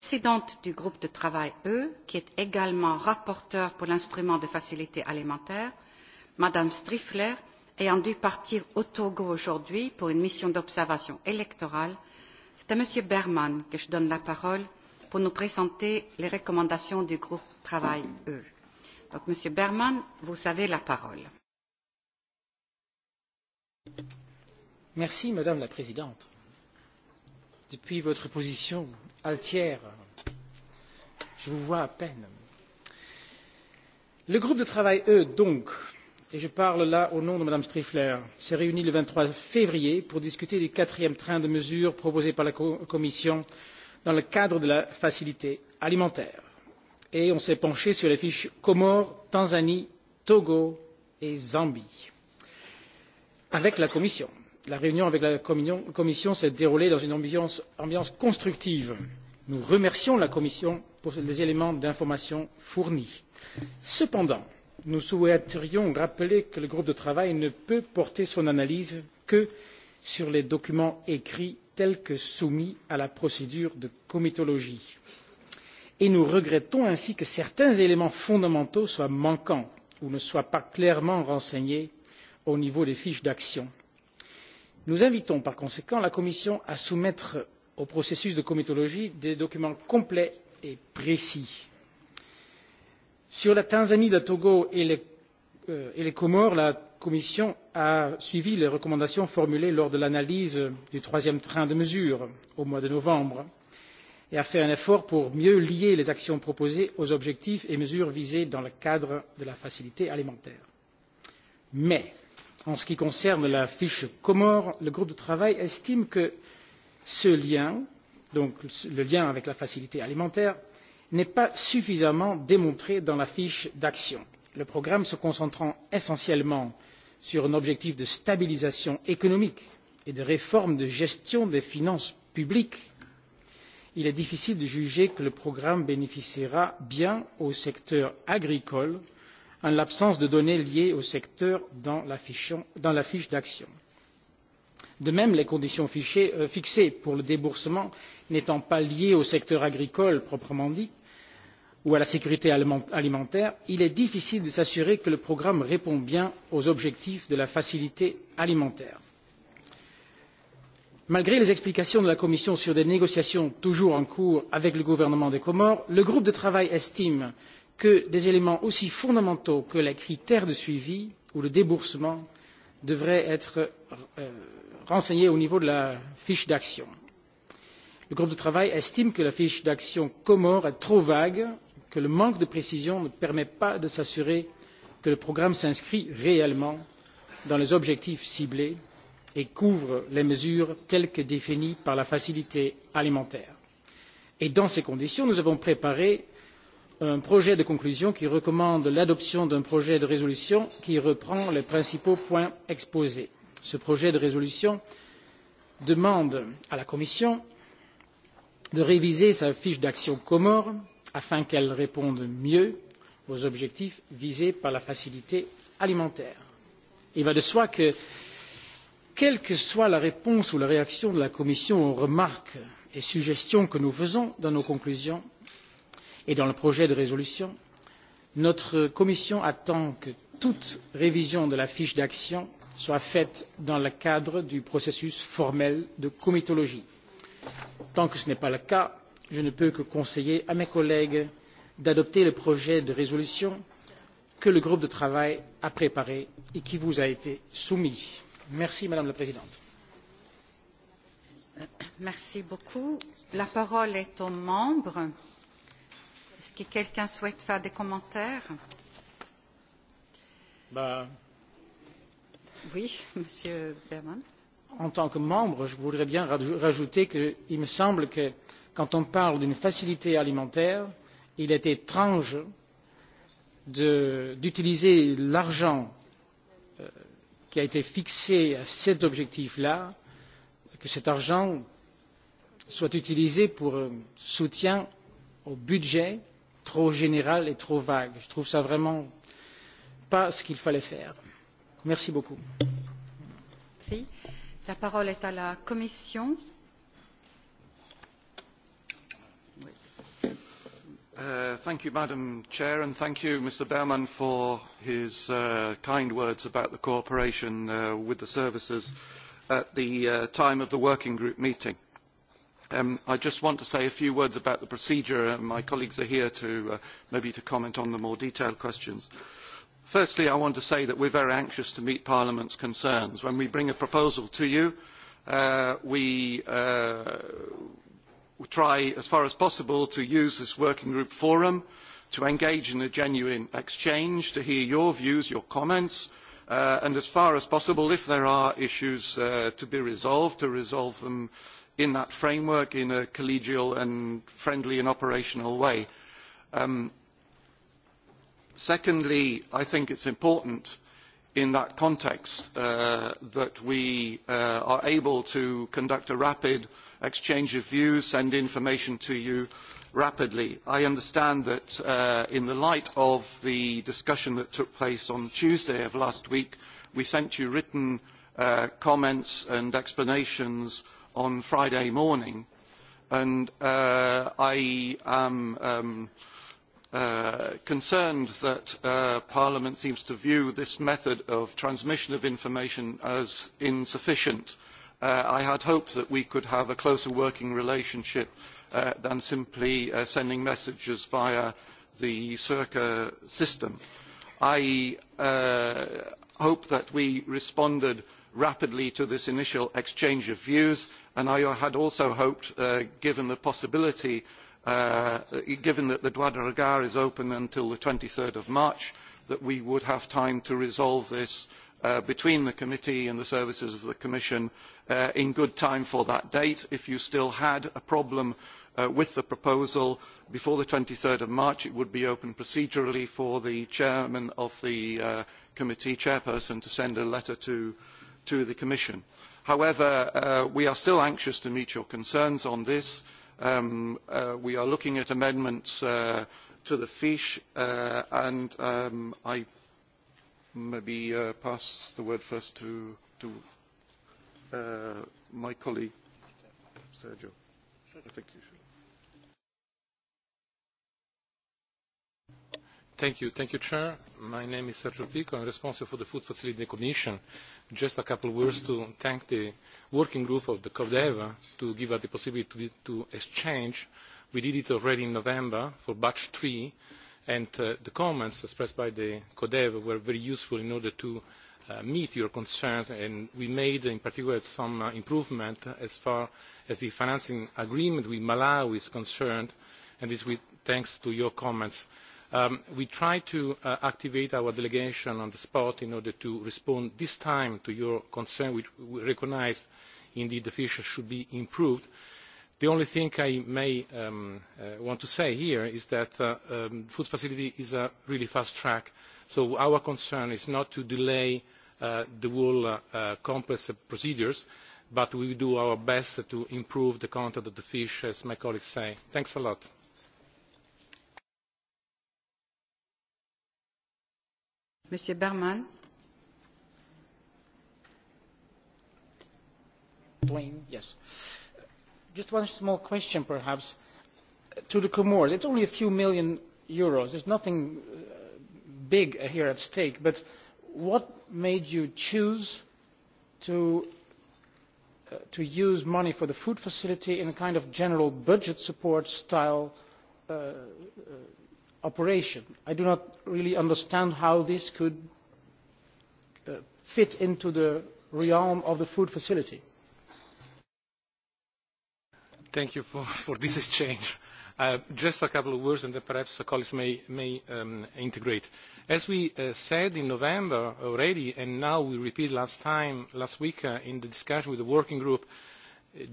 présidente du groupe de travail E, qui est également rapporteure pour l'instrument de facilité alimentaire, Madame Striffler, ayant dû partir au Togo aujourd'hui pour une mission d'observation électorale, c'est à Monsieur Berman que je donne la parole pour nous présenter les recommandations du groupe Travail E. Donc, Monsieur Berman, vous avez la parole. Merci, Madame la Présidente. Depuis votre position Altière, je vous vois à peine. Le groupe de travail, E, donc, et je parle là au nom de Mme Striffler, s'est réuni le vingt trois février pour discuter du quatrième train de mesures proposées par la Commission dans le cadre de la facilité alimentaire. Et on s'est penché sur les fiches Comores, Tanzanie, Togo et Zambie avec la Commission la réunion avec la Commission s'est déroulée dans une ambiance, constructive. Nous remercions la Commission pour les éléments d'information fournis. Cependant, nous souhaiterions rappeler que le groupe de travail ne peut porter son analyse que sur les documents écrits tels que soumis à la procédure de comitologie. Et nous regrettons ainsi que certains éléments fondamentaux soient manquants ou ne soient pas clairement renseignés au niveau des fiches d'action Nous invitons par conséquent la Commission à soumettre au processus de comitologie des documents complets et précis. Sur la Tanzanie, le Togo et les, Comores, la Commission a suivi les recommandations formulées lors de l'analyse du troisième train de mesures au mois de novembre et a fait un effort pour mieux lier les actions proposées aux objectifs et mesures visés dans le cadre de la facilité alimentaire. Mais En ce qui concerne la fiche Comore, le groupe de travail estime que ce lien, donc le lien avec la facilité alimentaire, n'est pas suffisamment démontré dans la fiche d'action. Le programme se concentrant essentiellement sur un objectif de stabilisation économique et de réforme de gestion des finances publiques, il est difficile de juger que le programme bénéficiera bien au secteur agricole en l'absence de données liées au secteur dans la fiche d'action. De même, les conditions fixées pour le déboursement n'étant pas liées au secteur agricole proprement dit ou à la sécurité alimentaire, il est difficile de s'assurer que le programme répond bien aux objectifs de la facilité alimentaire. Malgré les explications de la Commission sur des négociations toujours en cours avec le gouvernement des Comores, le groupe de travail estime que des éléments aussi fondamentaux que les critères de suivi ou le déboursement devraient être renseignés au niveau de la fiche d'action. Le groupe de travail estime que la fiche d'action comore est trop vague, que le manque de précision ne permet pas de s'assurer que le programme s'inscrit réellement dans les objectifs ciblés et couvre les mesures telles que définies par la facilité alimentaire. dans ces conditions, nous avons préparé un projet de conclusion qui recommande l'adoption d'un projet de résolution qui reprend les principaux points exposés. Ce projet de résolution demande à la Commission de réviser sa fiche d'action Comore afin qu'elle réponde mieux aux objectifs visés par la facilité alimentaire. Il va de soi que, quelle que soit la réponse ou la réaction de la Commission aux remarques et suggestions que nous faisons dans nos conclusions, et dans le projet de résolution, notre commission attend que toute révision de la fiche d'action soit faite dans le cadre du processus formel de comitologie. Tant que ce n'est pas le cas, je ne peux que conseiller à mes collègues d'adopter le projet de résolution que le groupe de travail a préparé et qui vous a été soumis. Merci Madame la Présidente. Merci beaucoup. La parole est aux membres. Est-ce que quelqu'un souhaite faire des commentaires Oui, Monsieur Berman. En tant que membre, je voudrais bien rajouter qu'il me semble que quand on parle d'une facilité alimentaire, il est étrange d'utiliser l'argent qui a été fixé à cet objectif-là, que cet argent soit utilisé pour soutien au budget trop général et trop vague. Je trouve ça vraiment pas ce qu'il fallait faire. Merci beaucoup. La parole est à la Commission. thank you, Madam Chair, and thank you, Mr. Berman, for his kind words about the cooperation with the services at the time of the working group meeting. I just want to say a few words about the procedure. My colleagues are here to maybe to comment on the more detailed questions. Firstly, I want to say that we are very anxious to meet Parliament's concerns. When we bring a proposal to you, we try as far as possible to use this working group forum to engage in a genuine exchange, to hear your views, your comments, and as far as possible, if there are issues to be resolved, to resolve them in that framework in a collegial and friendly and operational way. secondly, I think it's important in that context that we are able to conduct a rapid exchange of views, send information to you rapidly. I understand that in the light of the discussion that took place on Tuesday of last week, we sent you written comments and explanations uh, on Friday morning, and I am concerned that Parliament seems to view this method of transmission of information as insufficient. I had hoped that we could have a closer working relationship than simply sending messages via the Circa system. I hope that we responded rapidly to this initial exchange of views And I had also hoped, given the possibility, given that the Dwadaragar is open until the 23rd of March, that we would have time to resolve this between the committee and the services of the Commission in good time for that date. If you still had a problem with the proposal before the 23rd of March, it would be open procedurally for the chairman of the committee chairperson to send a letter to the Commission. However, we are still anxious to meet your concerns on this. we are looking at amendments to the fish, and I maybe pass the word first to, my colleague, Sergio. I you Thank you. Thank you, Chair. My name is Sergio Pico. I'm responsible for the Food Facility Commission just a couple of words to thank the working group of the CODEVA to give us the possibility to, exchange. We did it already in November for batch three, and the comments expressed by the CODEVA were very useful in order to meet your concerns, and we made in particular some improvement as far as the financing agreement with Malawi is concerned, and this with thanks to your comments we try to activate our delegation on the spot in order to respond this time to your concern, which we recognise indeed the fisheries should be improved. The only thing I may want to say here is that the food facility is a really fast track, so our concern is not to delay the whole complex procedures, but we will do our best to improve the content of the fish, as my colleagues say. Thanks a lot. Monsieur Berman. Yes. Just one small question, perhaps, to the Comores. It's only a few million euros. There's nothing big here at stake. But what made you choose to to use money for the food facility in a kind of general budget support style operation. I do not really understand how this could fit into the realm of the food facility. Thank you for, for this exchange. Uh, just a couple of words and then perhaps the colleagues may, may um, integrate. As we uh, said in November already, and now we repeat last time, last week uh, in the discussion with the working group,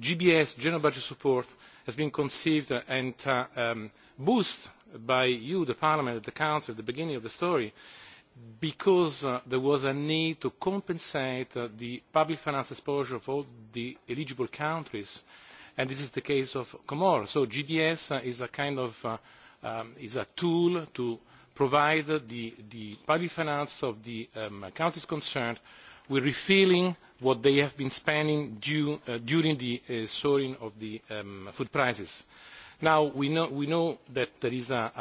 GBS, general budget support, has been conceived and uh, um, boosts by you, the Parliament, and the Council at the beginning of the story, because there was a need to compensate the public finance exposure of all the eligible countries, and this is the case of Comoros. So GBS is a kind of is a tool to provide the public finance of the countries concerned with refilling what they have been spending during the soaring of the food prices Now, we know that there is an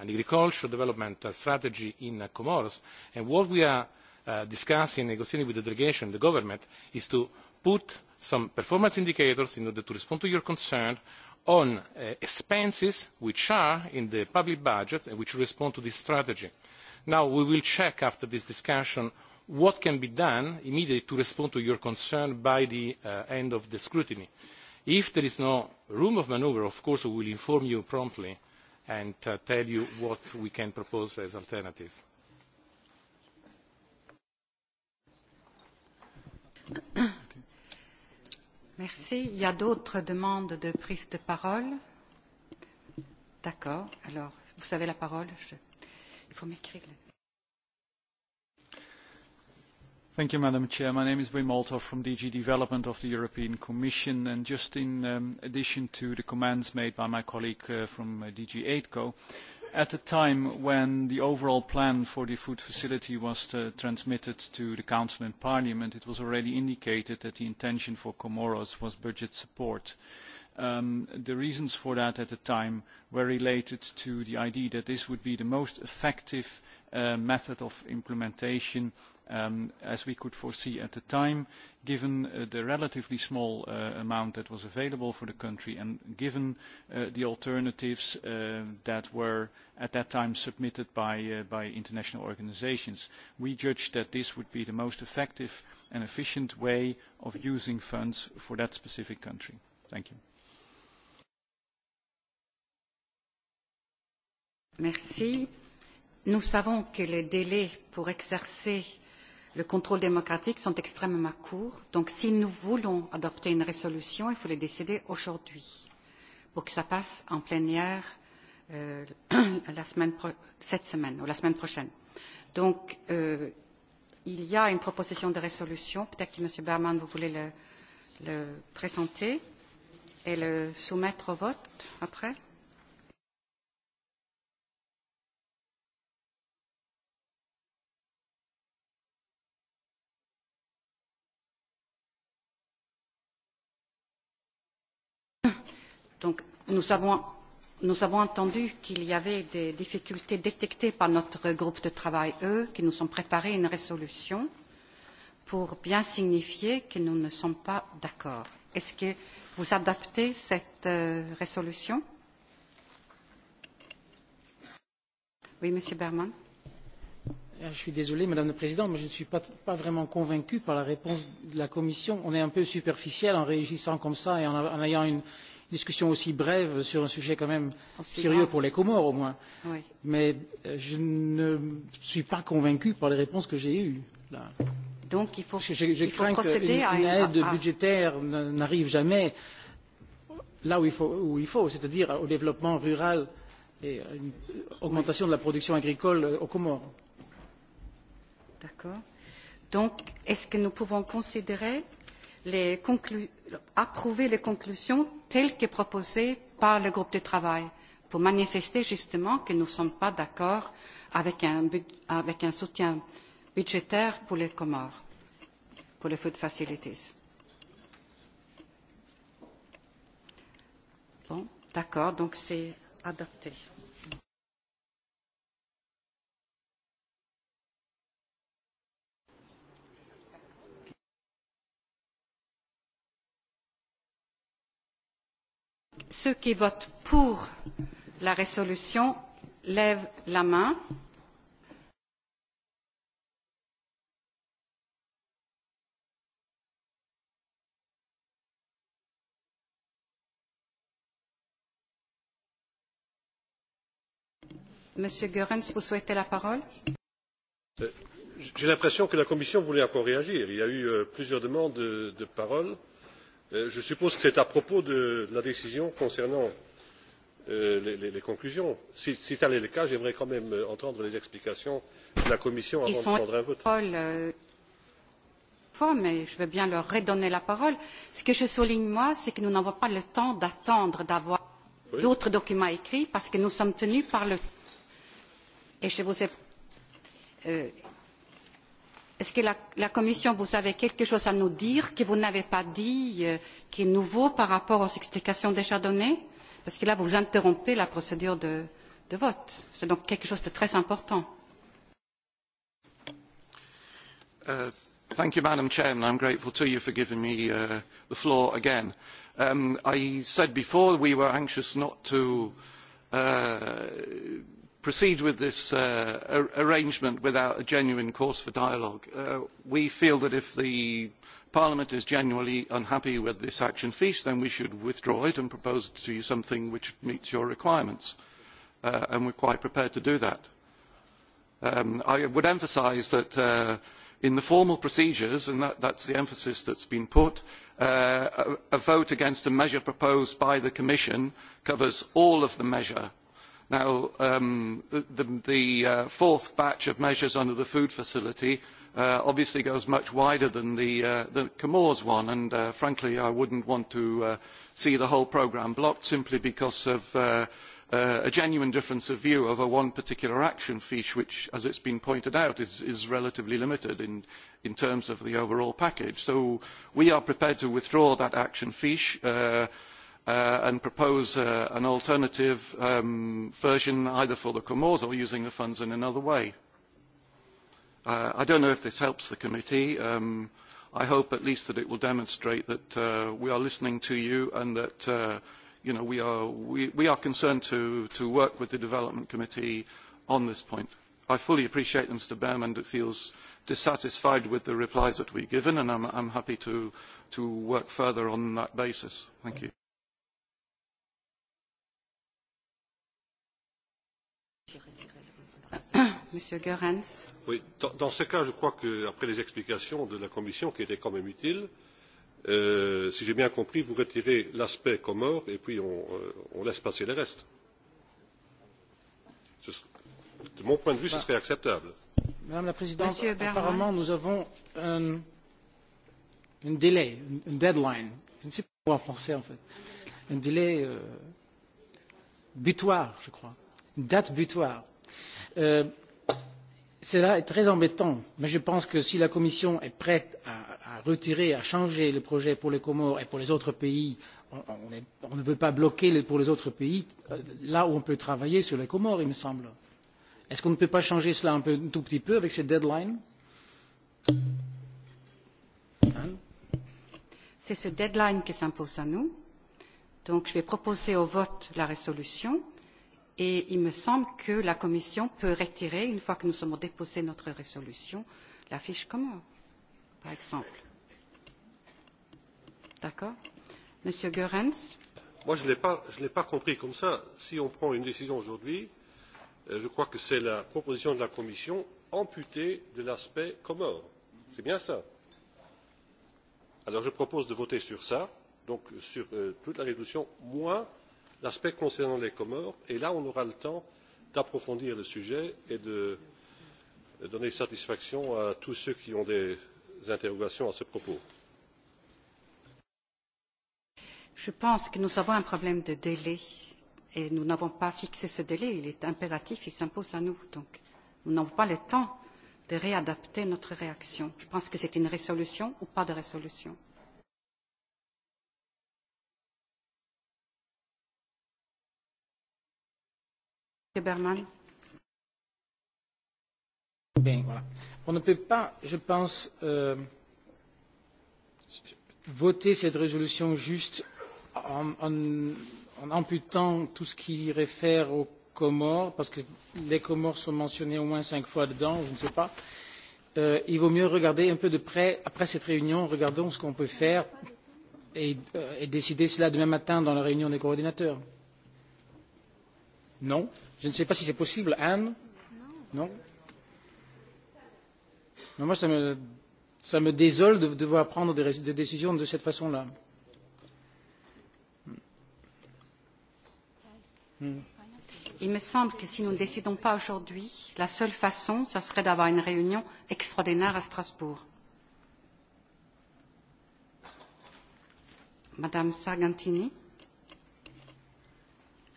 agricultural development strategy in Comoros, and what we are discussing and negotiating with the delegation and the government is to put some performance indicators in order to respond to your concern on expenses which are in the public budget and which respond to this strategy. Now, we will check after this discussion what can be done immediately to respond to your concern by the end of the scrutiny If there is no room of manoeuvre, of course, we will inform you promptly and tell you what we can propose as alternative. Merci. Il y a d'autres demandes de prise de parole D'accord. Alors, vous avez la parole. Je... Il faut m'écrire. Le... Madam President, My name is Wim Molthoff from DG Development of the European Commission. And just in addition to the comments made by my colleague from DG AIDCO, at a time when the overall plan for the food facility was transmitted to the Council and Parliament, it was already indicated that the intention for Comoros was budget support. the reasons for that at the time were related to the idea that this would be the most effective method of implementation as we could foresee at the time, given the relatively small amount that was available for the country and given the alternatives that were at that time submitted by international organisations. We judged that this would be the most effective and efficient way of using funds for that specific country. Thank you. Nous savons que pour exercer le contrôle démocratique sont extrêmement courts. Donc si nous voulons adopter une résolution, il faut le décider aujourd'hui pour que ça passe en plénière cette semaine ou la semaine prochaine. Donc il y a une proposition de résolution. Peut-être que M. Berman, vous voulez le, présenter et le soumettre au vote après. Donc, nous avons Nous avons entendu qu'il y avait des difficultés détectées par notre groupe de travail, eux, qui nous ont préparé une résolution pour bien signifier que nous ne sommes pas d'accord. Est-ce que vous adaptez cette résolution Oui, Monsieur Berman. Je suis désolé, Madame la Présidente, mais je ne suis pas, vraiment convaincu par la réponse de la Commission. On est un peu superficiel en réagissant comme ça et en ayant une, discussion aussi brève sur un sujet quand même sérieux pour les Comores au moins. Mais je ne suis pas convaincu par les réponses que j'ai eues. Là. Donc il faut, je, crains procéder à une aide budgétaire n'arrive jamais là où il faut, c'est-à-dire au développement rural et à une augmentation de la production agricole aux Comores. D'accord. Donc, est-ce que nous pouvons considérer approuver les conclusions telles que proposées par le groupe de travail pour manifester justement que nous ne sommes pas d'accord avec un, soutien budgétaire pour les Comores, pour les food facilities. Bon, d'accord, donc c'est adopté. Ceux qui votent pour la résolution lèvent la main. Monsieur Goerens, vous souhaitez la parole J'ai l'impression que la Commission voulait encore réagir. Il y a eu plusieurs demandes de parole. Euh, je suppose que c'est à propos de la décision concernant les conclusions. si tel est le cas j'aimerais quand même entendre les explications de la commission avant de prendre un vote. mais je veux bien leur redonner la parole. Ce que je souligne, moi, c'est que nous n'avons pas le temps d'attendre d'avoir d'autres documents écrits parce que nous sommes tenus par le. Et je vous ai Est-ce que la, Commission, vous avez quelque chose à nous dire que vous n'avez pas dit, qui est nouveau par rapport aux explications déjà données Parce que là, vous interrompez la procédure de, vote. C'est donc quelque chose de très important. Thank you, Madam Chairman. I'm grateful to you for giving me uh, the floor again. Um, I said before we were anxious not to uh, proceed with this arrangement without a genuine course for dialogue. we feel that if the Parliament is genuinely unhappy with this action feast, then we should withdraw it and propose to you something which meets your requirements. and we are quite prepared to do that. I would emphasise that in the formal procedures, and that, is the emphasis that has been put, a, vote against a measure proposed by the Commission covers all of the measure Now, the, fourth batch of measures under the food facility obviously goes much wider than the, Comores one, and frankly, I would not want to see the whole programme blocked simply because of a genuine difference of view over one particular action fiche, which, as it has been pointed out, is, relatively limited in, terms of the overall package. So we are prepared to withdraw that action fiche and propose an alternative version either for the Comores or using the funds in another way. I don't know if this helps the committee. I hope at least that it will demonstrate that we are listening to you and that we are we we are concerned to to work with the development committee on this point. I fully appreciate Mr. Behrman feels dissatisfied with the replies that we have given and I am happy to to work further on that basis. Thank you. Monsieur Oui, dans, ce cas, je crois qu'après les explications de la Commission, qui étaient quand même utiles, si j'ai bien compris, vous retirez l'aspect comore et puis on, laisse passer le reste. de mon point de vue, ce serait acceptable. Madame la Présidente, apparemment, nous avons un, délai, une deadline. Je ne sais pas en français, en fait. Un délai butoir, je crois. Une date butoir cela est très embêtant, mais je pense que si la Commission est prête à, retirer, à changer le projet pour les Comores et pour les autres pays, on, ne veut pas bloquer pour les autres pays là où on peut travailler sur les Comores, il me semble. Est-ce qu'on ne peut pas changer cela un, tout petit peu avec cette deadline C'est ce deadline qui s'impose à nous. Donc je vais proposer au vote la résolution et il me semble que la Commission peut retirer, une fois que nous avons déposé notre résolution, la fiche commune, par exemple. D'accord Monsieur Goerens Moi, je ne l'ai pas compris comme ça. Si on prend une décision aujourd'hui, je crois que c'est la proposition de la Commission amputée de l'aspect commun. C'est bien ça. Alors, je propose de voter sur ça, donc sur toute la résolution, moins l'aspect concernant les Comores, et là on aura le temps d'approfondir le sujet et de donner satisfaction à tous ceux qui ont des interrogations à ce propos. Je pense que nous avons un problème de délai et nous n'avons pas fixé ce délai. Il est impératif, il s'impose à nous. Donc, nous n'avons pas le temps de réadapter notre réaction. Je pense que c'est une résolution ou pas de résolution. Lieberman. Bien, voilà. On ne peut pas, je pense, euh, voter cette résolution juste en, en, en amputant tout ce qui réfère aux Comores, parce que les Comores sont mentionnés au moins cinq fois dedans, je ne sais pas. Euh, il vaut mieux regarder un peu de près, après cette réunion, regardons ce qu'on peut faire et, euh, et décider cela demain matin dans la réunion des coordinateurs. Non Je ne sais pas si c'est possible. Anne Non Non, moi, ça me, ça me désole de devoir prendre des, des décisions de cette façon-là. Il me semble que si nous ne décidons pas aujourd'hui, la seule façon, ce serait d'avoir une réunion extraordinaire à Strasbourg. Madame Sargentini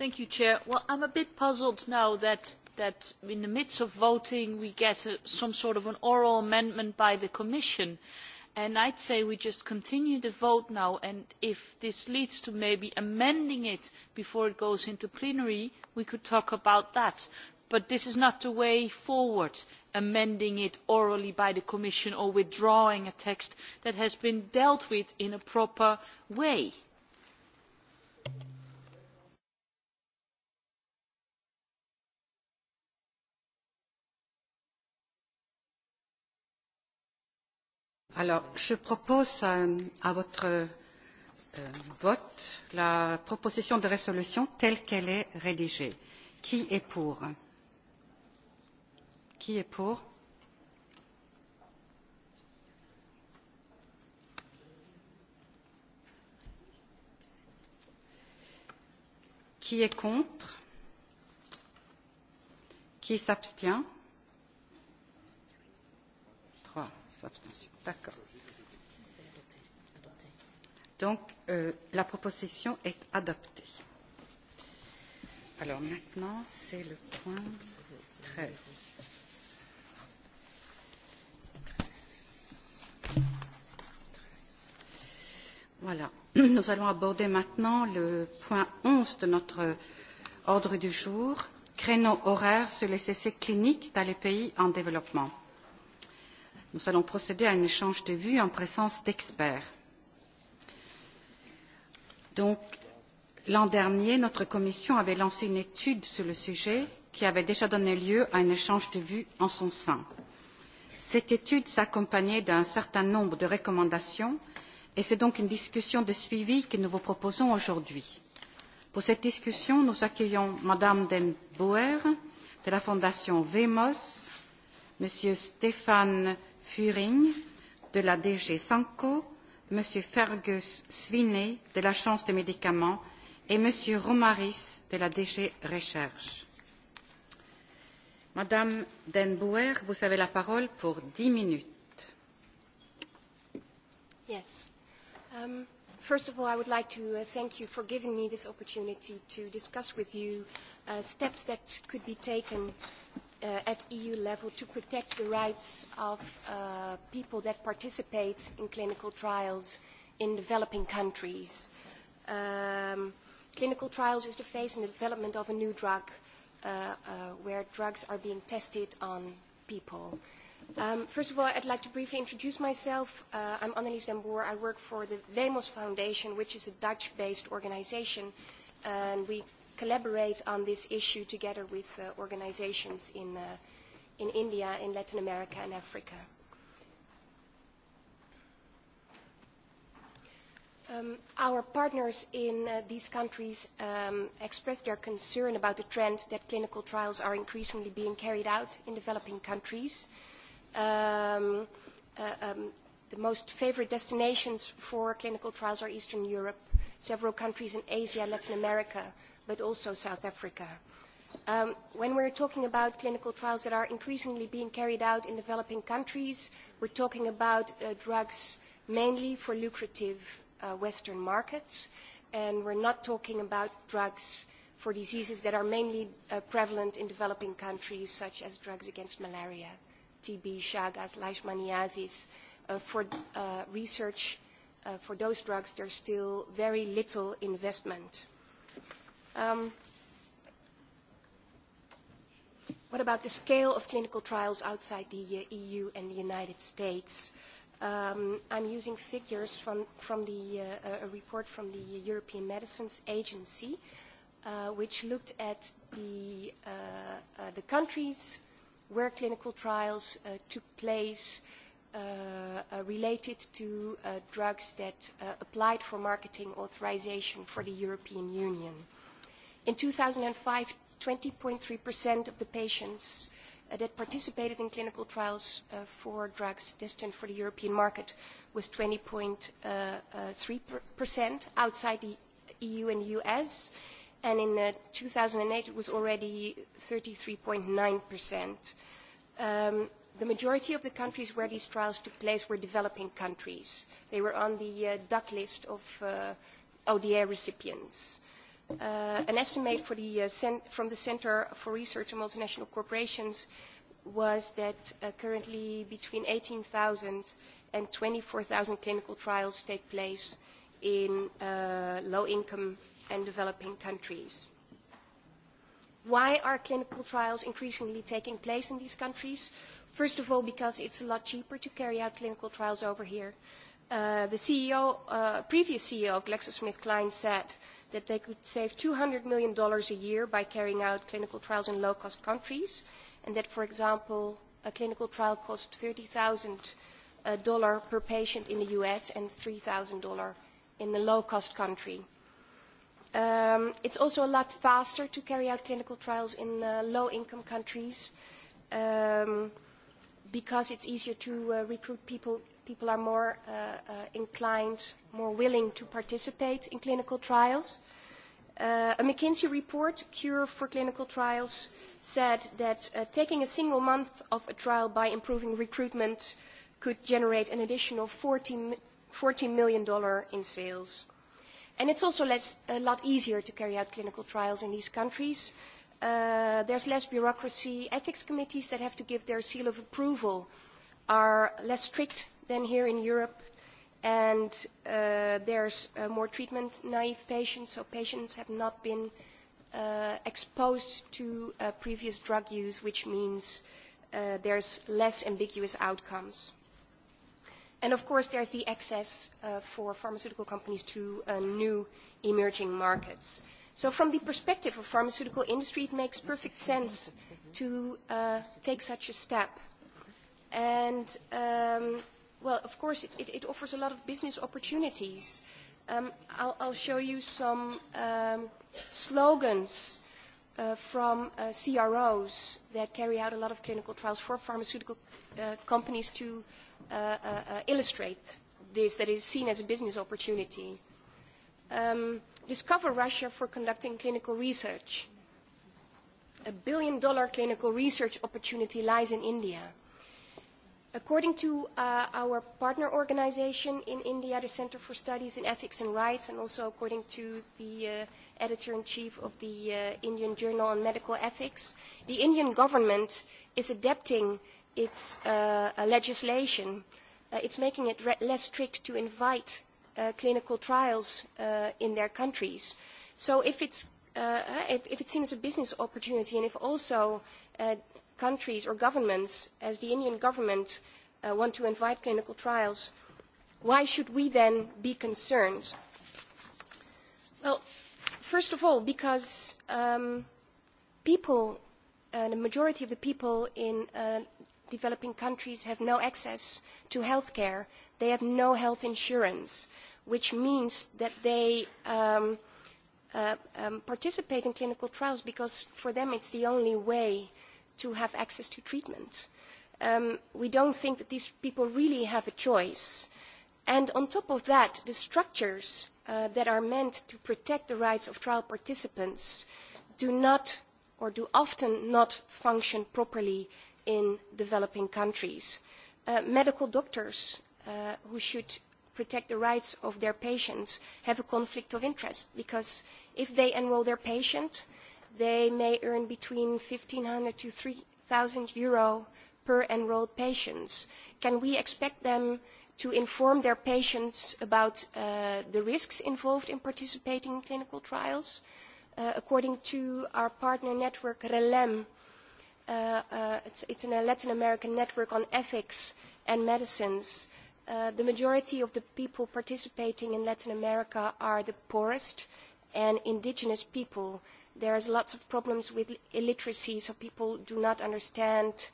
Thank you, Chair. a bit puzzled now that, in the midst of voting we get some sort of an oral amendment by the Commission. And would say we just continue the vote now, and if this leads to maybe amending it before it goes into plenary, we could talk about that. But this is not the way forward, amending it orally by the Commission or withdrawing a text that has been dealt with in a proper way. Alors, je propose à, votre vote la proposition de résolution telle qu'elle est rédigée. Qui est pour Qui est pour Qui est contre Qui s'abstient abstention. D'accord. Donc, euh, la proposition est adoptée. Alors maintenant, c'est le point 13. Voilà. Nous allons aborder maintenant le point 11 de notre ordre du jour, créneau horaire sur les essais cliniques dans les pays en développement. Nous allons procéder à un échange de vues en présence d'experts. Donc, l'an dernier, notre commission avait lancé une étude sur le sujet qui avait déjà donné lieu à un échange de vues en son sein. Cette étude s'accompagnait d'un certain nombre de recommandations et c'est donc une discussion de suivi que nous vous proposons aujourd'hui. Pour cette discussion, nous accueillons Madame Den Boer de la Fondation VEMOS, Monsieur Stéphane Furing de la DG Sanco, M. Fergus Swinney de l'Agence des médicaments et M. Romaris de la DG Recherche. Madame Den Bouwer, vous avez la parole pour dix minutes. Yes. first of all, I would like to thank you for giving me this opportunity to discuss with you steps that could be taken at EU level to protect the rights of people that participate in clinical trials in developing countries. clinical trials is the phase in the development of a new drug where drugs are being tested on people. first of all, I'd like to briefly introduce myself. Uh, I'm Annelies den Boer. I work for the VEMOS Foundation, which is a Dutch-based organization, and we collaborate on this issue together with uh, organizations in, uh, in India, in Latin America and Africa. Um, our partners in uh, these countries um, expressed their concern about the trend that clinical trials are increasingly being carried out in developing countries. Um, uh, um, the most favoured destinations for clinical trials are Eastern Europe, several countries in Asia, Latin America, but also South Africa. when we are talking about clinical trials that are increasingly being carried out in developing countries, we are talking about drugs mainly for lucrative Western markets, and we are not talking about drugs for diseases that are mainly prevalent in developing countries, such as drugs against malaria, TB, Chagas, Leishmaniasis, for research for those drugs, there's still very little investment. what about the scale of clinical trials outside the EU and the United States? Um, I'm using figures from, from the, uh, a report from the European Medicines Agency, uh, which looked at the, uh, uh, the countries where clinical trials uh, took place uh, related to drugs that applied for marketing authorisation for the European Union. In two thousand five 20.3% of the patients that participated in clinical trials for drugs destined for the European market was 20.3% outside the EU and US, and in uh, 2008 it was already 33.9%. Um, the majority of the countries where these trials took place were developing countries. They were on the uh, duck list of uh, ODA recipients. Uh, an estimate for the, uh, cent from the Center for Research on Multinational Corporations was that uh, currently between 18,000 and 24,000 clinical trials take place in uh, low-income and developing countries. Why are clinical trials increasingly taking place in these countries? Uh, First of all, because it's a lot cheaper to carry out clinical trials over here. the CEO, uh, previous CEO of GlaxoSmithKline said that they could save $200 million a year by carrying out clinical trials in low-cost countries, and that, for example, a clinical trial costs $30,000 per patient in the US and $3,000 in a low-cost country. Um, it's also a lot faster to carry out clinical trials in low-income countries. Um, because it's easier to uh, recruit people. People are more uh, uh, inclined, more willing to participate in clinical trials. Uh, a McKinsey report, Cure for Clinical Trials, said that uh, taking a single month of a trial by improving recruitment could generate an additional $14, $14 million in sales. And it's also less, a lot easier to carry out clinical trials in these countries uh, there's less bureaucracy. Ethics committees that have to give their seal of approval are less strict than here in Europe. And uh, there's uh, more treatment-naive patients, so patients have not been uh, exposed to uh, previous drug use, which means uh, there's less ambiguous outcomes. And of course, there's the access uh, for pharmaceutical companies to uh, new emerging markets So from the perspective of pharmaceutical industry, it makes perfect sense to uh, take such a step. And, um, well, of course, it, it, it offers a lot of business opportunities. Um, I'll, I'll show you some um, slogans uh, from uh, CROs that carry out a lot of clinical trials for pharmaceutical uh, companies to uh, uh, uh, illustrate this, that is seen as a business opportunity. Um, discover Russia for conducting clinical research. A billion dollar clinical research opportunity lies in India. According to uh, our partner organization in India, the Center for Studies in Ethics and Rights, and also according to the uh, editor-in-chief of the uh, Indian Journal on Medical Ethics, the Indian government is adapting its uh, legislation. Uh, it's making it re less strict to invite clinical trials in their countries. So if, it's, if it as a business opportunity and if also countries or governments, as the Indian government, want to invite clinical trials, why should we then be concerned? Well, first of all, because people, the majority of the people in developing countries have no access to health care they have no health insurance, which means that they participate in clinical trials because for them it's the only way to have access to treatment. we don't think that these people really have a choice. And on top of that, the structures that are meant to protect the rights of trial participants do not or do often not function properly in developing countries. medical doctors who should protect the rights of their patients have a conflict of interest because if they enroll their patient, they may earn between 1,500 to 3,000 euro per enrolled patient. Can we expect them to inform their patients about the risks involved in participating in clinical trials? according to our partner network, RELEM, uh, it's, it's a Latin American network on ethics and medicines the majority of the people participating in Latin America are the poorest and indigenous people. There are lots of problems with illiteracy, so people do not understand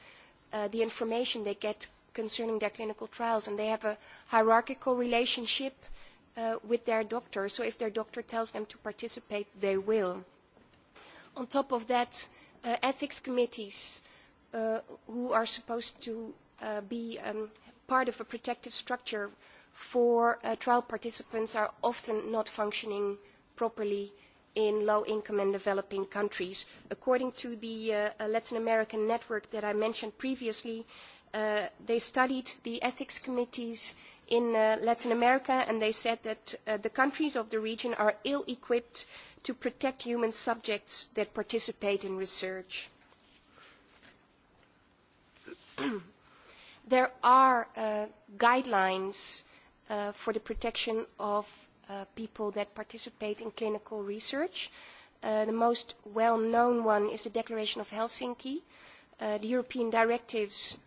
the information they get concerning their clinical trials, and they have a hierarchical relationship with their doctor. So if their doctor tells them to participate, they will. On top of that, ethics committees who are supposed to be part of a protective structure for trial participants are often not functioning properly in low-income and developing countries. According to the Latin American network that I mentioned previously, they studied the ethics committees in Latin America, and they said that the countries of the region are ill-equipped to protect human subjects that participate in research there are guidelines for the protection of people that participate in clinical research. the most well-known one is the Declaration of Helsinki. the European directives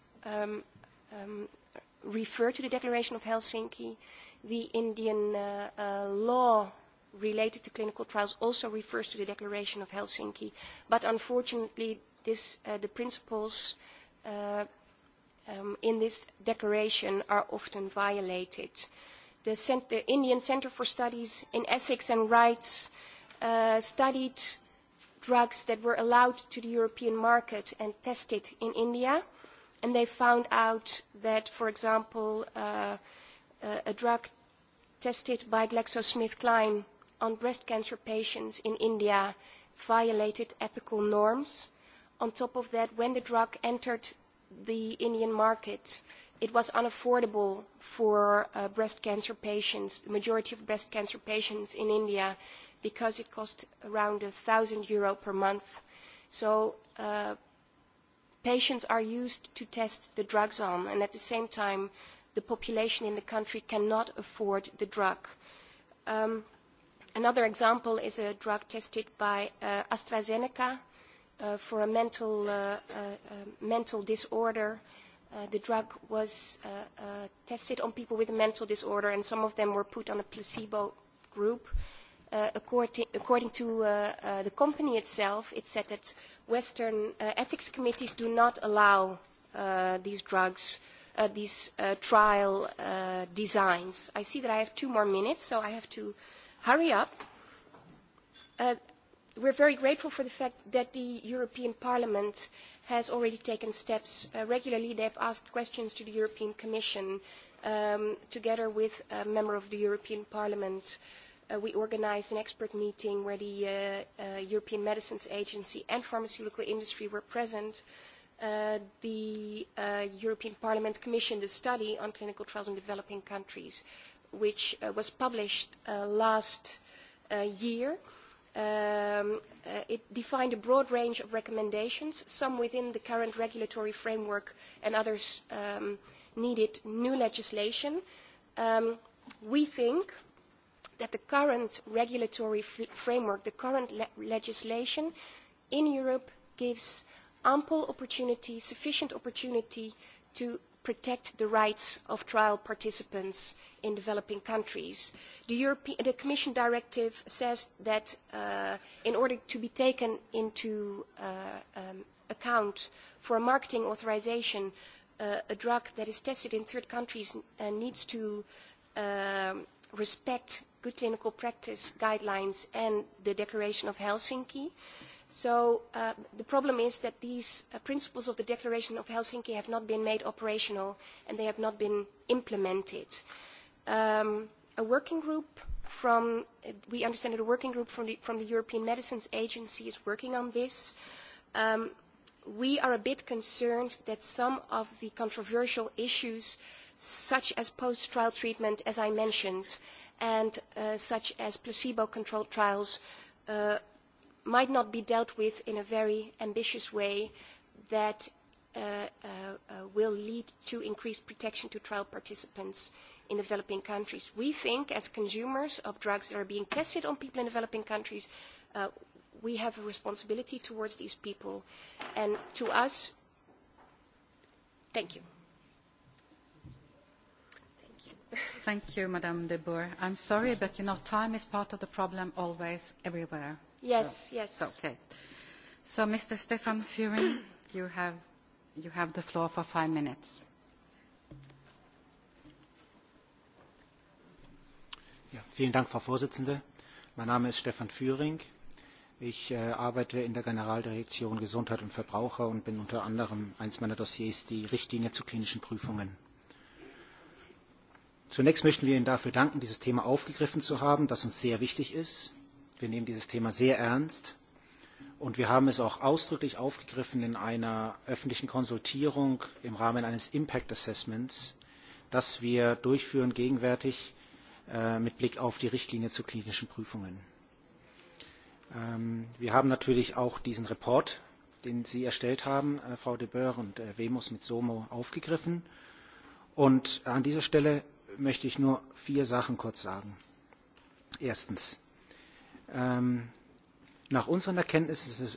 refer to the Declaration of Helsinki. The Indian law related to clinical trials also refers to the Declaration of Helsinki. But unfortunately, the principles in this declaration are often violated. The, Indian Center for Studies in Ethics and Rights studied drugs that were allowed to the European market and tested in India, and they found out that, for example, a drug tested by GlaxoSmithKline on breast cancer patients in India violated ethical norms. On top of that, when the drug entered the Indian market, it was unaffordable for uh, breast cancer patients, the majority of breast cancer patients in India, because it cost around a thousand euro per month. So uh, patients are used to test the drugs on, and at the same time, the population in the country cannot afford the drug. Um, another example is a drug tested by uh, AstraZeneca, for a mental, uh, mental disorder. the drug was tested on people with a mental disorder, and some of them were put on a placebo group. according, to the company itself, it said that Western ethics committees do not allow these drugs, these trial designs. I see that I have two more minutes, so I have to hurry up we are very grateful for the fact that the European Parliament has already taken steps. regularly, they have asked questions to the European Commission. together with a member of the European Parliament, we organised an expert meeting where the European Medicines Agency and pharmaceutical industry were present. the European Parliament commissioned a study on clinical trials in developing countries, which was published last year it defined a broad range of recommendations, some within the current regulatory framework and others needed new legislation. we think that the current regulatory framework, the current legislation in Europe gives ample opportunity, sufficient opportunity to protect the rights of trial participants in developing countries. The, Commission directive says that in order to be taken into account for a marketing authorisation, a drug that is tested in third countries needs to respect good clinical practice guidelines and the Declaration of Helsinki. Uh, So the problem is that these principles of the Declaration of Helsinki have not been made operational and they have not been implemented. a working group from, we understand that a working group from the, from the European Medicines Agency is working on this. we are a bit concerned that some of the controversial issues, such as post-trial treatment, as I mentioned, and such as placebo-controlled trials, might not be dealt with in a very ambitious way that will lead to increased protection to trial participants in developing countries. We think, as consumers of drugs that are being tested on people in developing countries, we have a responsibility towards these people. And to us, thank you. Thank you, Madame de Boer. I'm sorry, but you know, time is part of the problem always, everywhere. Yes, yes. Okay. So, Mr. Stefan you have, you have the floor for five minutes. Ja, vielen Dank, Frau Vorsitzende. Mein Name ist Stefan Führing. Ich arbeite in der Generaldirektion Gesundheit und Verbraucher und bin unter anderem eines meiner Dossiers die Richtlinie zu klinischen Prüfungen. Zunächst möchten wir Ihnen dafür danken, dieses Thema aufgegriffen zu haben, das uns sehr wichtig ist. Wir nehmen dieses Thema sehr ernst. Und wir haben es auch ausdrücklich aufgegriffen in einer öffentlichen Konsultierung im Rahmen eines Impact Assessments, das wir durchführen gegenwärtig mit Blick auf die Richtlinie zu klinischen Prüfungen. wir haben natürlich auch diesen Report, den Sie erstellt haben, Frau de Boer und Wemus mit Somo, aufgegriffen. Und an dieser Stelle möchte ich nur vier Sachen kurz sagen. Erstens nach unseren Erkenntnissen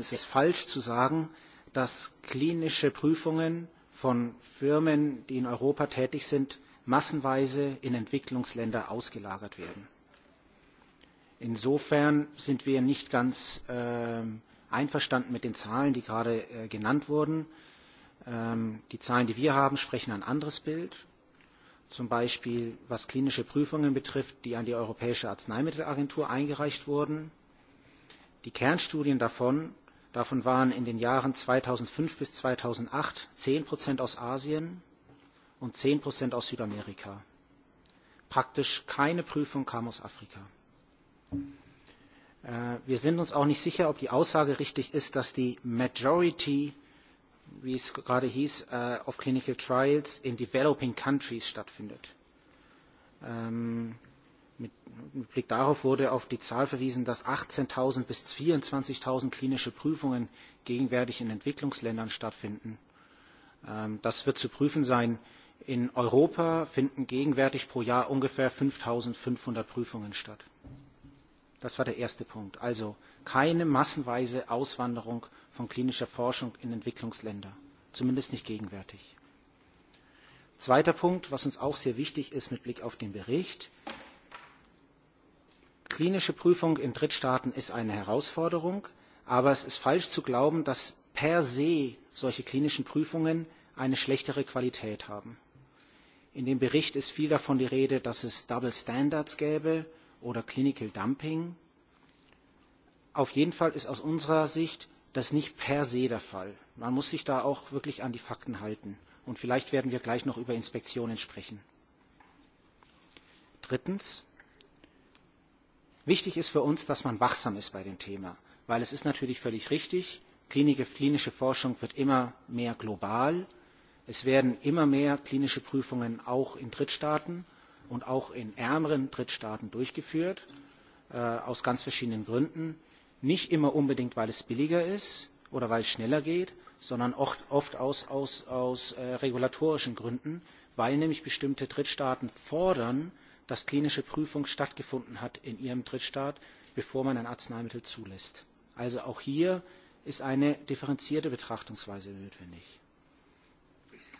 ist es falsch zu sagen, dass klinische Prüfungen von Firmen, die in Europa tätig sind, massenweise in Entwicklungsländer ausgelagert werden. Insofern sind wir nicht ganz einverstanden mit den Zahlen, die gerade genannt wurden. die Zahlen, die wir haben, sprechen ein anderes Bild zum Beispiel was klinische Prüfungen betrifft, die an die Europäische Arzneimittelagentur eingereicht wurden. Die Kernstudien davon, davon waren in den Jahren 2005 bis 2008 zehn Prozent aus Asien und zehn Prozent aus Südamerika. Praktisch keine Prüfung kam aus Afrika. Wir sind uns auch nicht sicher, ob die Aussage richtig ist, dass die Majority wie es gerade hieß, auf Clinical Trials in Developing Countries stattfindet. mit, Blick darauf wurde auf die Zahl verwiesen, dass 18.000 bis 24.000 klinische Prüfungen gegenwärtig in Entwicklungsländern stattfinden. das wird zu prüfen sein. In Europa finden gegenwärtig pro Jahr ungefähr 5.500 Prüfungen statt. Das war der erste Punkt. Also keine massenweise Auswanderung von klinischer Forschung in Entwicklungsländer, zumindest nicht gegenwärtig. Zweiter Punkt, was uns auch sehr wichtig ist mit Blick auf den Bericht. Klinische Prüfung in Drittstaaten ist eine Herausforderung, aber es ist falsch zu glauben, dass per se solche klinischen Prüfungen eine schlechtere Qualität haben. In dem Bericht ist viel davon die Rede, dass es Double Standards gäbe oder Clinical Dumping. Auf jeden Fall ist aus unserer Sicht das ist nicht per se der Fall. Man muss sich da auch wirklich an die Fakten halten. Und vielleicht werden wir gleich noch über Inspektionen sprechen. Drittens. Wichtig ist für uns, dass man wachsam ist bei dem Thema, weil es ist natürlich völlig richtig, klinische Forschung wird immer mehr global. Es werden immer mehr klinische Prüfungen auch in Drittstaaten und auch in ärmeren Drittstaaten durchgeführt, aus ganz verschiedenen Gründen. Nicht immer unbedingt, weil es billiger ist oder weil es schneller geht, sondern oft, aus, regulatorischen Gründen, weil nämlich bestimmte Drittstaaten fordern, dass klinische Prüfung stattgefunden hat in ihrem Drittstaat, bevor man ein Arzneimittel zulässt. Also auch hier ist eine differenzierte Betrachtungsweise notwendig.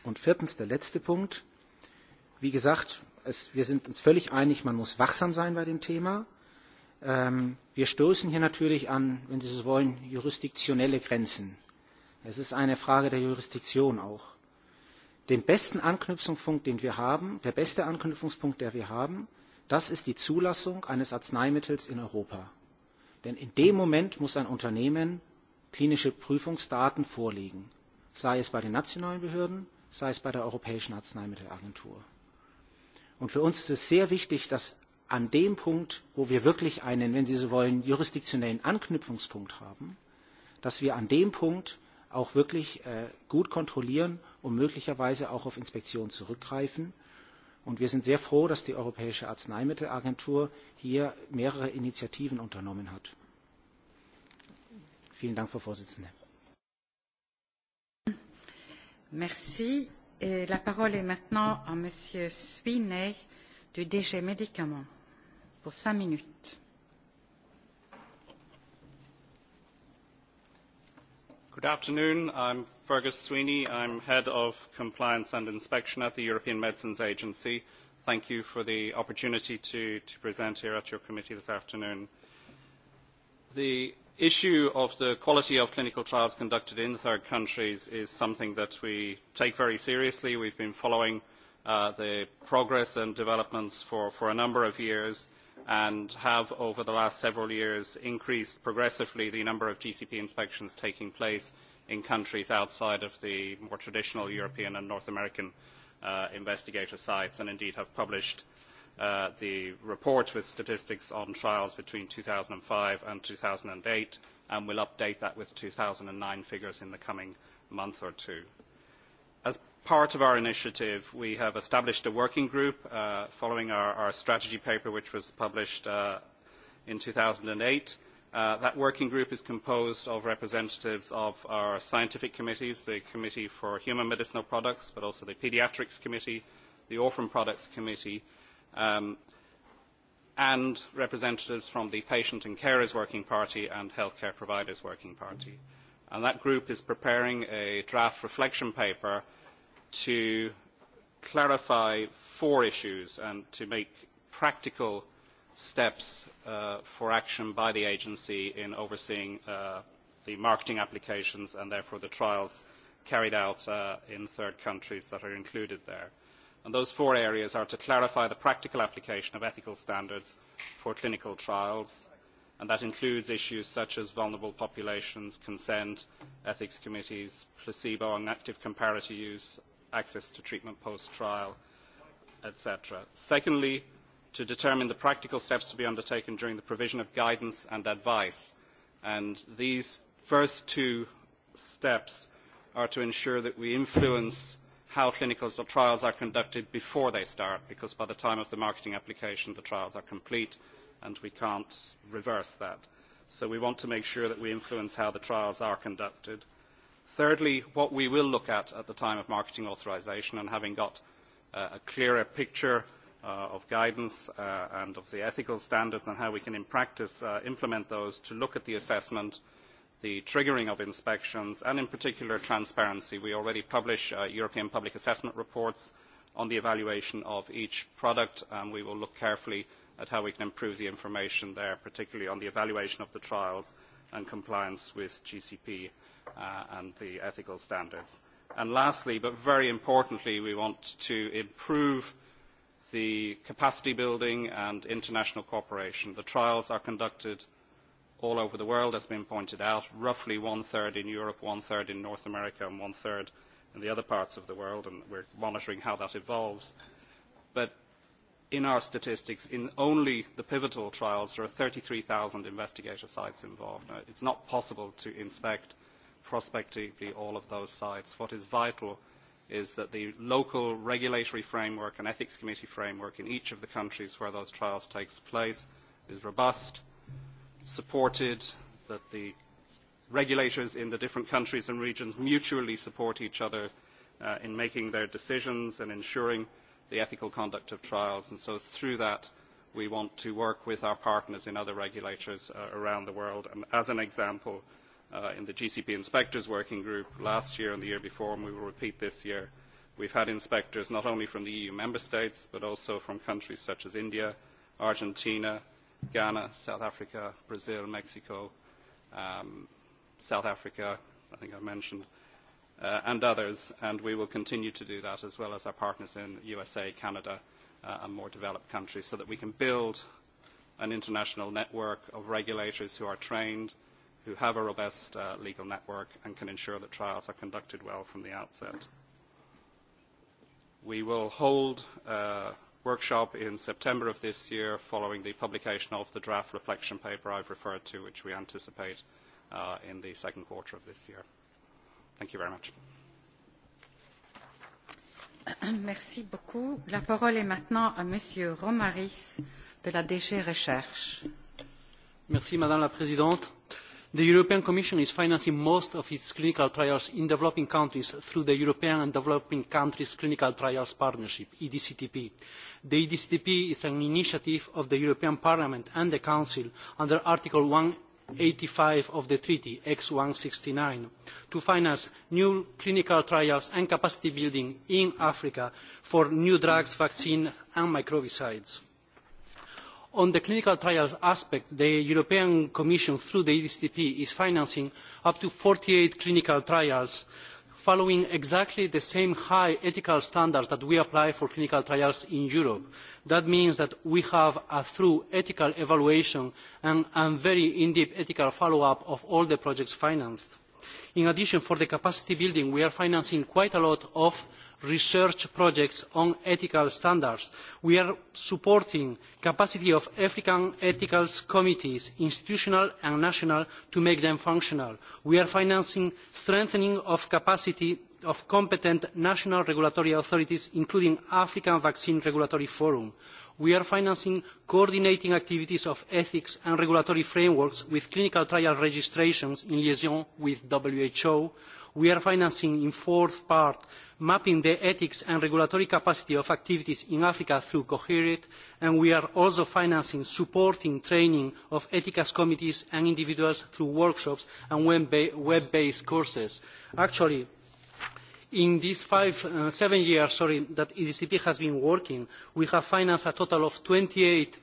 Und viertens, der letzte Punkt. Wie gesagt, wir sind uns völlig einig, man muss wachsam sein bei dem Thema wir stoßen hier natürlich an, wenn Sie so wollen, jurisdiktionelle Grenzen. Es ist eine Frage der Jurisdiktion auch. Den besten Anknüpfungspunkt, den wir haben, der beste Anknüpfungspunkt, den wir haben, das ist die Zulassung eines Arzneimittels in Europa. Denn in dem Moment muss ein Unternehmen klinische Prüfungsdaten vorlegen, sei es bei den nationalen Behörden, sei es bei der Europäischen Arzneimittelagentur. Und für uns ist es sehr wichtig, dass an dem Punkt, wo wir wirklich einen, wenn Sie so wollen, jurisdiktionellen Anknüpfungspunkt haben, dass wir an dem Punkt auch wirklich gut kontrollieren und möglicherweise auch auf Inspektionen zurückgreifen. Und wir sind sehr froh, dass die Europäische Arzneimittelagentur hier mehrere Initiativen unternommen hat. Vielen Dank, Frau Vorsitzende. Merci. Et la parole est maintenant à Monsieur Swinney du DG Médicaments pour cinq minutes. Good afternoon. I'm Fergus Sweeney. I'm head of compliance and inspection at the European Medicines Agency. Thank you for the opportunity to, to present here at your committee this afternoon. The issue of the quality of clinical trials conducted in third countries is something that we take very seriously. We've been following the progress and developments for, for a number of years and have over the last several years increased progressively the number of GCP inspections taking place in countries outside of the more traditional European and North American investigator sites and indeed have published the report with statistics on trials between two thousand and five and two thousand and eight and will update that with two thousand and nine figures in the coming month or two. As part of our initiative, we have established a working group following our, strategy paper, which was published in two thousand eight. that working group is composed of representatives of our scientific committees, the Committee for Human Medicinal Products, but also the Paediatrics Committee, the Orphan Products Committee, and representatives from the Patient and Carers Working Party and Healthcare Providers Working Party. that group is preparing a draft reflection paper to clarify four issues and to make practical steps for action by the agency in overseeing the marketing applications and therefore the trials carried out in third countries that are included there. those four areas are to clarify the practical application of ethical standards for clinical trials, and that includes issues such as vulnerable populations, consent, ethics committees, placebo and active comparator use, access to treatment post-trial, etc. Secondly, to determine the practical steps to be undertaken during the provision of guidance and advice. And these first two steps are to ensure that we influence how clinical trials are conducted before they start, because by the time of the marketing application, the trials are complete, and we can't reverse that. So we want to make sure that we influence how the trials are conducted. Thirdly, what we will look at at the time of marketing authorisation and having got a clearer picture of guidance and of the ethical standards and how we can in practice implement those to look at the assessment, the triggering of inspections and in particular transparency. We already publish European public assessment reports on the evaluation of each product and we will look carefully at how we can improve the information there, particularly on the evaluation of the trials and compliance with GCP and the ethical standards. And lastly, but very importantly, we want to improve the capacity building and international cooperation. The trials are conducted all over the world, as been pointed out, roughly one-third in Europe, one-third in North America, and one-third in the other parts of the world, and we're monitoring how that evolves. But in our statistics, in only the pivotal trials, there are 33,000 investigator sites involved. Now, it's not possible to inspect prospectively all of those sites. What is vital is that the local regulatory framework and ethics committee framework in each of the countries where those trials take place is robust, supported, that the regulators in the different countries and regions mutually support each other in making their decisions and ensuring the ethical conduct of trials. And so through that, we want to work with our partners in other regulators around the world. And as an example, in the GCP Inspectors Working Group last year and the year before, and we will repeat this year. We've had inspectors not only from the EU member states, but also from countries such as India, Argentina, Ghana, South Africa, Brazil, Mexico, South Africa, I think I mentioned, and others, and we will continue to do that as well as our partners in the USA, Canada, and more developed countries so that we can build an international network of regulators who are trained who have a robust uh, legal network and can ensure that trials are conducted well from the outset. We will hold a workshop in September of this year following the publication of the draft reflection paper I've referred to, which we anticipate uh, in the second quarter of this year. Thank you very much. Merci beaucoup. La parole est maintenant à Monsieur Romaris de la DG Recherche. Merci Madame la Présidente The European Commission is financing most of its clinical trials in developing countries through the European and Developing Countries Clinical Trials Partnership, EDCTP. The EDCTP is an initiative of the European Parliament and the Council under Article one hundred and eighty five of the Treaty, X one hundred and sixty nine, to finance new clinical trials and capacity building in Africa for new drugs, vaccines and microbicides On the clinical trials aspect, the European Commission, through the EDCP, is financing up to forty eight clinical trials following exactly the same high ethical standards that we apply for clinical trials in Europe. That means that we have a thorough ethical evaluation and, very in-depth ethical follow-up of all the projects financed In addition, for the capacity building, we are financing quite a lot of research projects on ethical standards. We are supporting the capacity of African ethical committees, institutional and national, to make them functional. We are financing strengthening of capacity of competent national regulatory authorities, including the African Vaccine Regulatory Forum we are financing coordinating activities of ethics and regulatory frameworks with clinical trial registrations in liaison with WHO. We are financing, in fourth part, mapping the ethics and regulatory capacity of activities in Africa through COHERIT, and we are also financing supporting training of ethics committees and individuals through workshops and web-based courses. Actually, In these five, uh, seven years sorry, that EDCP has been working, we have financed a total of twenty eight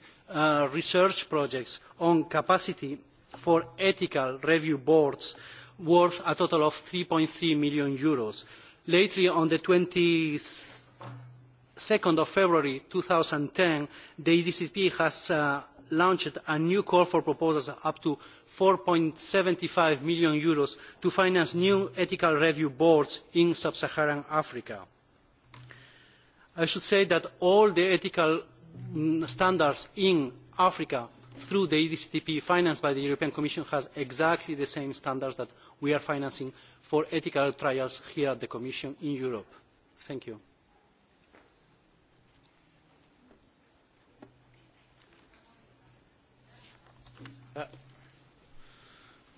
research projects on capacity for ethical review boards worth a total of EUR three three million euros. Lately, on the 22nd of February ten, the EDCP has launched a new call for proposals up to EUR four seventy five million to finance new ethical review boards in sub-Saharan Africa. I should say that all the ethical standards in Africa through the EDCTP financed by the European Commission has exactly the same standards that we are financing for ethical trials here at the Commission in Europe. Thank you.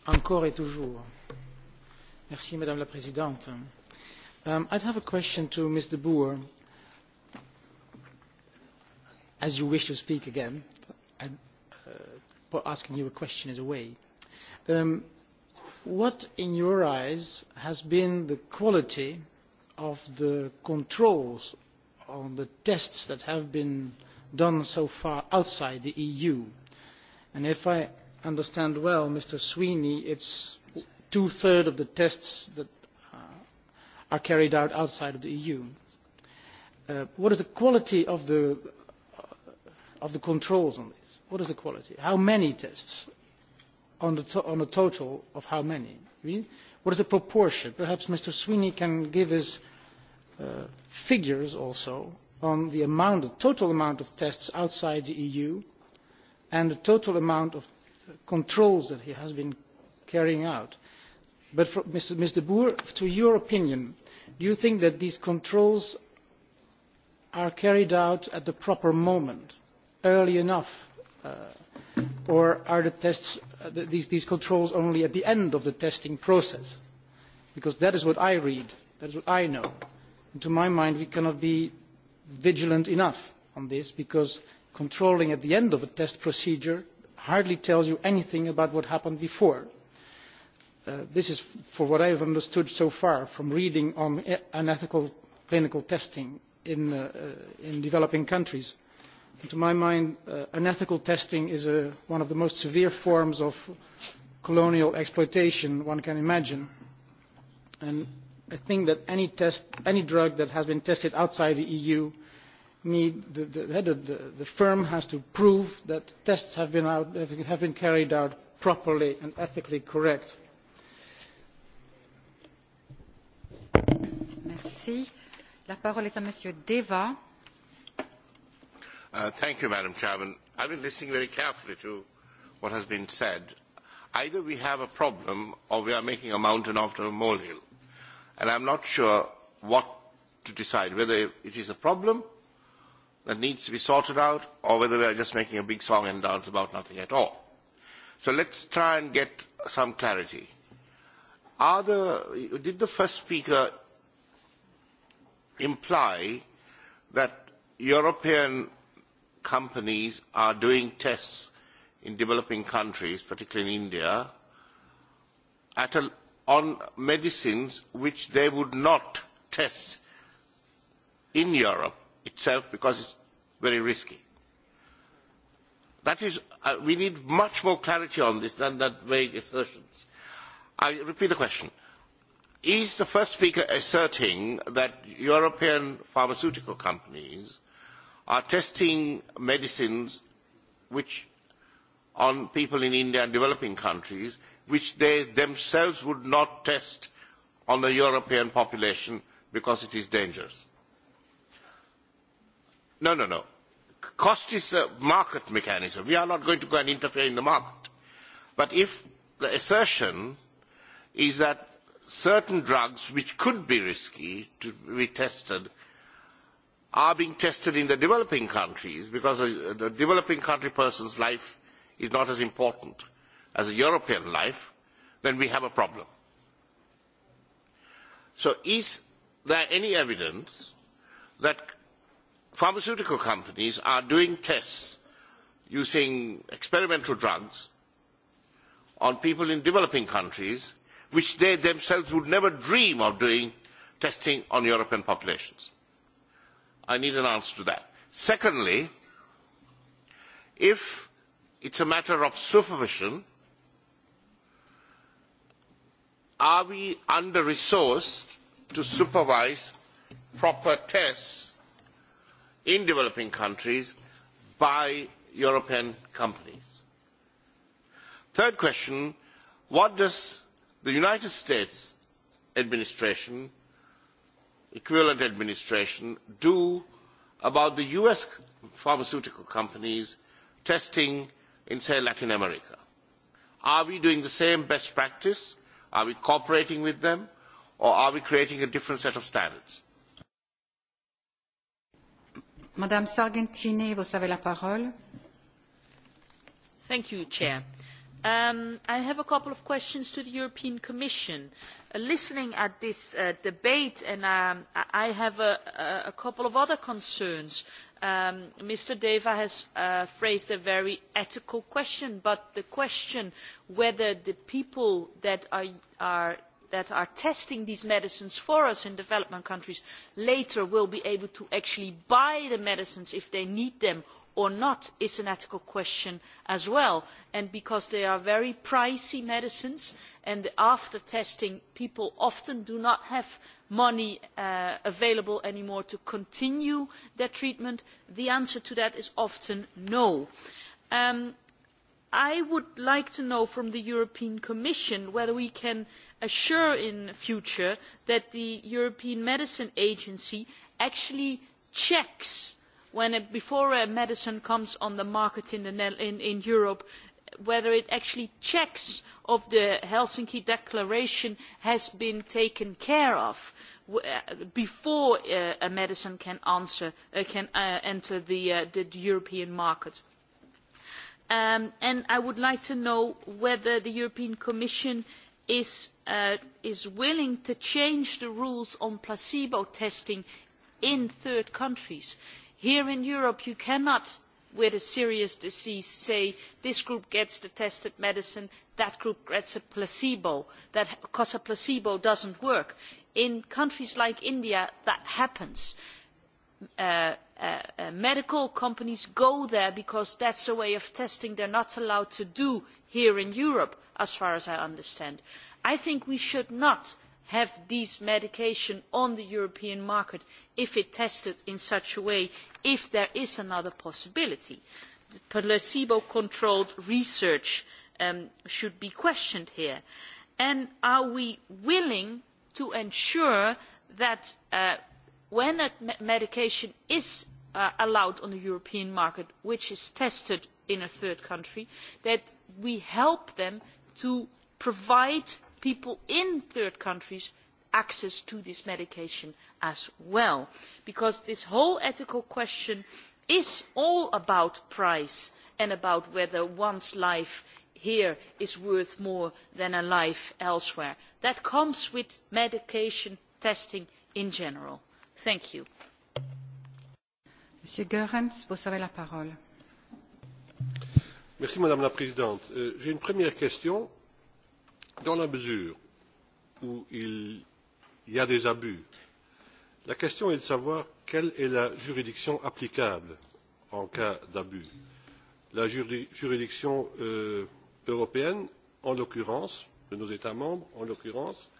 Encore et toujours. Merci, Madame la Présidente. Um, I'd have a question to Mr. Boer. As you wish to speak again, and uh, asking you a question as a way. Um, what, in your eyes, has been the quality of the controls on the tests that have been done so far outside the EU? And if I understand well, Mr. Sweeney, it's two-thirds of the tests that are carried out outside of the EU. what is the quality of the, of the controls on this? What is the quality? How many tests on, the to on a total of how many? What is the proportion? Perhaps Mr. Sweeney can give us figures also on the amount, the total amount of tests outside the EU and the total amount of controls that he has been carrying out. But Mr. de Boer, to your opinion, do you think that these controls are carried out at the proper moment, early enough, or are the tests, these, controls only at the end of the testing process? Because that is what I read, that is what I know. And to my mind, we cannot be vigilant enough on this because controlling at the end of a test procedure hardly tells you anything about what happened before. this is, for what I have understood so far from reading on unethical clinical testing in, developing countries. to my mind, unethical testing is one of the most severe forms of colonial exploitation one can imagine. And I think that any, test, any drug that has been tested outside the EU need the, the, the, the firm has to prove that tests have been, out, have been carried out properly and ethically correct. Merci. La parole est à Monsieur Deva. Uh, thank you, Madam Chairman. I've been listening very carefully to what has been said. Either we have a problem or we are making a mountain after a molehill. And I'm not sure what to decide, whether it is a problem that needs to be sorted out or whether we are just making a big song and dance about nothing at all. So let's try and get some clarity. Are the, did the first speaker imply that European companies are doing tests in developing countries, particularly in India, at a, on medicines which they would not test in Europe itself because it's very risky. That is, uh, we need much more clarity on this than that vague assertions. I repeat the question. Is the first speaker asserting that European pharmaceutical companies are testing medicines which on people in India and developing countries, which they themselves would not test on the European population because it is dangerous? No, no, no. Cost is a market mechanism. We are not going to go and interfere in the market. But if the assertion is that certain drugs which could be risky to be tested are being tested in the developing countries because the developing country person's life is not as important as a European life, then we have a problem. So is there any evidence that pharmaceutical companies are doing tests using experimental drugs on people in developing countries, which they themselves would never dream of doing testing on European populations. I need an answer to that. Secondly, if it's a matter of supervision, are we under-resourced to supervise proper tests in developing countries by European companies. Third question, what does the United States administration, equivalent administration, do about the US pharmaceutical companies testing in, say, Latin America? Are we doing the same best practice? Are we cooperating with them? Or are we creating a different set of standards? Madame Sargentini, vous avez la parole. Thank you, Chair. I have a couple of questions to the European Commission. listening at this debate, and I have a, couple of other concerns. Mr. Deva has phrased a very ethical question, but the question whether the people that are that are testing these medicines for us in developing countries later will be able to actually buy the medicines if they need them or not is an ethical question as well. And because they are very pricey medicines and after testing people often do not have money available anymore to continue their treatment, the answer to that is often no. I would like to know from the European Commission whether we can assure in future that the European Medicine Agency actually checks before a medicine comes on the market in, Europe whether it actually checks if the Helsinki Declaration has been taken care of before a medicine can, enter the, European market. I would like to know whether the European Commission is, willing to change the rules on placebo testing in third countries. Here in Europe, you cannot, with a serious disease, say this group gets the tested medicine, that group gets a placebo, because a placebo does not work. In countries like India, that happens medical companies go there because that is a way of testing they are not allowed to do here in Europe, as far as I understand. I think we should not have these medications on the European market if it is tested in such a way, if there is another possibility. Placebo-controlled research should be questioned here. are we willing to ensure that when a medication is allowed on the European market, which is tested in a third country, that we help them to provide people in third countries access to this medication as well. Because this whole ethical question is all about price and about whether one's life here is worth more than a life elsewhere. That comes with medication testing in general. Thank you madame la présidente j'ai une première question dans la mesure où il y a des abus la question est de savoir quelle est la juridiction applicable en cas d'abus la juridiction européenne en l'occurrence de nos états membres en l'occurrence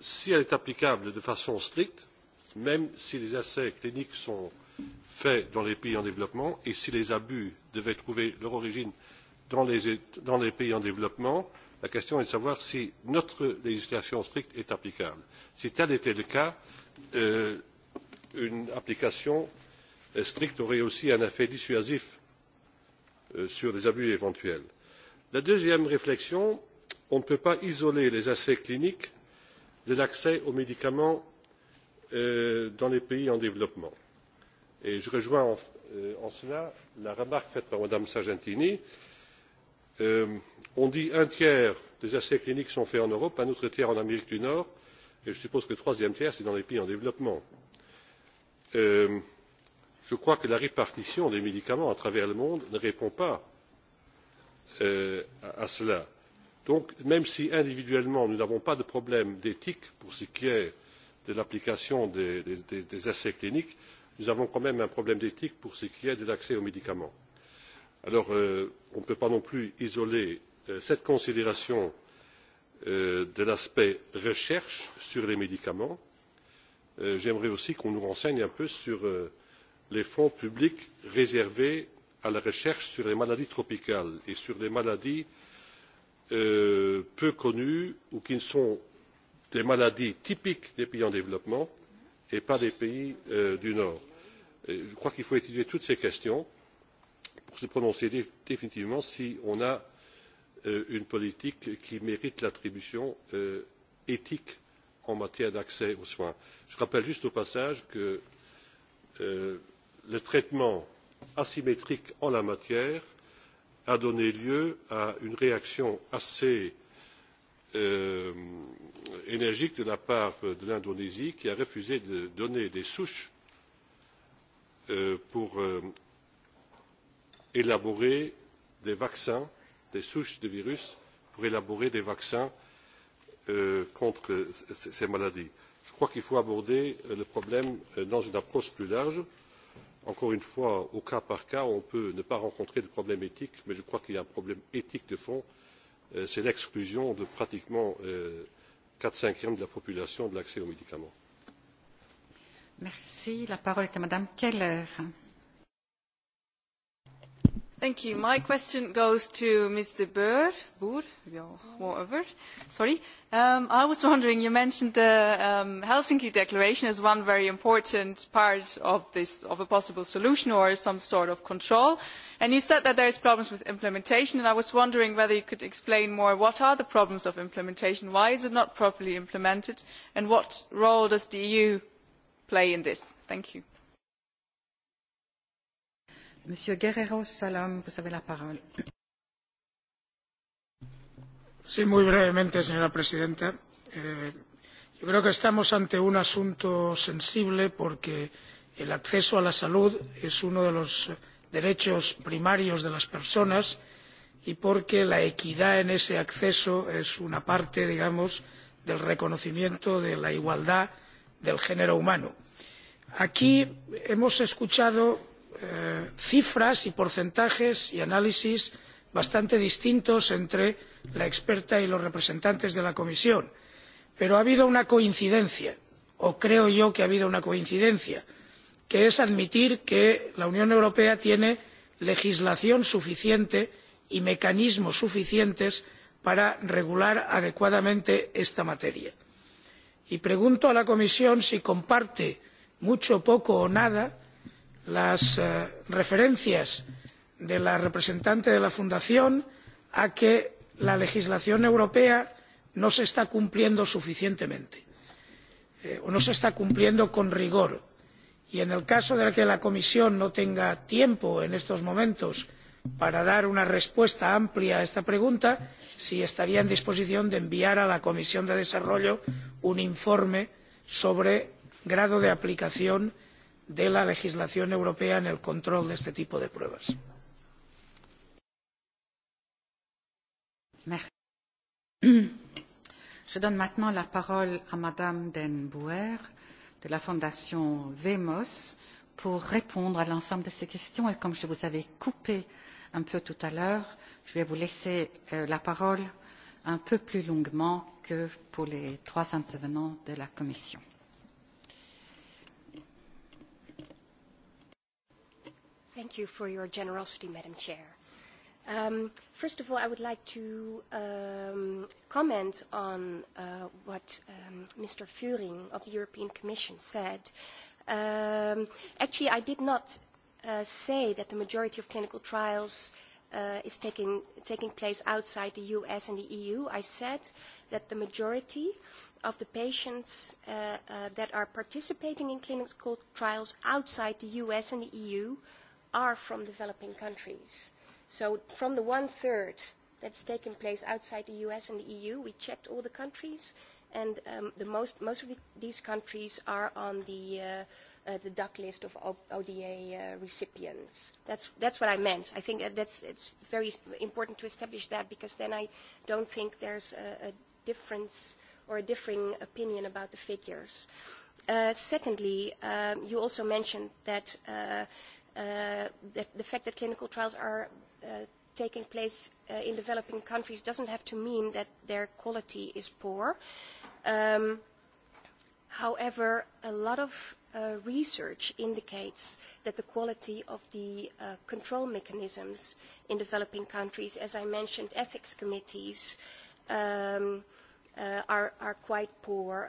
si elle est applicable de façon stricte même si les essais cliniques sont faits dans les pays en développement et si les abus devaient trouver leur origine dans les pays en développement la question est de savoir si notre législation stricte est applicable. si tel était le cas une application stricte aurait aussi un effet dissuasif sur les abus éventuels. la deuxième réflexion on ne peut pas isoler les essais cliniques de l'accès aux médicaments dans les pays en développement et je rejoins en cela la remarque faite par mme sargentini on dit qu'un tiers des essais cliniques sont faits en europe un autre tiers en amérique du nord et je suppose que le troisième tiers c'est dans les pays en développement. je crois que la répartition des médicaments à travers le monde ne répond pas à cela. donc même si individuellement nous n'avons pas de problème d'éthique pour ce qui est de l'application des essais cliniques nous avons quand même un problème d'éthique pour ce qui est de l'accès aux médicaments. alors on ne peut pas non plus isoler cette considération de l'aspect recherche sur les médicaments. j'aimerais aussi qu'on nous renseigne un peu sur les fonds publics réservés à la recherche sur les maladies tropicales et sur les maladies peu connues ou qui sont des maladies typiques des pays en développement et pas des pays du nord. je crois qu'il faut étudier toutes ces questions pour se prononcer définitivement si on a une politique qui mérite l'attribution éthique en matière d'accès aux soins. je rappelle juste au passage que le traitement asymétrique en la matière a donné lieu à une réaction assez énergique de la part de l'indonésie qui a refusé de donner des souches pour élaborer des vaccins des souches de virus pour élaborer des vaccins contre ces maladies. je crois qu'il faut aborder le problème dans une approche plus large. encore une fois au cas par cas on peut ne pas rencontrer de problème éthique mais je crois qu'il y a un problème éthique de fond c'est l'exclusion de pratiquement quatre cinquièmes de la population de l'accès aux médicaments. la parole est à mme keller. Thank you. My question goes to Mr. Boer, Boer, whatever. Sorry. Um, I was wondering, you mentioned the um, Helsinki Declaration as one very important part of this, of a possible solution or some sort of control. And you said that there is problems with implementation, and I was wondering whether you could explain more what are the problems of implementation, why is it not properly implemented, and what role does the EU play in this? Thank you. Monsieur Guerrero vous avez la parole. Sí, muy brevemente, señora presidenta. yo creo que estamos ante un asunto sensible porque el acceso a la salud es uno de los derechos primarios de las personas y porque la equidad en ese acceso es una parte digamos del reconocimiento de la igualdad del género humano. aquí hemos escuchado cifras y porcentajes y análisis bastante distintos entre la experta y los representantes de la comisión pero ha habido una coincidencia o creo yo que ha habido una coincidencia que es admitir que la unión europea tiene legislación suficiente y mecanismos suficientes para regular adecuadamente esta materia. y pregunto a la comisión si comparte mucho poco o nada las referencias de la representante de la fundación a que la legislación europea no se está cumpliendo suficientemente o no se está cumpliendo con rigor y en el caso de que la comisión no tenga tiempo en estos momentos para dar una respuesta amplia a esta pregunta si estaría en disposición de enviar a la comisión de desarrollo un informe sobre el grado de aplicación de la legislación europea en el control de este tipo de pruebas. Je donne maintenant la parole à Madame Den Bouwer de la Fondation VEMOS pour répondre à l'ensemble de ces questions. Et comme je vous avais coupé un peu tout à l'heure, je vais vous laisser la parole un peu plus longuement que pour les trois intervenants de la Commission. Thank you for your generosity, Madam Chair. Um, first of all, I would like to um, comment on uh, what um, Mr. Furing of the European Commission said. Um, actually, I did not uh, say that the majority of clinical trials uh, is taking, taking place outside the US and the EU. I said that the majority of the patients uh, uh, that are participating in clinical trials outside the US and the EU are from developing countries. So from the one-third that's taken place outside the US and the EU, we checked all the countries, and um, the most, most of the, these countries are on the, uh, uh, the duck list of ODA uh, recipients. That's, that's what I meant. I think that's, it's very important to establish that because then I don't think there's a, a difference or a differing opinion about the figures. Uh, secondly, um, you also mentioned that uh, the fact that clinical trials are taking place in developing countries doesn't have to mean that their quality is poor. however, a lot of research indicates that the quality of the control mechanisms in developing countries, as I mentioned, ethics committees, are, quite poor.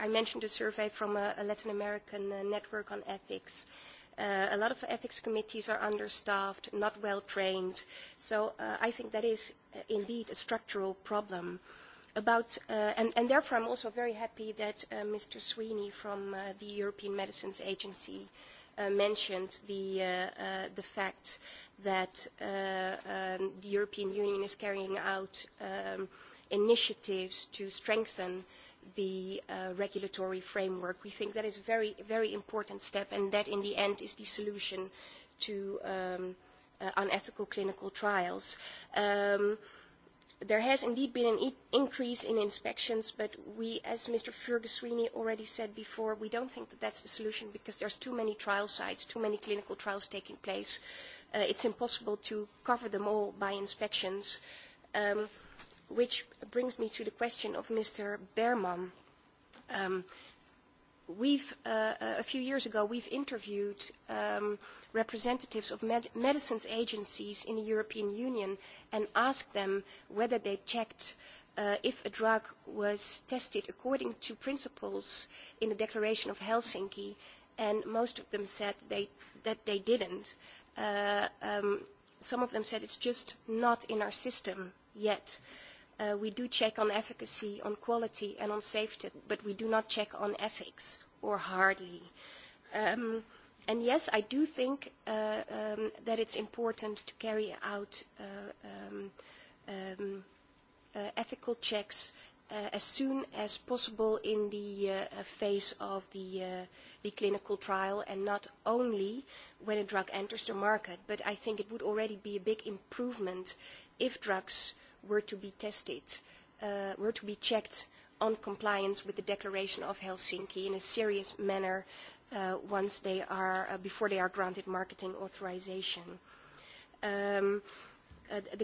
I mentioned a survey from a, Latin American network on ethics uh, a lot of ethics committees are understaffed, not well trained. So I think that is indeed a structural problem. About, and, and therefore I'm also very happy that Mr. Sweeney from the European Medicines Agency mentioned the, the fact that the European Union is carrying out initiatives to strengthen uh, the regulatory framework. We think that is a very, very important step and that in the end is the solution to unethical clinical trials. there has indeed been an increase in inspections, but we, as Mr. Fergusweeney already said before, we don't think that that's the solution because there's too many trial sites, too many clinical trials taking place. It is impossible to cover them all by inspections which brings me to the question of Mr. Berman. Um, we've, uh, a few years ago, we've interviewed um, representatives of med medicines agencies in the European Union and asked them whether they checked uh, if a drug was tested according to principles in the Declaration of Helsinki, and most of them said they, that they didn't. Uh, um, some of them said it's just not in our system yet. Uh, we do check on efficacy, on quality, and on safety, but we do not check on ethics, or hardly. and yes, I do think that it's important to carry out ethical checks as soon as possible in the phase of the, clinical trial and not only when a drug enters the market. But I think it would already be a big improvement if drugs – were to be tested, were to be checked on compliance with the Declaration of Helsinki in a serious manner once they are, before they are granted marketing authorization. the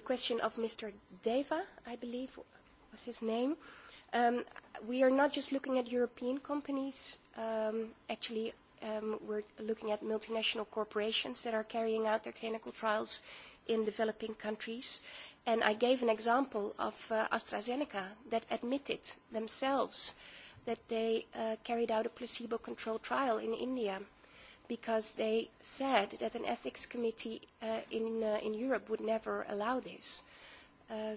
question of Mr. Deva, I believe, was his name. we are not just looking at European companies. actually, um, we're looking at multinational corporations that are carrying out their clinical trials in developing countries. And I gave an example of AstraZeneca that admitted themselves that they carried out a placebo-controlled trial in India because they said that an ethics committee in, in Europe would never allow this.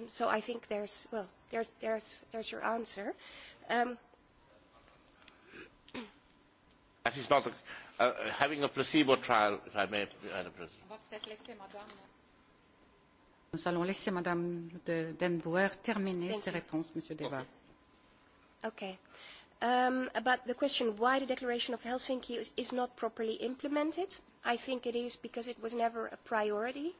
so I think there's, well, there's, there's, there's your answer. that is not a, having a placebo trial, if I may, Madam President. Nous allons laisser Madame de Denbouwer terminer ses réponses, Monsieur Deva. Okay. Um, about the question why the Declaration of Helsinki is, is not properly implemented, I think it is because it was never a priority.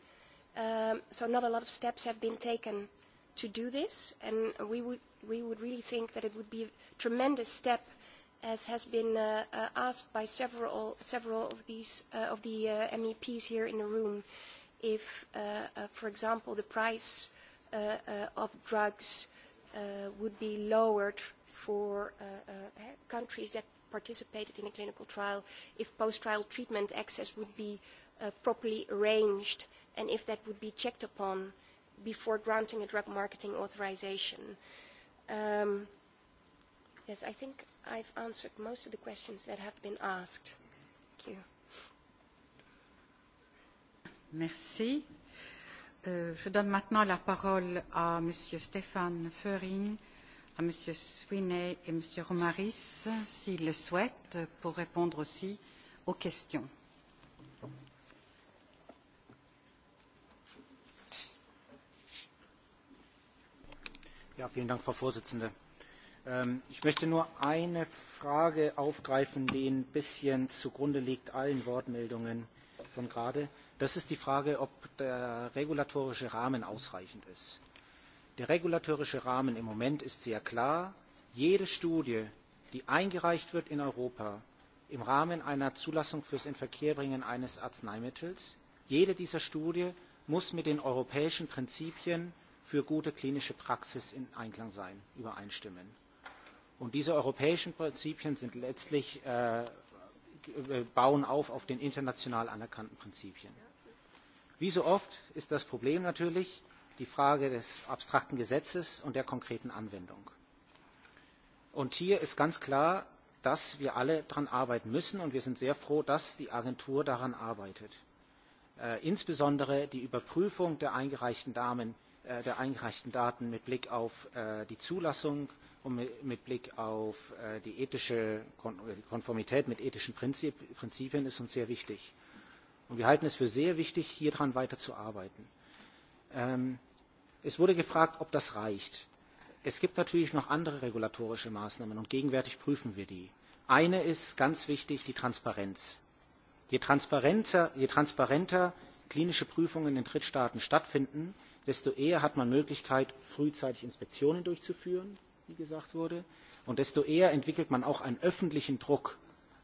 Um, so not a lot of steps have been taken to do this, and we would, we would really think that it would be a tremendous step, as has been uh, uh, asked by several, several of, these, uh, of the uh, MEPs here in the room. Uh, if, for example, the price of drugs would be lowered for countries that participated in a clinical trial, if post-trial treatment access would be properly arranged, and if that would be checked upon before granting a drug marketing authorization. yes, I think I've answered most of the questions that have been asked. Thank you. Merci. je donne maintenant la parole à Monsieur Stéphane Föring, à Monsieur Sweeney et Monsieur Romaris, s'ils le souhaitent, pour répondre aussi aux questions. frau präsidentin! ich möchte nur eine frage aufgreifen die ein bisschen zugrunde liegt allen wortmeldungen von gerade. Das ist die Frage, ob der regulatorische Rahmen ausreichend ist. Der regulatorische Rahmen im Moment ist sehr klar. Jede Studie, die eingereicht wird in Europa im Rahmen einer Zulassung fürs Inverkehrbringen eines Arzneimittels, jede dieser Studie muss mit den europäischen Prinzipien für gute klinische Praxis in Einklang sein, übereinstimmen. Und diese europäischen Prinzipien sind letztlich bauen auf auf den international anerkannten Prinzipien wie so oft ist das problem natürlich die frage des abstrakten gesetzes und der konkreten anwendung. und hier ist ganz klar dass wir alle daran arbeiten müssen und wir sind sehr froh dass die agentur daran arbeitet. insbesondere die überprüfung der eingereichten daten mit blick auf die zulassung und mit blick auf die konformität mit ethischen prinzipien ist uns sehr wichtig. Und wir halten es für sehr wichtig, hier daran weiterzuarbeiten. Ähm, es wurde gefragt, ob das reicht. Es gibt natürlich noch andere regulatorische Maßnahmen und gegenwärtig prüfen wir die. Eine ist ganz wichtig, die Transparenz. Je transparenter, je transparenter klinische Prüfungen in Drittstaaten stattfinden, desto eher hat man Möglichkeit, frühzeitig Inspektionen durchzuführen, wie gesagt wurde, und desto eher entwickelt man auch einen öffentlichen Druck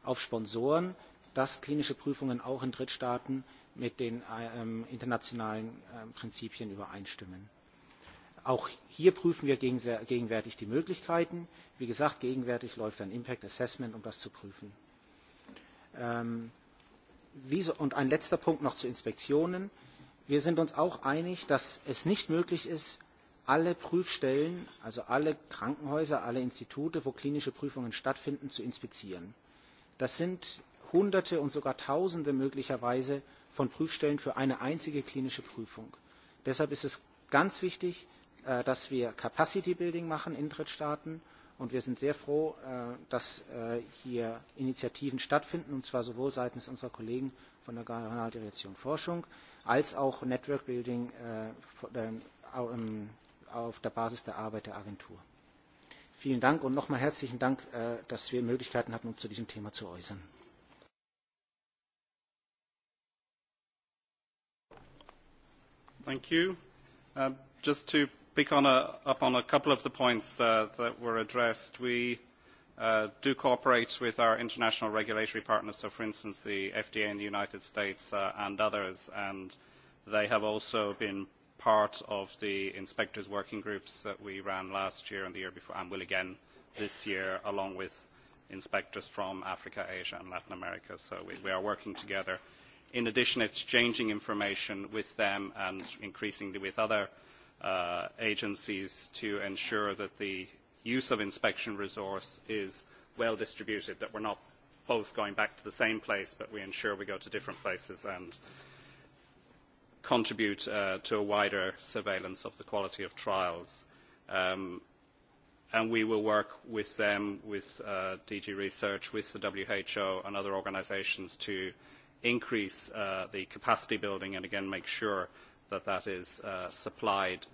auf Sponsoren, dass klinische Prüfungen auch in Drittstaaten mit den internationalen Prinzipien übereinstimmen. Auch hier prüfen wir gegenwärtig die Möglichkeiten. Wie gesagt, gegenwärtig läuft ein Impact Assessment, um das zu prüfen. und ein letzter Punkt noch zu Inspektionen. Wir sind uns auch einig, dass es nicht möglich ist, alle Prüfstellen, also alle Krankenhäuser, alle Institute, wo klinische Prüfungen stattfinden, zu inspizieren. Das sind Hunderte und sogar Tausende möglicherweise von Prüfstellen für eine einzige klinische Prüfung. Deshalb ist es ganz wichtig, dass wir Capacity Building machen in Drittstaaten. Und wir sind sehr froh, dass hier Initiativen stattfinden, und zwar sowohl seitens unserer Kollegen von der Generaldirektion Forschung als auch Network Building auf der Basis der Arbeit der Agentur. Vielen Dank und nochmal herzlichen Dank, dass wir Möglichkeiten hatten, uns zu diesem Thema zu äußern. Thank you. Just to pick up on a couple of the points that were addressed, we do cooperate with our international regulatory partners, so for instance, the FDA in the United States and others, and they have also been part of the inspectors working groups that we ran last year and the year before, and will again this year, along with inspectors from Africa, Asia, and Latin America. So we, we are working together in addition exchanging information with them and increasingly with other agencies to ensure that the use of inspection resource is well distributed, that we are not both going back to the same place, but we ensure we go to different places and contribute to a wider surveillance of the quality of trials. and we will work with them, with DG Research, with the WHO and other organisations to increase the capacity building and again make sure that that is supplied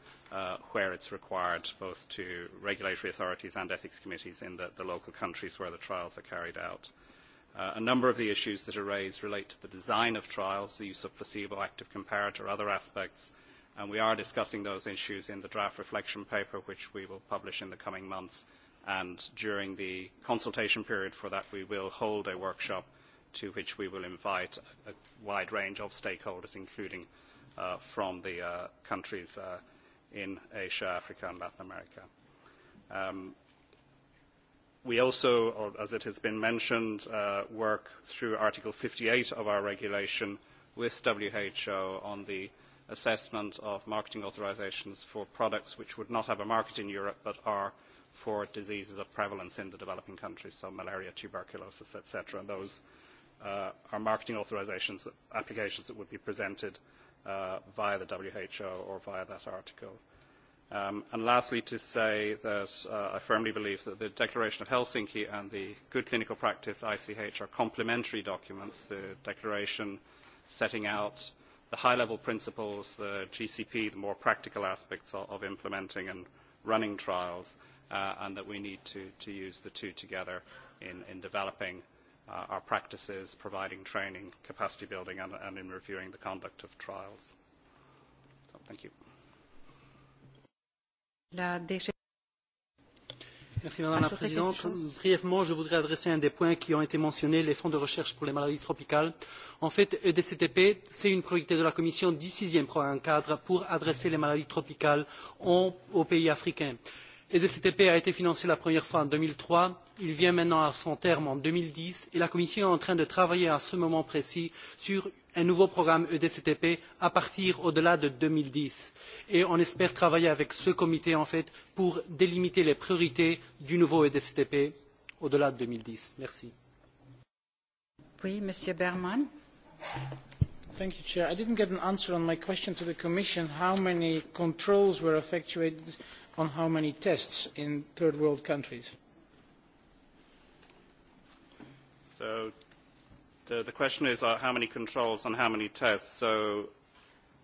where it is required, both to regulatory authorities and ethics committees in the local countries where the trials are carried out. A number of the issues that are raised relate to the design of trials, the use of placebo, active comparator, other aspects, and we are discussing those issues in the draft reflection paper, which we will publish in the coming months. And during the consultation period for that, we will hold a workshop to which we will invite a wide range of stakeholders, including from the countries in Asia, Africa, and Latin America. We also, as it has been mentioned, work through Article fifty eight of our regulation with WHO on the assessment of marketing authorisations for products which would not have a market in Europe but are for diseases of prevalence in the developing countries, so malaria, tuberculosis, etc., those our marketing authorisations applications that would be presented via the WHO or via that article. and lastly, to say that I firmly believe that the Declaration of Helsinki and the Good Clinical Practice ICH are complementary documents. The declaration setting out the high-level principles, the GCP, the more practical aspects of implementing and running trials, and that we need to, to use the two together in, in developing our practices, providing training, capacity building, and, and in reviewing the conduct of trials. So, thank you. La Merci Madame la Présidente. Brièvement, je voudrais adresser un des points qui ont été mentionnés, les fonds de recherche pour les maladies tropicales. En fait, EDCTP, c'est une priorité de la Commission du sixième programme cadre pour adresser les maladies tropicales aux pays africains le dctp a été financé la première fois en deux mille trois il vient maintenant à son terme en deux mille dix et la commission est en train de travailler à ce moment précis sur un nouveau programme edctp à partir au delà de deux mille dix et on espère travailler avec ce comité en fait pour délimiter les priorités du nouveau edctp au delà de. deux mille dix merci Thank you, Chair. I didn't get an answer on my question to the Commission, how many controls were effectuated on how many tests in third world countries? So the, the question is uh, how many controls on how many tests. So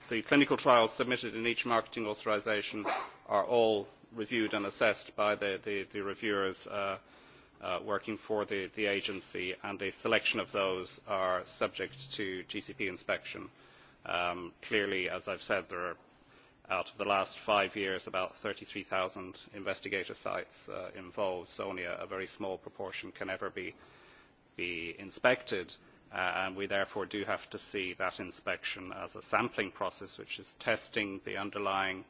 the clinical trials submitted in each marketing authorization are all reviewed and assessed by the, the, the reviewers uh, working for the, the agency, and a selection of those are subject to GCP inspection. clearly, as I've said, there are, out of the last five years, about thirty three 33,000 investigator sites involved, so only a, very small proportion can ever be, be inspected. and we therefore do have to see that inspection as a sampling process, which is testing the underlying uh,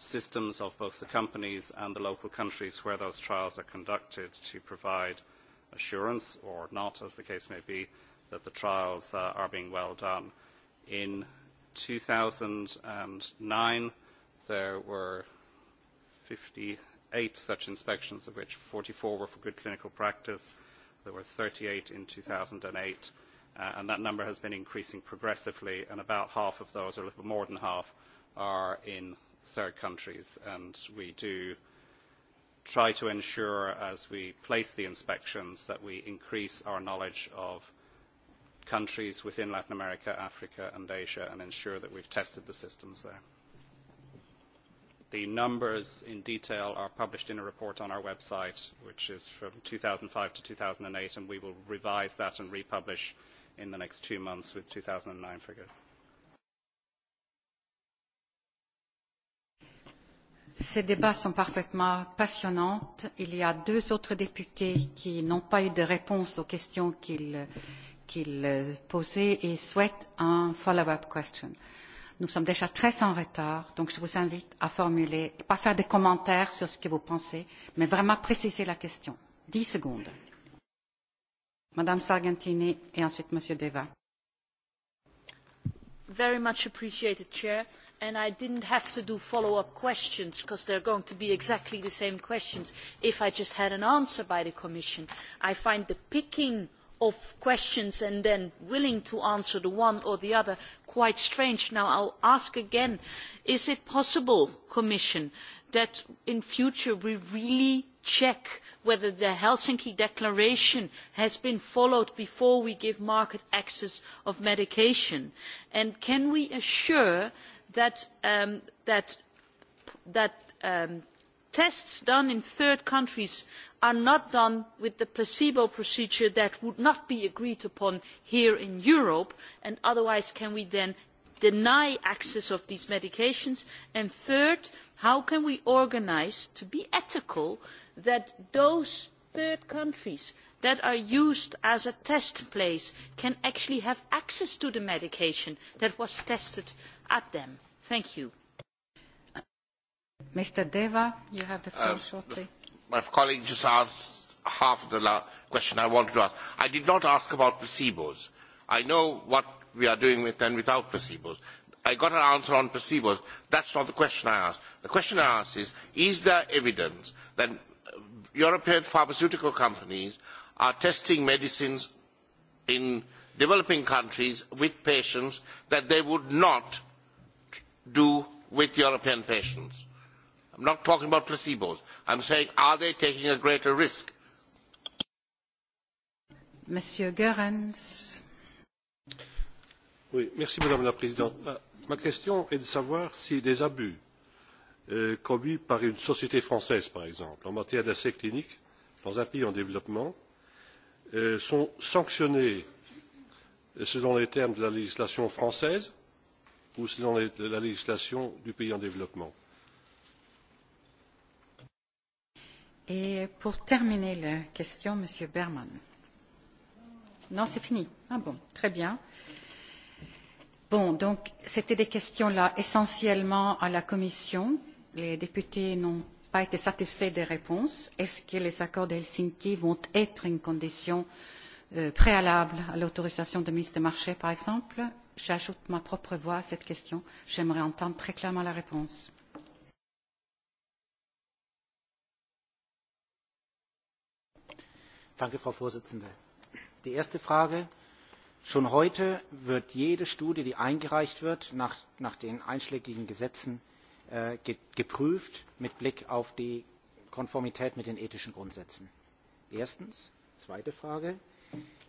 systems of both the companies and the local countries where those trials are conducted to provide assurance or not, as the case may be, that the trials uh, are being well done. In 2009, there were 58 such inspections, of which 44 were for good clinical practice. There were 38 in 2008, uh, and that number has been increasing progressively, and about half of those, or a little more than half, are in third countries, and we do try to ensure as we place the inspections that we increase our knowledge of countries within Latin America, Africa, and Asia, and ensure that we've tested the systems there. The numbers in detail are published in a report on our website, which is from 2005 to 2008, and we will revise that and republish in the next two months with 2009 figures. Ces débats sont parfaitement passionnants. Il y a deux autres députés qui n'ont pas eu de réponse aux questions qu'ils posaient et souhaitent un follow-up question. Nous sommes déjà très en retard, donc je vous invite à formuler, pas faire de commentaires sur ce que vous pensez, mais vraiment préciser la question. Dix secondes. Madame Sargentini et ensuite Monsieur Deva. Very much appreciated, Chair and I not have to do follow-up questions because they are going to be exactly the same questions if I just had an answer by the Commission. I find the picking of questions and then willing to answer the one or the other quite strange. Now will ask again, is it possible, Commission, that in future we really check whether the Helsinki Declaration has been followed before we give market access to medication? And can we assure that tests done in third countries are not done with the placebo procedure that would not be agreed upon here in europe and otherwise can we then deny access to these medications and third how can we organise to be ethical that those third countries that are used as a test place can actually have access to the medication that was tested at them. Thank you. Mr. Deva, you have the floor shortly. My colleague just asked half of the question I wanted to ask. I did not ask about placebos. I know what we are doing with and without placebos. I got an answer on placebos. That's not the question I asked. The question I asked is, is there evidence that European pharmaceutical companies are testing medicines in developing countries with patients that they would not do with European patients? I not talking about placebos. I saying, are they taking a greater risk? Madame la Présidente. Ma question est de savoir si des abus commis par une société française, par exemple, en matière d'essais cliniques dans un pays en développement, sont sanctionnés selon les termes de la législation française ou selon la législation du pays en développement. Et pour terminer la question, Monsieur Berman. Non, c'est fini. Ah bon, très bien. Bon, donc c'était des questions là essentiellement à la Commission. Les députés n'ont pas été satisfaits des réponses. Est-ce que les accords de Helsinki vont être une condition préalable à l'autorisation de mise de marché, par exemple j'ajoute ma propre voix à cette question. J'aimerais entendre très clairement la réponse. Danke, Frau Vorsitzende. Die erste Frage. Schon heute wird jede Studie, die eingereicht wird, nach, den einschlägigen Gesetzen geprüft mit Blick auf die Konformität mit den ethischen Grundsätzen. Erstens. Zweite Frage.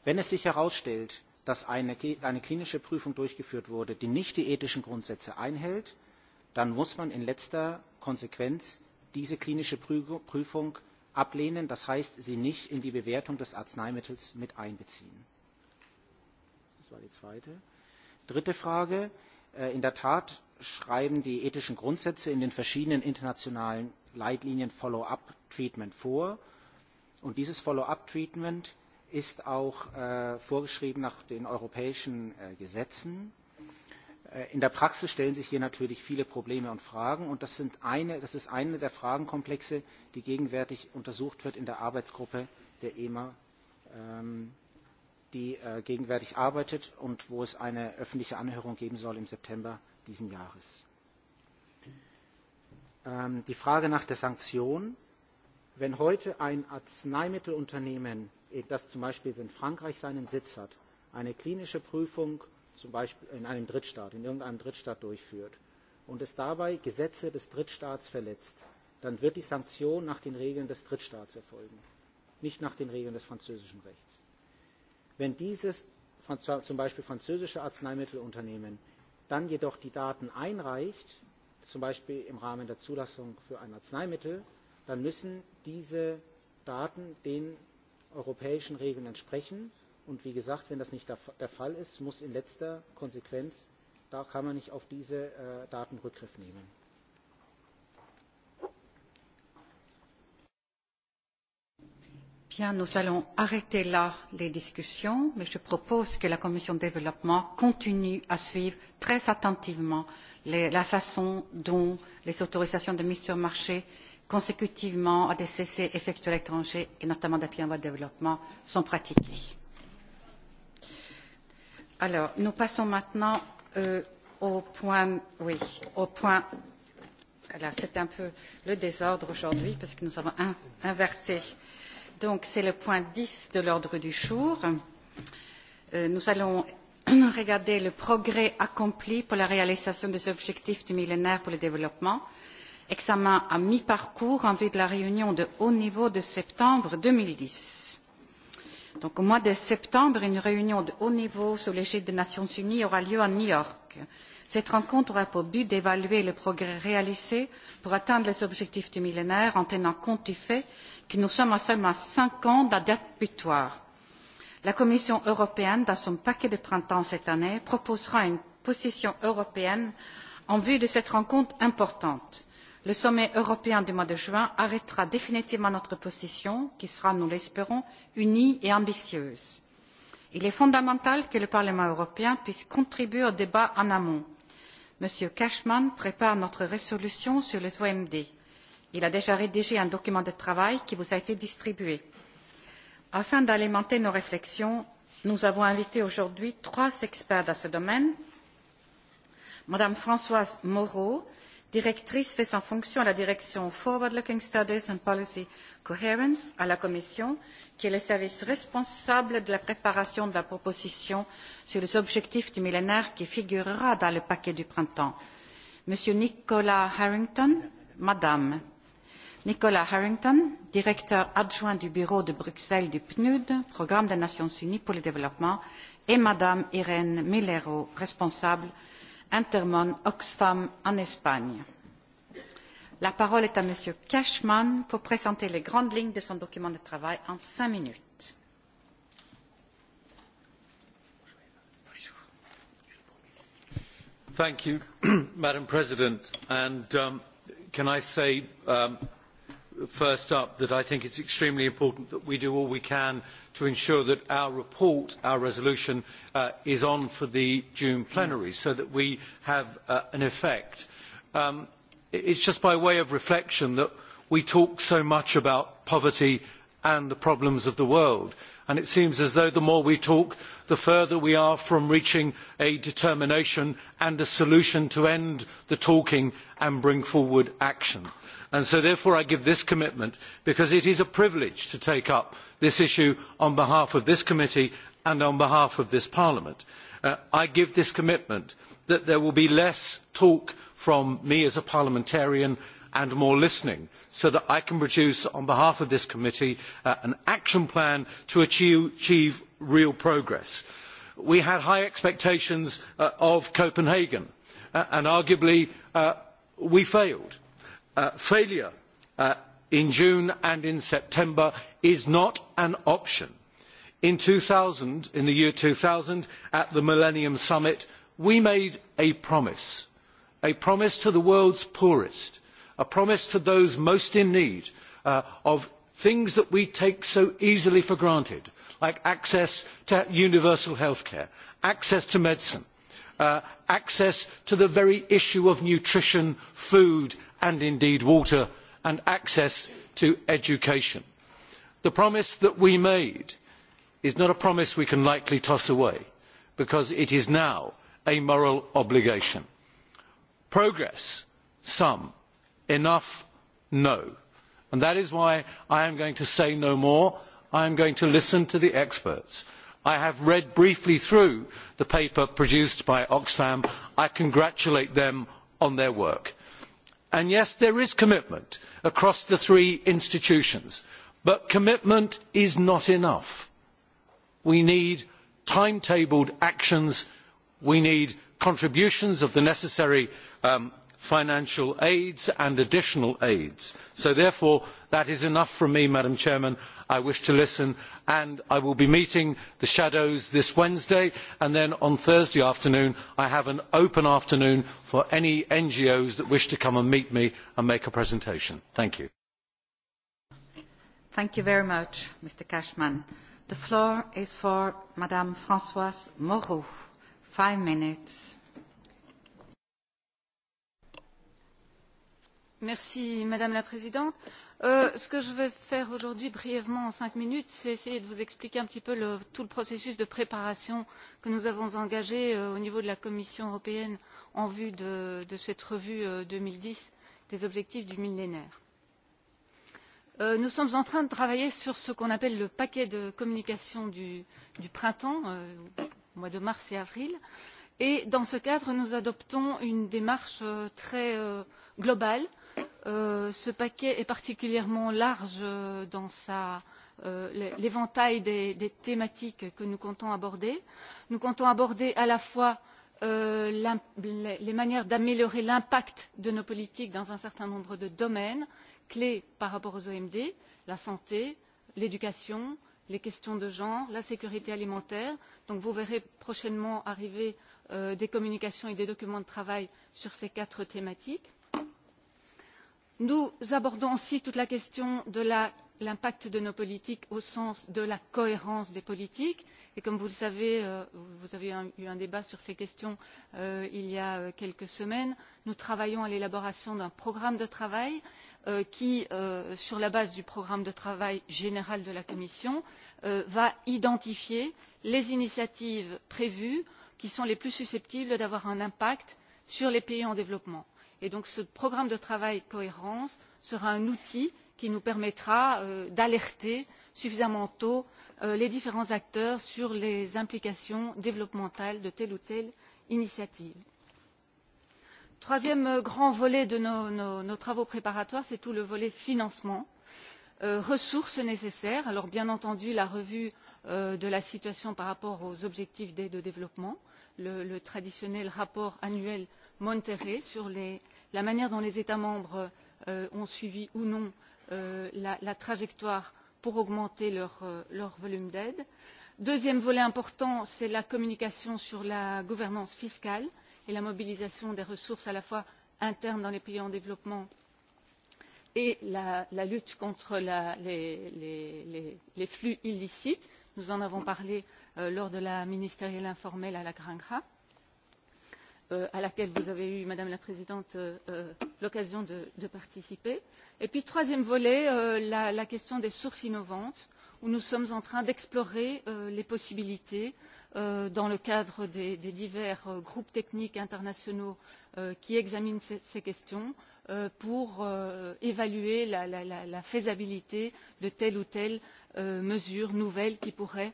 Wenn es sich herausstellt, dass eine, klinische Prüfung durchgeführt wurde, die nicht die ethischen Grundsätze einhält, dann muss man in letzter Konsequenz diese klinische Prüfung ablehnen, das heißt, sie nicht in die Bewertung des Arzneimittels mit einbeziehen. Das war die zweite. Dritte Frage. In der Tat schreiben die ethischen Grundsätze in den verschiedenen internationalen Leitlinien Follow-up-Treatment vor. Und dieses Follow-up-Treatment ist auch vorgeschrieben nach den europäischen Gesetzen. In der Praxis stellen sich hier natürlich viele Probleme und Fragen, und das, sind eine, das ist eine der Fragenkomplexe, die gegenwärtig untersucht wird in der Arbeitsgruppe der EMA, die gegenwärtig arbeitet und wo es eine öffentliche Anhörung geben soll im September diesen Jahres. die Frage nach der Sanktion. Wenn heute ein Arzneimittelunternehmen dass zum Beispiel, wenn Frankreich seinen Sitz hat, eine klinische Prüfung zum Beispiel in einem Drittstaat, in irgendeinem Drittstaat durchführt und es dabei Gesetze des Drittstaats verletzt, dann wird die Sanktion nach den Regeln des Drittstaats erfolgen, nicht nach den Regeln des französischen Rechts. Wenn dieses zum Beispiel französische Arzneimittelunternehmen dann jedoch die Daten einreicht, zum Beispiel im Rahmen der Zulassung für ein Arzneimittel, dann müssen diese Daten den europäischen Regeln entsprechen. Und wie gesagt, wenn das nicht der Fall ist, muss in letzter Konsequenz, da kann man nicht auf diese Daten Rückgriff nehmen. Bien, nous allons arrêter là les discussions, mais je propose que la Commission de développement continue à suivre très attentivement la façon dont les autorisations de mise sur marché euh, consécutivement à des essais effectués à l'étranger et notamment d'appui en voie de développement sont pratiqués. Alors, nous passons maintenant au point, oui, au point, alors c'est un peu le désordre aujourd'hui parce que nous avons inverté. Donc c'est le point dix de l'ordre du jour. nous allons regarder le progrès accompli pour la réalisation des objectifs du millénaire pour le développement examen à mi-parcours en vue de la réunion de haut niveau de septembre deux mille dix. Donc au mois de septembre, une réunion de haut niveau sous l'égide des Nations Unies aura lieu à New York. Cette rencontre aura pour but d'évaluer les progrès réalisés pour atteindre les objectifs du millénaire en tenant compte du fait que nous sommes à seulement cinq ans de la date butoir. La Commission européenne, dans son paquet de printemps cette année, proposera une position européenne en vue de cette rencontre importante le sommet européen du mois de juin arrêtera définitivement notre position qui sera nous l'espérons unie et ambitieuse. il est fondamental que le parlement européen puisse contribuer au débat en amont. m. cashman prépare notre résolution sur les omd. il a déjà rédigé un document de travail qui vous a été distribué. afin d'alimenter nos réflexions nous avons invité aujourd'hui trois experts dans ce domaine mme françoise moreau directrice fait sa fonction à la direction Forward Looking Studies and Policy Coherence à la Commission, qui est le service responsable de la préparation de la proposition sur les objectifs du millénaire qui figurera dans le paquet du printemps. Monsieur Nicola Harrington, Madame Nicola Harrington, directeur adjoint du bureau de Bruxelles du PNUD, programme des Nations Unies pour le développement, et Madame Irène Millero, responsable Intermon Oxfam en Espagne. La parole est à m. Cashman pour présenter les grandes lignes de son document de travail en cinq minutes. Madam President, and can I say first up that I think it is extremely important that we do all we can to ensure that our report, our resolution, is on for the June plenary so that we have an effect. It is just by way of reflection that we talk so much about poverty and the problems of the world. And it seems as though the more we talk, the further we are from reaching a determination and a solution to end the talking and bring forward action therefore I give this commitment because it is a privilege to take up this issue on behalf of this committee and on behalf of this parliament. I give this commitment that there will be less talk from me as a parliamentarian and more listening so that I can produce on behalf of this committee an action plan to achieve real progress. We had high expectations of Copenhagen and arguably we failed failure in June and in September is not an option. In, in the year two thousand, at the Millennium Summit, we made a promise, a promise to the world's poorest, a promise to those most in need of things that we take so easily for granted, like access to universal health care, access to medicine, access to the very issue of nutrition, food and indeed water and access to education. The promise that we made is not a promise we can lightly toss away because it is now a moral obligation. Progress, some. Enough, no. And that is why I am going to say no more. I am going to listen to the experts. I have read briefly through the paper produced by Oxfam. I congratulate them on their work and yes there is commitment across the three institutions but commitment is not enough. we need timetabled actions we need contributions of the necessary financial aids and additional aids. So therefore, that is enough from me, Madam Chairman. I wish to listen and I will be meeting the shadows this Wednesday and then on Thursday afternoon I have an open afternoon for any NGOs that wish to come and meet me and make a presentation. Thank you. Thank you very much, Mr. Cashman. The floor is for Madame Françoise Moreau. Five minutes. madame la présidente ce que je vais faire aujourd'hui brièvement en cinq minutes c'est essayer de vous expliquer un petit peu tout le processus de préparation que nous avons engagé au niveau de la commission européenne en vue de cette revue deux mille dix des objectifs du millénaire. nous sommes en train de travailler sur ce qu'on appelle le paquet de communication du printemps au mois de mars et avril et dans ce cadre nous adoptons une démarche très globale ce paquet est particulièrement large dans sa l'éventail des, thématiques que nous comptons aborder. Nous comptons aborder à la fois les manières d'améliorer l'impact de nos politiques dans un certain nombre de domaines clés par rapport aux OMD la santé, l'éducation, les questions de genre, la sécurité alimentaire. Donc vous verrez prochainement arriver des communications et des documents de travail sur ces quatre thématiques Nous abordons aussi toute la question de l'impact de nos politiques au sens de la cohérence des politiques. Et comme vous le savez, vous avez eu un débat sur ces questions il y a quelques semaines, nous travaillons à l'élaboration d'un programme de travail qui, sur la base du programme de travail général de la Commission, va identifier les initiatives prévues qui sont les plus susceptibles d'avoir un impact sur les pays en développement Et donc ce programme de travail cohérence sera un outil qui nous permettra d'alerter suffisamment tôt les différents acteurs sur les implications développementales de telle ou telle initiative. Troisième grand volet de nos, travaux préparatoires, c'est tout le volet financement, ressources nécessaires. Alors bien entendu, la revue de la situation par rapport aux objectifs d'aide au développement, le, traditionnel rapport annuel Monterrey sur les la manière dont les États membres ont suivi ou non la, trajectoire pour augmenter leur, volume d'aide. Deuxième volet important, c'est la communication sur la gouvernance fiscale et la mobilisation des ressources à la fois internes dans les pays en développement et la, lutte contre les, flux illicites. Nous en avons parlé lors de la ministérielle informelle à la Grangra à laquelle vous avez eu, Madame la Présidente, l'occasion de, participer. Et puis, troisième volet, la, question des sources innovantes, où nous sommes en train d'explorer les possibilités dans le cadre des, divers groupes techniques internationaux qui examinent ces, questions pour évaluer la, faisabilité de telle ou telle mesure nouvelle qui pourrait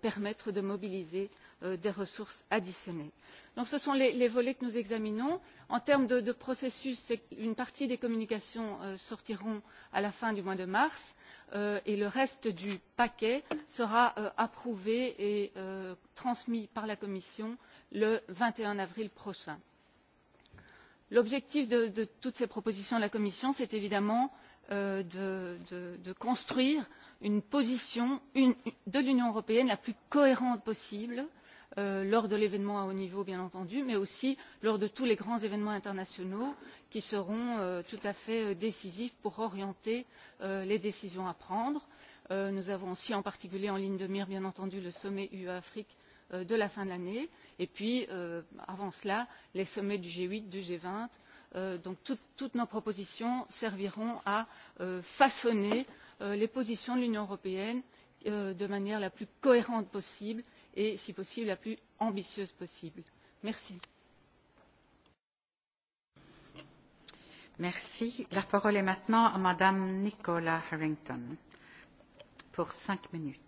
permettre de mobiliser des ressources additionnelles. Donc ce sont les, volets que nous examinons. En termes de, processus, une partie des communications sortiront à la fin du mois de mars et le reste du paquet sera approuvé et transmis par la Commission le vingt et un avril prochain. L'objectif de, toutes ces propositions de la Commission, c'est évidemment de, construire une position de l'Union européenne la plus cohérente possible lors de l'événement à haut niveau, bien entendu, mais aussi lors de tous les grands événements internationaux qui seront tout à fait décisifs pour orienter les décisions à prendre. nous avons aussi en particulier en ligne de mire, bien entendu, le sommet UE-Afrique de la fin de l'année, et puis avant cela, les sommets du g huit, du g vingt. donc toutes nos propositions serviront à façonner les positions de l'Union européenne de manière la plus cohérente possible et, si possible, la plus ambitieuse possible. Merci. Merci. La parole est maintenant à Madame Nicola Harrington pour cinq minutes.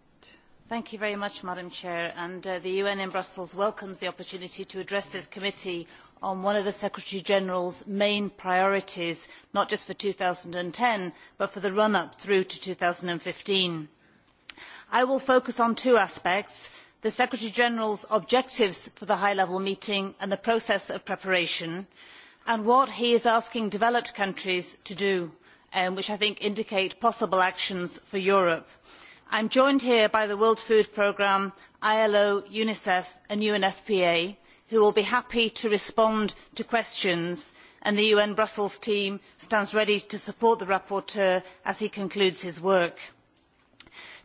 Thank you very much, Madam Chair. And uh, the UN in Brussels welcomes the opportunity to address this committee on one of the Secretary General's main priorities, not just for 2010, but for the run-up through to 2015. I will focus on two aspects the secretary general's objectives for the high level meeting and the process of preparation and what he is asking developed countries to do which i think indicate possible actions for europe. i am joined here by the world food programme ilo unicef and unfpa who will be happy to respond to questions and the un brussels team stands ready to support the rapporteur as he concludes his work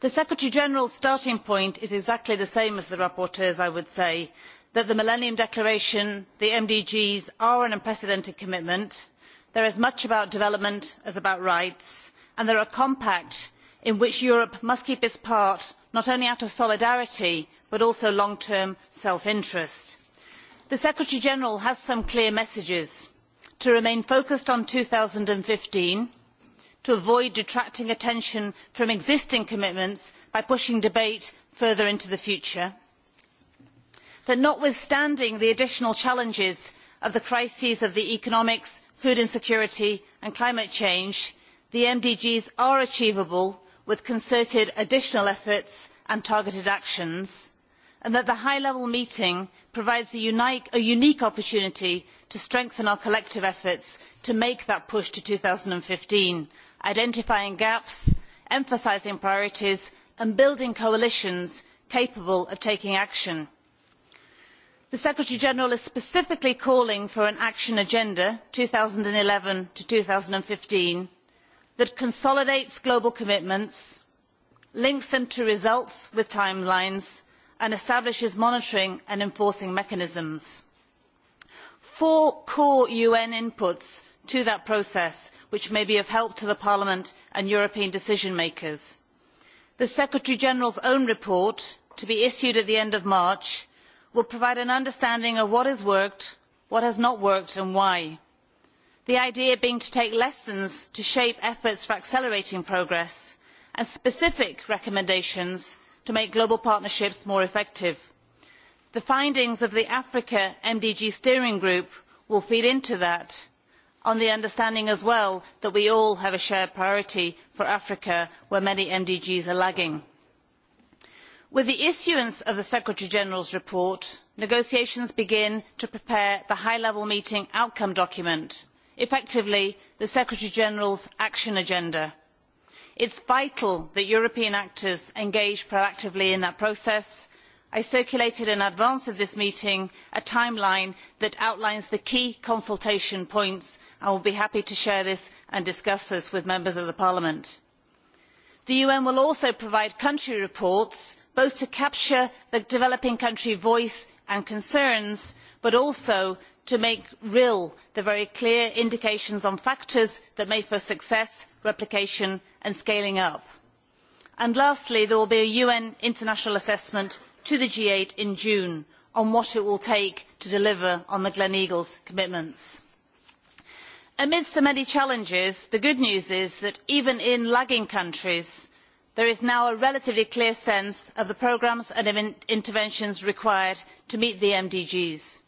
the secretary general's starting point is exactly the same as the rapporteur's i would say that the millennium declaration the mdgs are an unprecedented commitment they are as much about development as about rights and they are a compact in which europe must keep its part not only out of solidarity but also long term self interest. the secretary general has some clear messages to remain focused on two thousand and fifteen to avoid detracting attention from existing commitments by pushing debate further into the future that notwithstanding the additional challenges of the crises of economics, food insecurity and climate change the mdgs are achievable with concerted additional efforts and targeted actions and that the high level meeting provides a unique opportunity to strengthen our collective efforts to make that push to two thousand and fifteen identifying gaps emphasising priorities and building coalitions capable of taking action. the secretary general is specifically calling for an action agenda two thousand and eleven to two thousand and fifteen that consolidates global commitments links them to results with timelines and establishes monitoring and enforcing mechanisms. four core un inputs to that process which may be of help to parliament and european decision makers. the secretary general's own report to be issued at the end of march will provide an understanding of what has worked what has not worked and why the idea being to take lessons to shape efforts for accelerating progress and specific recommendations to make global partnerships more effective. the findings of the africa mdg steering group will feed into that on the understanding as well that we all have a shared priority for africa where many mdgs are lagging. with the issuance of the secretary general's report negotiations begin to prepare the high level meeting outcome document effectively the secretary general's action agenda. it is vital that european actors engage proactively in that process i circulated in advance of this meeting a timeline that outlines the key consultation points and will be happy to share this and discuss this with members of parliament. the un will also provide country reports both to capture the developing country voice and concerns but also to make real the very clear indications on factors that make for success replication and scaling up. lastly there will be a un international assessment to the g eight in june on what it will take to deliver on the gleneagles commitments. amidst the many challenges the good news is that even in lagging countries there is now a relatively clear sense of the programmes and interventions required to meet the mdgs.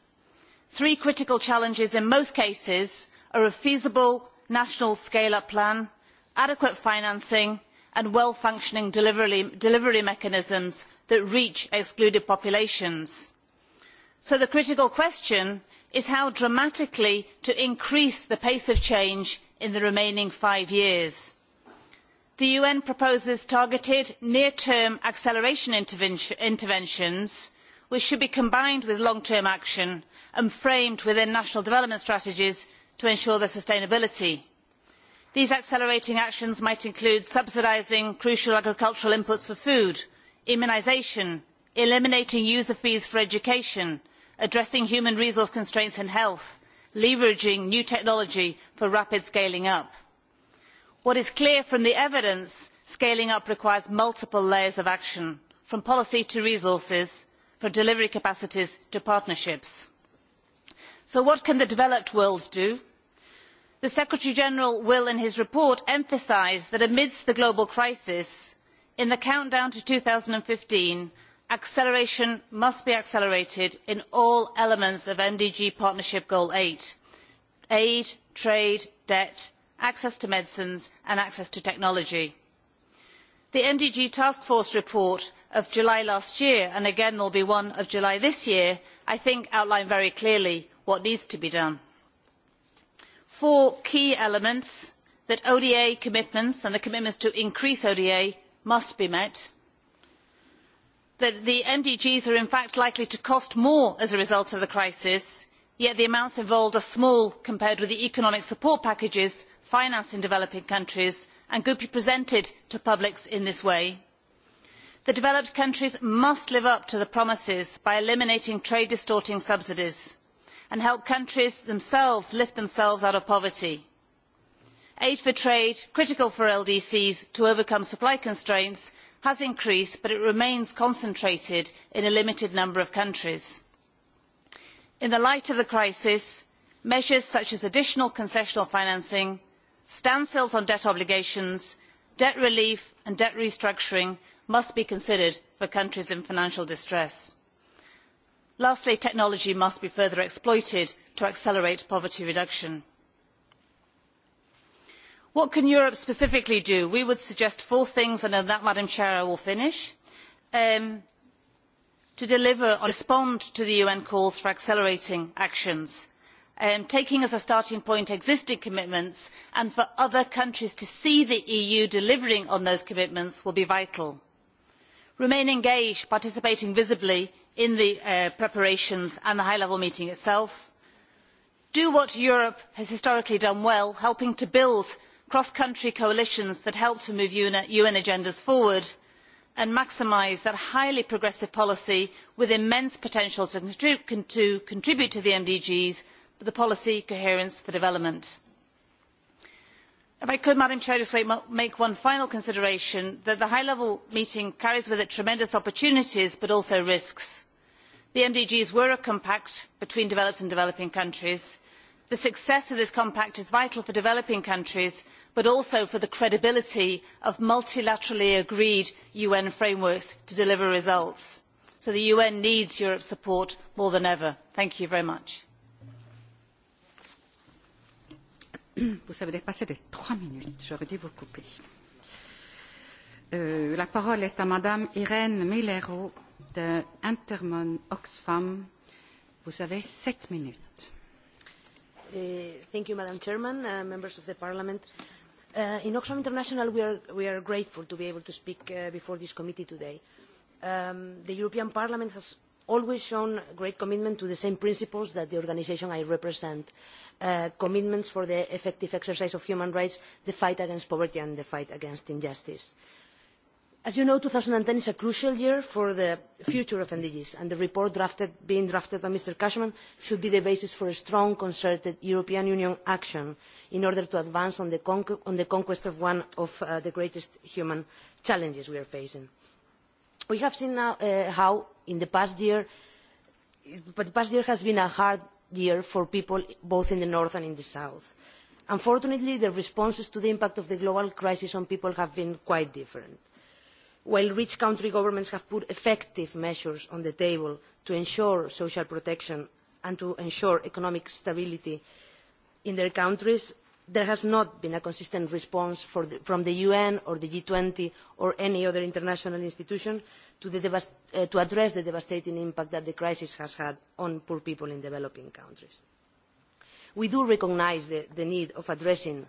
three critical challenges in most cases are a feasible national scale up plan adequate financing and well functioning delivery mechanisms that reach excluded populations. So the critical question is how dramatically to increase the pace of change in the remaining five years. The UN proposes targeted near-term acceleration interventions which should be combined with long-term action and framed within national development strategies to ensure their sustainability. These accelerating actions might include subsidising crucial agricultural inputs for food, immunisation eliminating user fees for education addressing human resource constraints in health leveraging new technology for rapid scaling up. what is clear from the evidence scaling up requires multiple layers of action from policy to resources from delivery capacities to partnerships. so what can the developed world do? the secretary general will in his report emphasise that amidst the global crisis in the countdown to two thousand and fifteen acceleration must be accelerated in all elements of mdg partnership goal eight aid trade debt access to medicines and access to technology. the mdg task force report of july last year and again there will be one of july this year i think outline very clearly what needs to be done. four key elements that oda commitments and the commitments to increase oda must be met that the mdgs are in fact likely to cost more as a result of the crisis yet the amounts involved are small compared with the economic support packages financed in developing countries and could be presented to publics in this way. the developed countries must live up to the promises by eliminating trade distorting subsidies and help countries themselves lift themselves out of poverty aid for trade critical for ldcs to overcome supply constraints has increased but it remains concentrated in a limited number of countries. in the light of the crisis measures such as additional concessional financing standstills on debt obligations debt relief and debt restructuring must be considered for countries in financial distress. lastly technology must be further exploited to accelerate poverty reduction what can europe specifically do? we would suggest four things and on that madam chair i will finish to deliver or respond to the un calls for accelerating actions taking as a starting point existing commitments and for other countries to see the eu delivering on those commitments will be vital. remain engaged participating visibly in the preparations and the high level meeting itself. do what europe has historically done well helping to build cross country coalitions that help to move un agendas forward and maximise that highly progressive policy with immense potential to contribute to the mdgs but the policy coherence for development. if i could madam chair just make one final consideration that the high level meeting carries with it tremendous opportunities but also risks. the mdgs were a compact between developed and developing countries the success of this compact is vital for developing countries but also for the credibility of multilaterally agreed un frameworks to deliver results so the un needs europe's support more than ever. thank you very much. Madam President, members of the Parliament. in Oxfam International, we are, grateful to be able to speak before this committee today. the European Parliament has always shown great commitment to the same principles that the organisation I represent, commitments for the effective exercise of human rights, the fight against poverty and the fight against injustice As you know, 2010 is a crucial year for the future of NDGs, and the report drafted, being drafted by Mr. Cashman should be the basis for a strong, concerted European Union action in order to advance on the, conquest of one of the greatest human challenges we are facing. We have seen now how, in the past year, but the past year has been a hard year for people both in the north and in the south. Unfortunately, the responses to the impact of the global crisis on people have been quite different while rich country governments have put effective measures on the table to ensure social protection and to ensure economic stability in their countries, there has not been a consistent response from the UN or the g twenty or any other international institution to, address the devastating impact that the crisis has had on poor people in developing countries. We do recognise the need for addressing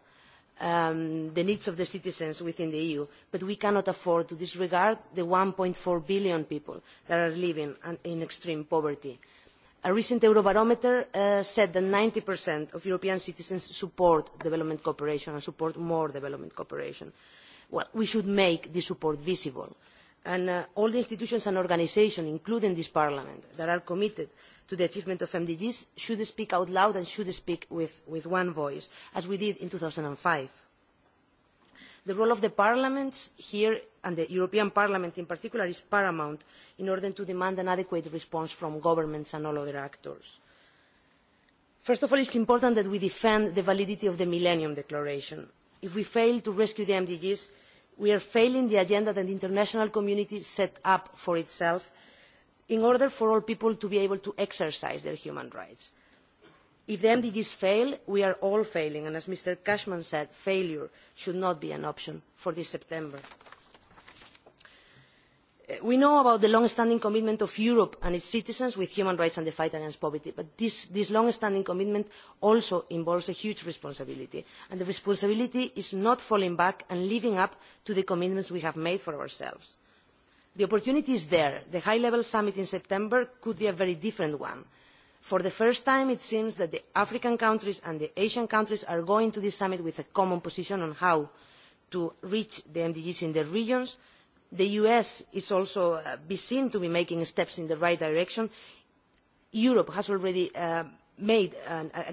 the needs of the citizens within the EU, but we cannot afford to disregard the one four billion people that are living in extreme poverty. A recent Eurobarometer said that ninety of European citizens support development cooperation and support more development cooperation. we should make this support visible and all the institutions and organisations, including this Parliament, that are committed to the achievement of MDGs should speak out loud and should speak with, one voice, as we did in two thousand five. The role of the parliaments here, and the European Parliament in particular, is paramount in order to demand an adequate response from governments and all other actors. First of all, it is important that we defend the validity of the Millennium Declaration. If we fail to rescue the MDGs, we are failing the agenda that the international community set up for itself in order for all people to be able to exercise their human rights. If the MDGs fail, we are all failing, and as Mr. Cashman said, failure should not be an option for this September we know about the long standing commitment of europe and its citizens with human rights and the fight against poverty but this long standing commitment also involves a huge responsibility and the responsibility is not falling back and living up to the commitments we have made for ourselves. the opportunity is there. the high level summit in september could be a very different one. for the first time it seems that the african countries and the asian countries are going to this summit with a common position on how to reach the mdgs in their regions the us is also seen to be making steps in the right direction. europe has already made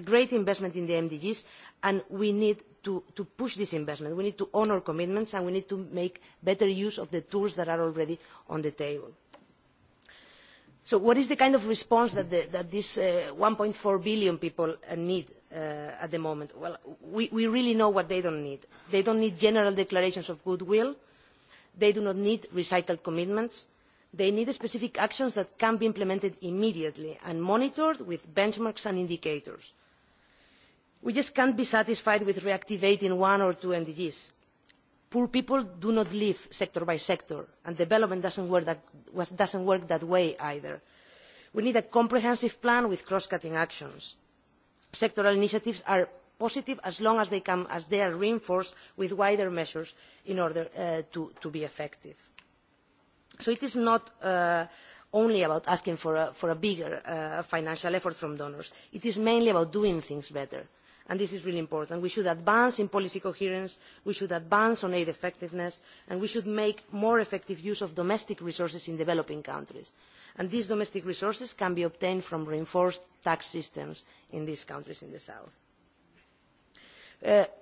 a great investment in the mdgs and we need to push this investment. we need to honour commitments and we need to make better use of the tools that are already on the table. so what is the kind of response that these. one four billion people need at the moment? well we really know what they do not need. they do not need general declarations of goodwill they do not need recital commitments they need specific actions that can be implemented immediately and monitored with benchmarks and indicators. we just cannot be satisfied with reactivating one or two mdgs. poor people do not live sector by sector and development does not work that way either. we need a comprehensive plan with cross cutting actions. sectoral initiatives positive as long as they are reinforced with wider measures in order to be effective. so it is not only about asking for a bigger financial effort from donors it is mainly about doing things better and this is really important. we should advance in policy coherence we should advance on aid effectiveness and we should make more effective use of domestic resources in developing countries and these domestic resources can be obtained from reinforced tax systems in these countries in the south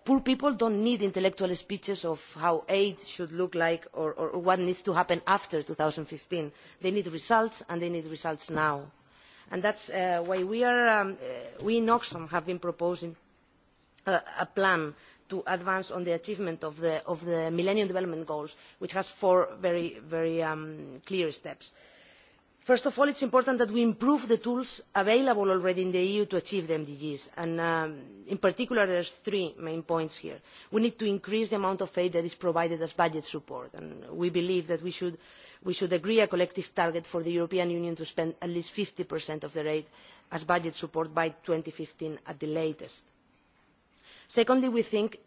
poor people do not need intellectual speeches of how aid should look like or, what needs to happen after two thousand and fifteen. They need results, and they need results now. That is why we, in Oxfam have been proposing a plan to advance on the achievement of the, Millennium Development Goals, which has four very clear steps first of all it is important that we improve the tools available already in the eu to achieve the mdgs and in particular there are three main points here. we need to increase the amount of aid that is provided as budget support and we believe that we should agree a collective target for the european union to spend at least fifty of their aid as budget support by two thousand and fifteen at the latest. secondly we think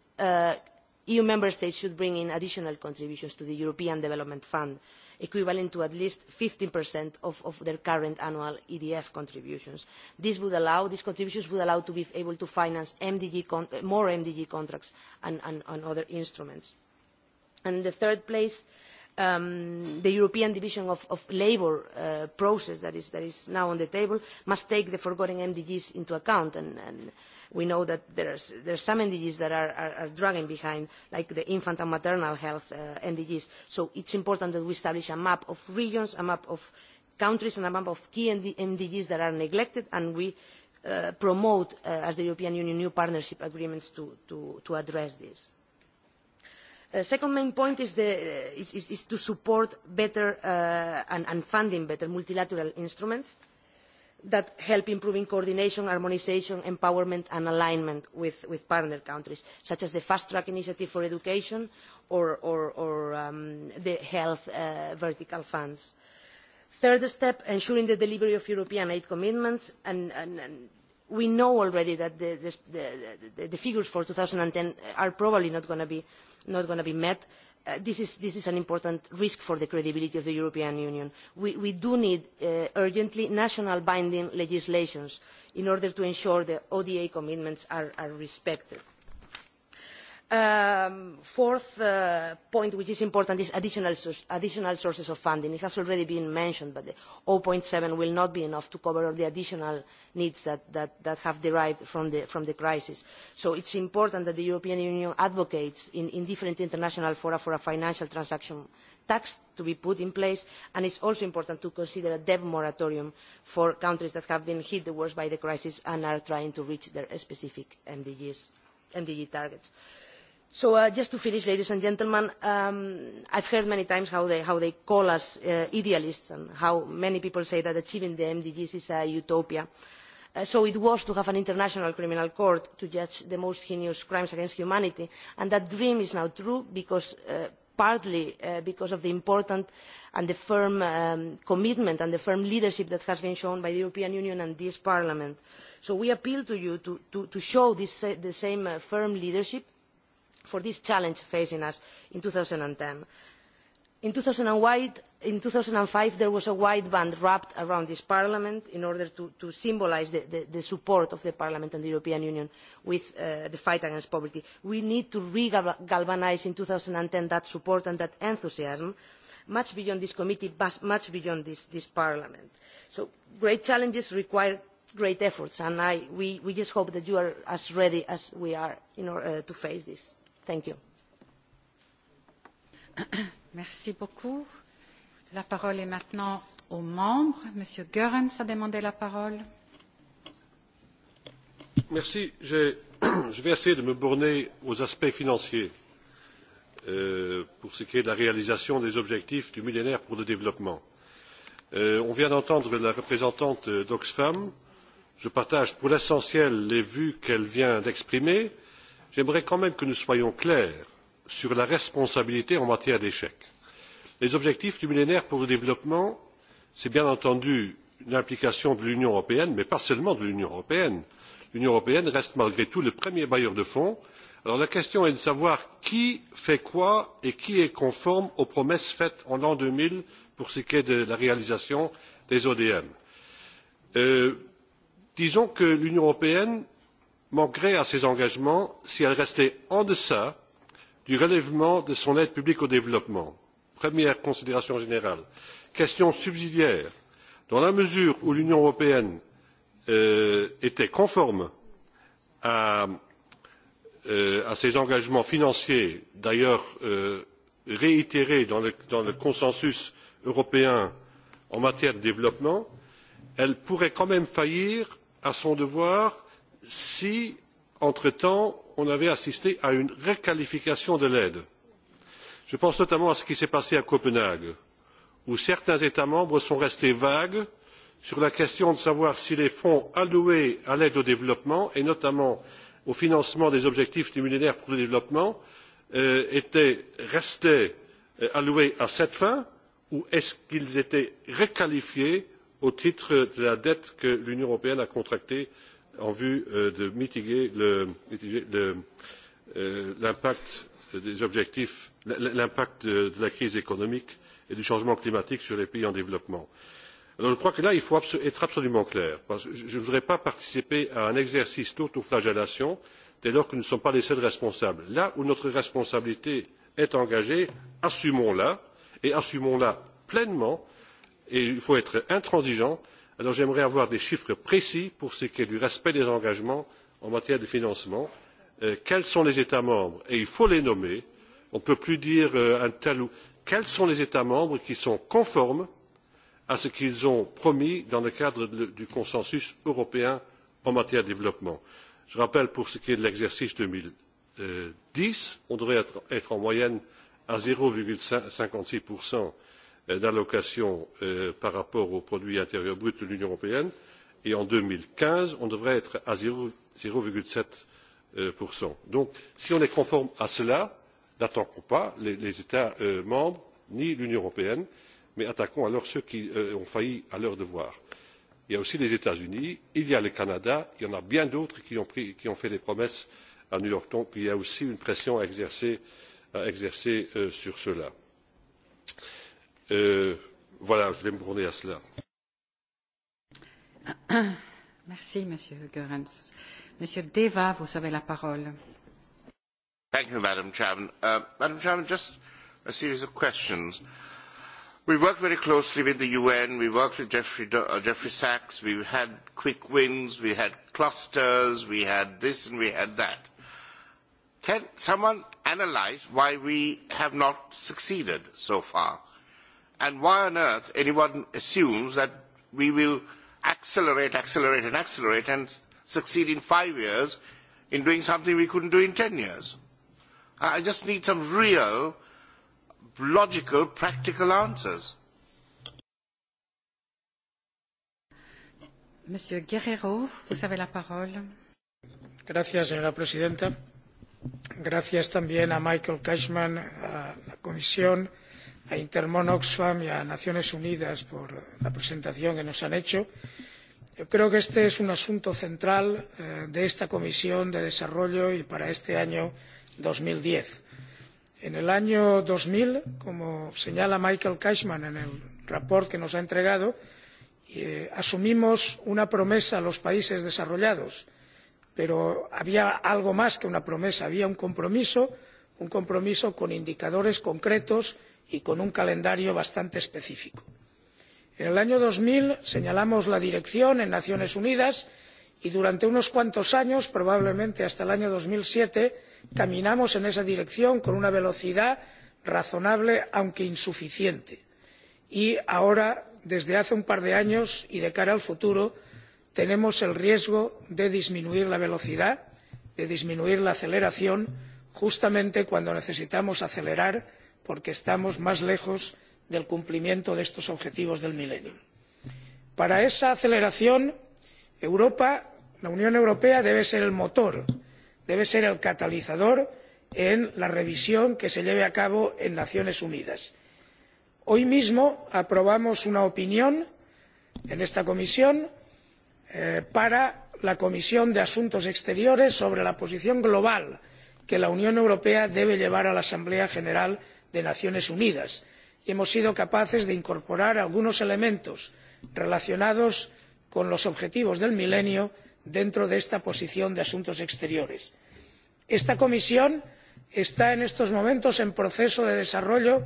eu member states should bring in additional contributions to the european development fund equivalent to at least 15% of, of their current annual EDF contributions. This would allow, these contributions would allow to be able to finance MDG con more MDG contracts and, and, and other instruments. And in the third place, the European Division of, Labour process that is, now on the table must take the forgotten MDGs into account and, We know that there are some NDGs that are dragging behind, like the infant and maternal health NDGs. So it's important that we establish a map of regions, a map of countries, and a map of key NDGs that are neglected, and we promote, as the European Union, new partnership agreements to address this. The second main point is, to support better and, funding better multilateral instruments that help improving coordination, harmonisation, empowerment and alignment with, partner countries, such as the Fast Track Initiative for Education or, the Health Vertical Funds. Third step, ensuring the delivery of European aid commitments. And, we know already that the, figures for two figures for ten are probably not going to be met this is an important risk for the credibility of the European Union. We, do need urgently national binding legislation in order to ensure that ODA commitments are respected fourth point which is important is additional sources of funding. it has already been mentioned but the. zero seven will not be enough to cover all the additional needs that have derived from the crisis so it is important that the european union advocates in different international fora for a financial transaction tax to be put in place and it is also important to consider a debt moratorium for countries that have been hit the worst by the crisis and are trying to reach their specific mdg targets. So just to finish, ladies and gentlemen, I have heard many times how they, call us idealists and how many people say that achieving the MDGs is a utopia. so it was to have an international criminal court to judge the most heinous crimes against humanity. And that dream is now true because partly because of the important and the firm commitment and the firm leadership that has been shown by the European Union and this Parliament. So we appeal to you to, show the same firm leadership for this challenge facing us in ten. In two thousand five there was a white band wrapped around this Parliament in order to, symbolise the, support of the Parliament and the European Union with the fight against poverty. We need to re-galvanise in ten that support and that enthusiasm much beyond this committee, but much beyond this, Parliament. So great challenges require great efforts, and we, just hope that you are as ready as we are to face this. Merci beaucoup. La parole est maintenant aux membres. Monsieur Goerens a demandé la parole. Merci. Je vais essayer de me borner aux aspects financiers pour ce qui est de la réalisation des objectifs du millénaire pour le développement. on vient d'entendre la représentante d'Oxfam. Je partage pour l'essentiel les vues qu'elle vient d'exprimer. Euh, j'aimerais quand même que nous soyons clairs sur la responsabilité en matière d'échecs. les objectifs du millénaire pour le développement c'est bien entendu l'implication de l'union européenne mais pas seulement de l'union européenne. l'union européenne reste malgré tout le premier bailleur de fonds. alors la question est de savoir qui fait quoi et qui est conforme aux promesses faites en l'an deux mille pour ce qui est de la réalisation des odm. disons que l'union européenne manquerait à ses engagements si elle restait en deçà du relèvement de son aide publique au développement. première considération générale. question subsidiaire dans la mesure où l'union européenne était conforme à ses engagements financiers d'ailleurs réitérés dans le consensus européen en matière de développement elle pourrait quand même faillir à son devoir si entre temps on avait assisté à une requalification de l'aide. je pense notamment à ce qui s'est passé à copenhague où certains états membres sont restés vagues sur la question de savoir si les fonds alloués à l'aide au développement et notamment au financement des objectifs du millénaire pour le développement restaient alloués à cette fin ou étaient requalifiés au titre de la dette que l'union européenne a contractée en vue de mitiguer l'impact de la crise économique et du changement climatique sur les pays en développement. je crois que là il faut être absolument clair parce que je ne voudrais pas participer à un exercice d'autoflagellation dès lors que nous ne sommes pas les seuls responsables. là où notre responsabilité est engagée assumons la et assumons la pleinement et il faut être intransigeant alors j'aimerais avoir des chiffres précis pour ce qui est du respect des engagements en matière de financement quels sont les états membres et il faut les nommer on ne peut plus dire un tel ou quels sont les états membres qui sont conformes à ce qu'ils ont promis dans le cadre du consensus européen en matière de développement. je rappelle pour ce qui est de l'exercice deux mille dix on devrait être en moyenne à zéro cinquante six d'allocation par rapport au produit intérieur brut de l'union européenne et en deux mille quinze on devrait être à zéro sept donc si on est conforme à cela n'attaquons pas les états membres ni l'union européenne mais attaquons alors ceux qui ont failli à leur devoir. il y a aussi les états unis il y a le canada il y en a bien d'autres qui ont fait des promesses à new york donc il y a aussi une pression à exercer sur ceux là voilà, je vais me à cela. Monsieur Goerens. Monsieur Deva, vous avez la parole. Thank you, Madam Chairman. Madam Chairman, just a series of questions. We worked very closely with the UN. We worked with Jeffrey Sachs. We had quick wins. We had clusters. We had this and we had that. Can someone analyse why we have not succeeded so far? And why on earth anyone assumes that we will accelerate, accelerate, and accelerate and succeed in five years in doing something we couldn't do in ten years? I just need some real, logical, practical answers. señora presidenta. Gracias también a Michael Cashman, a la Comisión a Intermon Oxfam y a las Naciones Unidas por la presentación que nos han hecho. Yo creo que este es un asunto central de esta Comisión de Desarrollo y para este año dos mil diez. En el año dos mil, como señala Michael Cashman en el informe que nos ha entregado, asumimos una promesa a los países desarrollados, pero había algo más que una promesa, había un compromiso, un compromiso con indicadores concretos y con un calendario bastante específico. en el año dos mil señalamos la dirección en las naciones unidas y durante unos cuantos años probablemente hasta el año dos mil siete caminamos en esa dirección con una velocidad razonable aunque insuficiente y ahora desde hace un par de años y de cara al futuro tenemos el riesgo de disminuir la velocidad de disminuir la aceleración justamente cuando necesitamos acelerar porque estamos más lejos del cumplimiento de estos objetivos del milenio. para esa aceleración europa la unión europea debe ser el motor debe ser el catalizador en la revisión que se lleve a cabo en las naciones unidas. hoy mismo aprobamos una opinión en esta comisión para la comisión de asuntos exteriores sobre la posición global que la unión europea debe llevar a la asamblea general de de las naciones unidas y hemos sido capaces de incorporar algunos elementos relacionados con los objetivos del milenio dentro de esta posición de asuntos exteriores. esta comisión está en estos momentos en proceso de desarrollo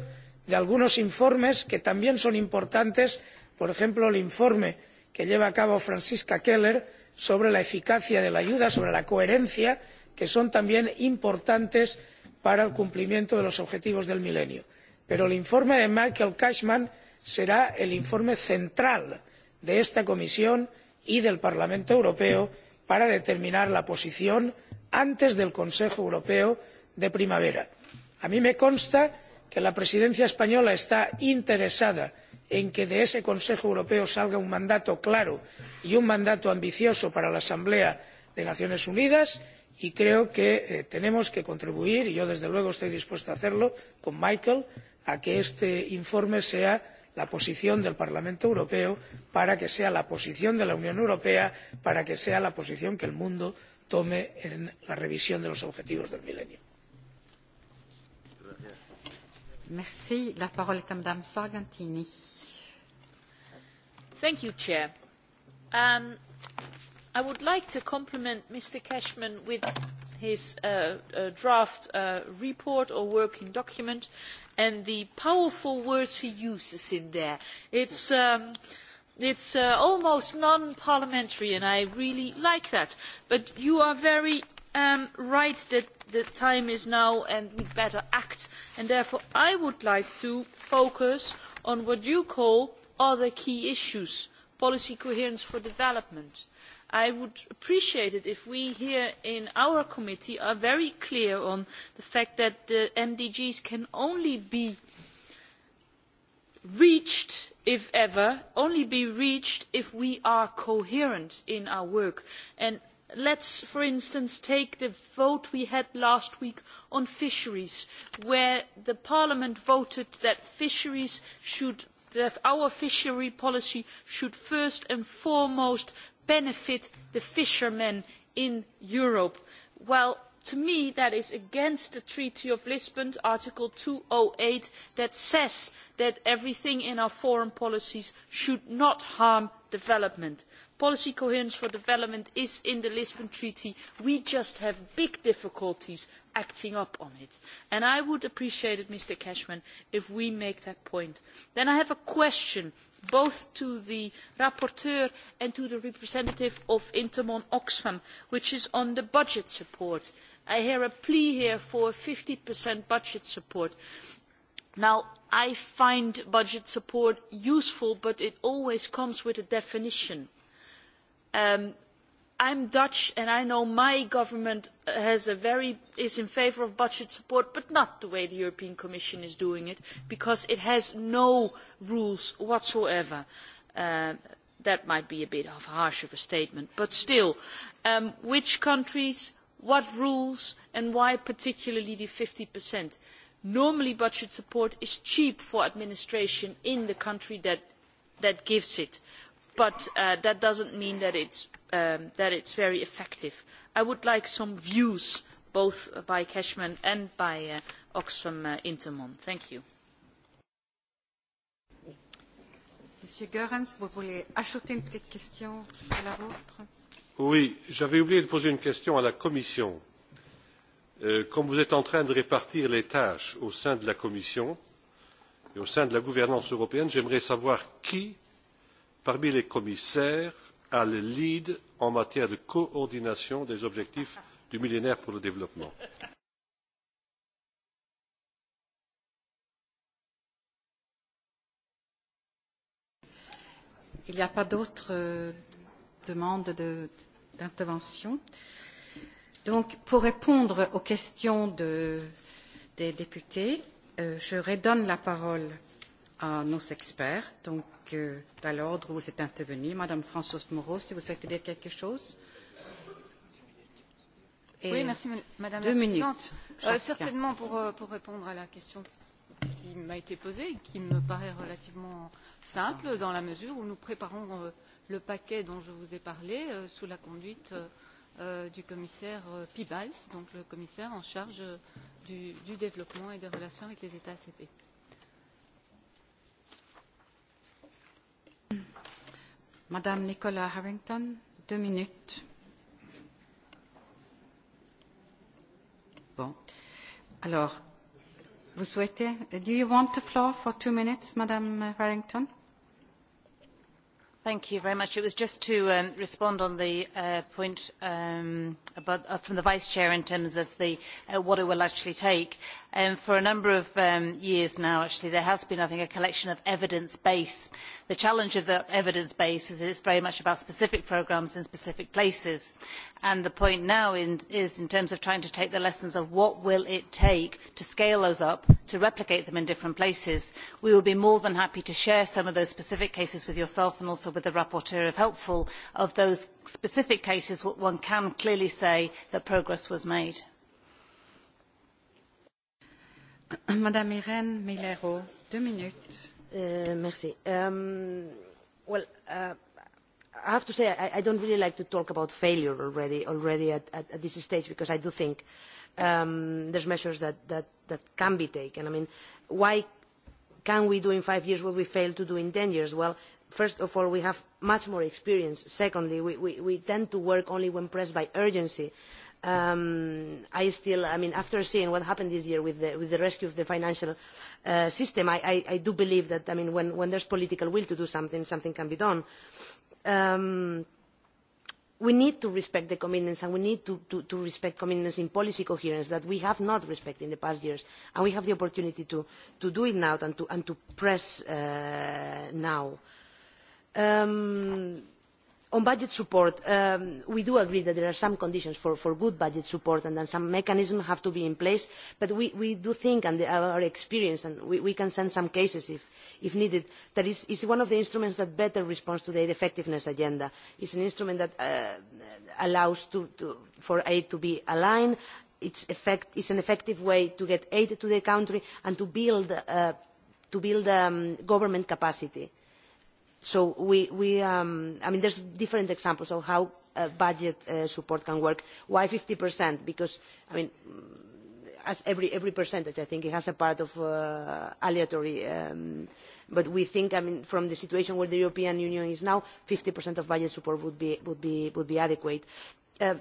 de algunos informes que también son importantes por ejemplo el informe que lleva a cabo franziska keller sobre la eficacia de la ayuda sobre la coherencia que son también importantes para el cumplimiento de los objetivos del milenio pero el informe de michael cashman será el informe central de esta comisión y del parlamento europeo para determinar la posición antes del consejo europeo de primavera. a mí me consta que la presidencia española está interesada en que de ese consejo europeo salga un mandato claro y un mandato ambicioso para la asamblea de las naciones unidas y y creo que tenemos que contribuir y yo desde luego estoy dispuesto a hacerlo con michael a que este informe sea la posición del parlamento europeo para que sea la posición de la unión europea para que sea la posición que el mundo tome en la revisión de los objetivos del milenio. I would like to compliment Mr. Cashman with his draft report or working document and the powerful words he uses in there. It is almost non-parliamentary and I really like that. But you are very right that the time is now and we better act. And therefore I would like to focus on what you call other key issues, policy coherence for development I would appreciate it if we here in our committee are very clear on the fact that the MDGs can only be reached if ever only be reached if we are coherent in our work and let us for instance take the vote we had last week on fisheries where parliament voted that fisheries should that our fishery policy should first and foremost benefit the fishermen in Europe? Well, to me that is against the Treaty of Lisbon, Article two hundred and eight, that says that everything in our foreign policies should not harm development policy coherence for development is in the lisbon treaty we just have big difficulties acting up on it and i would appreciate it mr cashman if we make that point. then i have a question both to the rapporteur and to the representative of intermon oxfam which is on the budget support. i hear a plea here for fifty budget support. now i find budget support useful but it always comes with a definition I am Dutch and I know my government is in favour of budget support, but not the way the European Commission is doing it, because it has no rules whatsoever. that might be a bit of harsh of a statement, but still, which countries, what rules, and why particularly the fifty? Normally budget support is cheap for administration in the country that gives it but that does not mean that it is very effective. i would like some views both by cashman and by oxfam intermon. thank you. monsieur goerens vous voulez ajouter une petite question à la vôtre? oui j'avais oublié de poser une question à la commission. comme vous êtes en train de répartir les tâches au sein de la commission et au sein de la gouvernance européenne j'aimerais savoir qui parmi les commissaires à le lead en matière de coordination des objectifs du millénaire pour le développement. Il n'y a pas d'autres demandes d'intervention. Donc, pour répondre aux questions des députés, je redonne la parole à nos experts. Donc, dans l'ordre où vous êtes intervenu. Madame Françoise Moreau, si vous souhaitez dire quelque chose. Oui, merci Madame la Présidente. certainement pour, répondre à la question qui m'a été posée, et qui me paraît relativement simple dans la mesure où nous préparons le paquet dont je vous ai parlé sous la conduite du commissaire Piebalgs, donc le commissaire en charge du, développement et des relations avec les États ACP. Madame Nicola Harrington, deux minutes. Bon. Alors, vous souhaitez... Do you want the floor for two minutes, Madame Harrington? Thank you very much. It was just to um respond on the uh point um uh from the Vice-Chair in terms of the uh what it will actually take for a number of years now actually there has been a collection of evidence base. The challenge of the evidence base is that it is very much about specific programmes in specific places and the point now is in terms of trying to take the lessons of what will it take to scale those up, to replicate them in different places. We would be more than happy to share some of those specific cases with yourself and also with the rapporteur if helpful of those specific cases where one can clearly say that progress was made. Madame Irene Milero, deux minutes. merci. well, uh, I have to say I, I don't really like to talk about failure already, already at, at, at this stage because I do think um, there's measures that, that, that can be taken. I mean, why can we do in five years what we failed to do in ten years? Well, first of all, we have much more experience. Secondly, we, we, we tend to work only when pressed by urgency um, I still, I mean, after seeing what happened this year with the, with the rescue of the financial uh, system, I, I, I do believe that, I mean, when, when there's political will to do something, something can be done. Um, we need to respect the commitments and we need to, to, to respect commitments in policy coherence that we have not respected in the past years. And we have the opportunity to, to do it now and to, and to press uh, now. Um, on budget support we do agree that there are some conditions for good budget support and that some mechanisms have to be in place but we do think and our experience and we can send some cases if needed that it is one of the instruments that better responds to the aid effectiveness agenda. it is an instrument that allows for aid to be aligned it is an effective way to get aid to the country and to build government capacity So we, we um, I mean, there's different examples of how uh, budget uh, support can work. Why percent? Because, I mean, as every, every percentage, I think it has a part of uh, aleatory, um, but we think, I mean, from the situation where the European Union is now, percent of budget support would be, would be, would be adequate. Uh,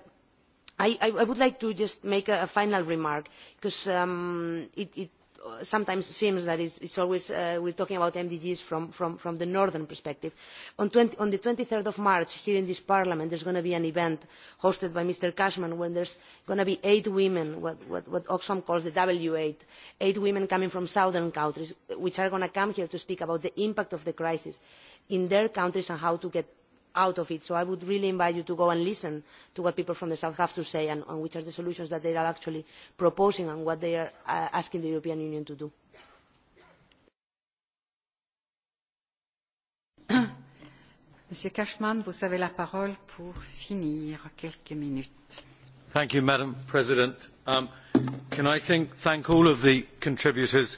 I, I would like to just make a, a final remark, because um, it, it sometimes seems that it is always uh, are talking about MDGs from, from, from the northern perspective. On, 20, on the 23rd of March, here in this parliament, there is going to be an event hosted by Mr. Cashman when are going to be eight women, what, what, what Oxfam calls the W8, eight women coming from southern countries, which are going to come here to speak about the impact of the crisis in their countries and how to get out of it. So I would really invite you to go and listen to what people from the South have to say and, and which are the solutions that they are actually proposing and what they are uh, asking the European Union to do. Monsieur Cashman, vous avez la parole pour finir quelques minutes. Thank you, Madam President. Um, can I think, thank all of the contributors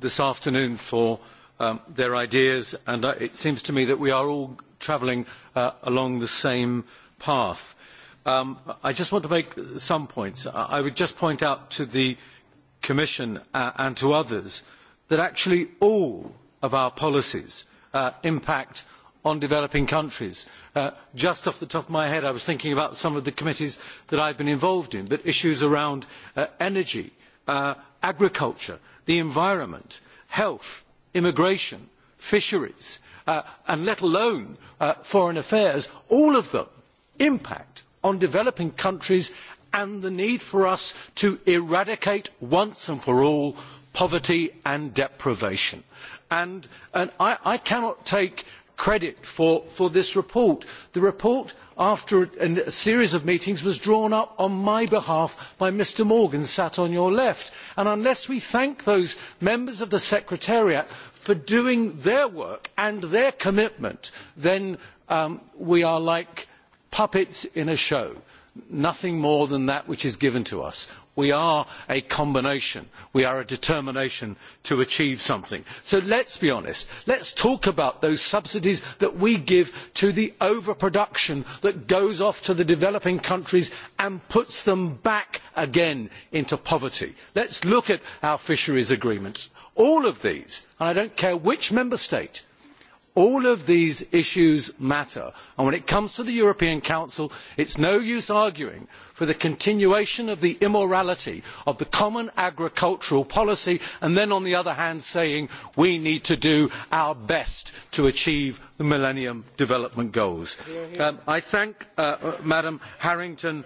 this afternoon for um, their ideas, and uh, it seems to me that we are all travelling along the same path. I just want to make some points. I would just point out to the Commission and to others that actually all of our policies impact on developing countries. just off the top of my head, I was thinking about some of the committees that I have been involved in, but issues around energy, agriculture, the environment, health, immigration, fisheries, and let alone foreign affairs, all of them impact on developing countries and the need for us to eradicate once and for all poverty and deprivation. I cannot take credit for, this report. The report, after a series of meetings, was drawn up on my behalf by Mr Morgan, sat on your left. And unless we thank those members of the Secretariat for doing their work and their commitment, then we are like puppets in a show. Nothing more than that which is given to us. We are a combination. We are a determination to achieve something. So let us be honest. Let us talk about those subsidies that we give to the overproduction that goes off to the developing countries and puts them back again into poverty. Let us look at our fisheries agreements. All of these, and I do not care which member state, all of these issues matter and when it comes to the european council it is no use arguing for the continuation of the immorality of the common agricultural policy and then on the other hand saying we need to do our best to achieve the millennium development goals. i thank ms harrington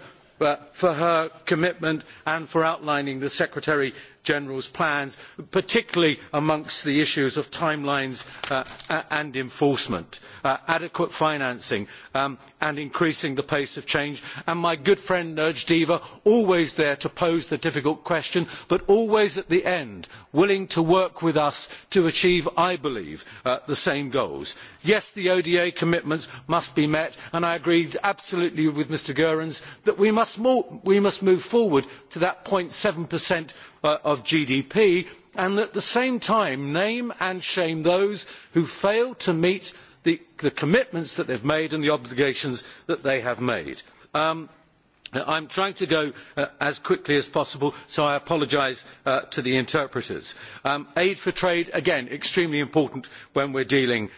for her commitment and for outlining the secretary General's plans, particularly amongst the issues of timelines and enforcement, adequate financing and increasing the pace of change. And my good friend Nurj Deva, always there to pose the difficult question, but always at the end, willing to work with us to achieve, I believe, the same goals. Yes, the ODA commitments must be met, and I agree absolutely with Mr Goerens that we must move forward to that 0.7% of gdp and at the same time name and shame those who fail to meet the commitments that they have made and the obligations that they have made. I am trying to go as quickly as possible, so I apologise to the interpreters. aid for trade, again, extremely important when we are dealing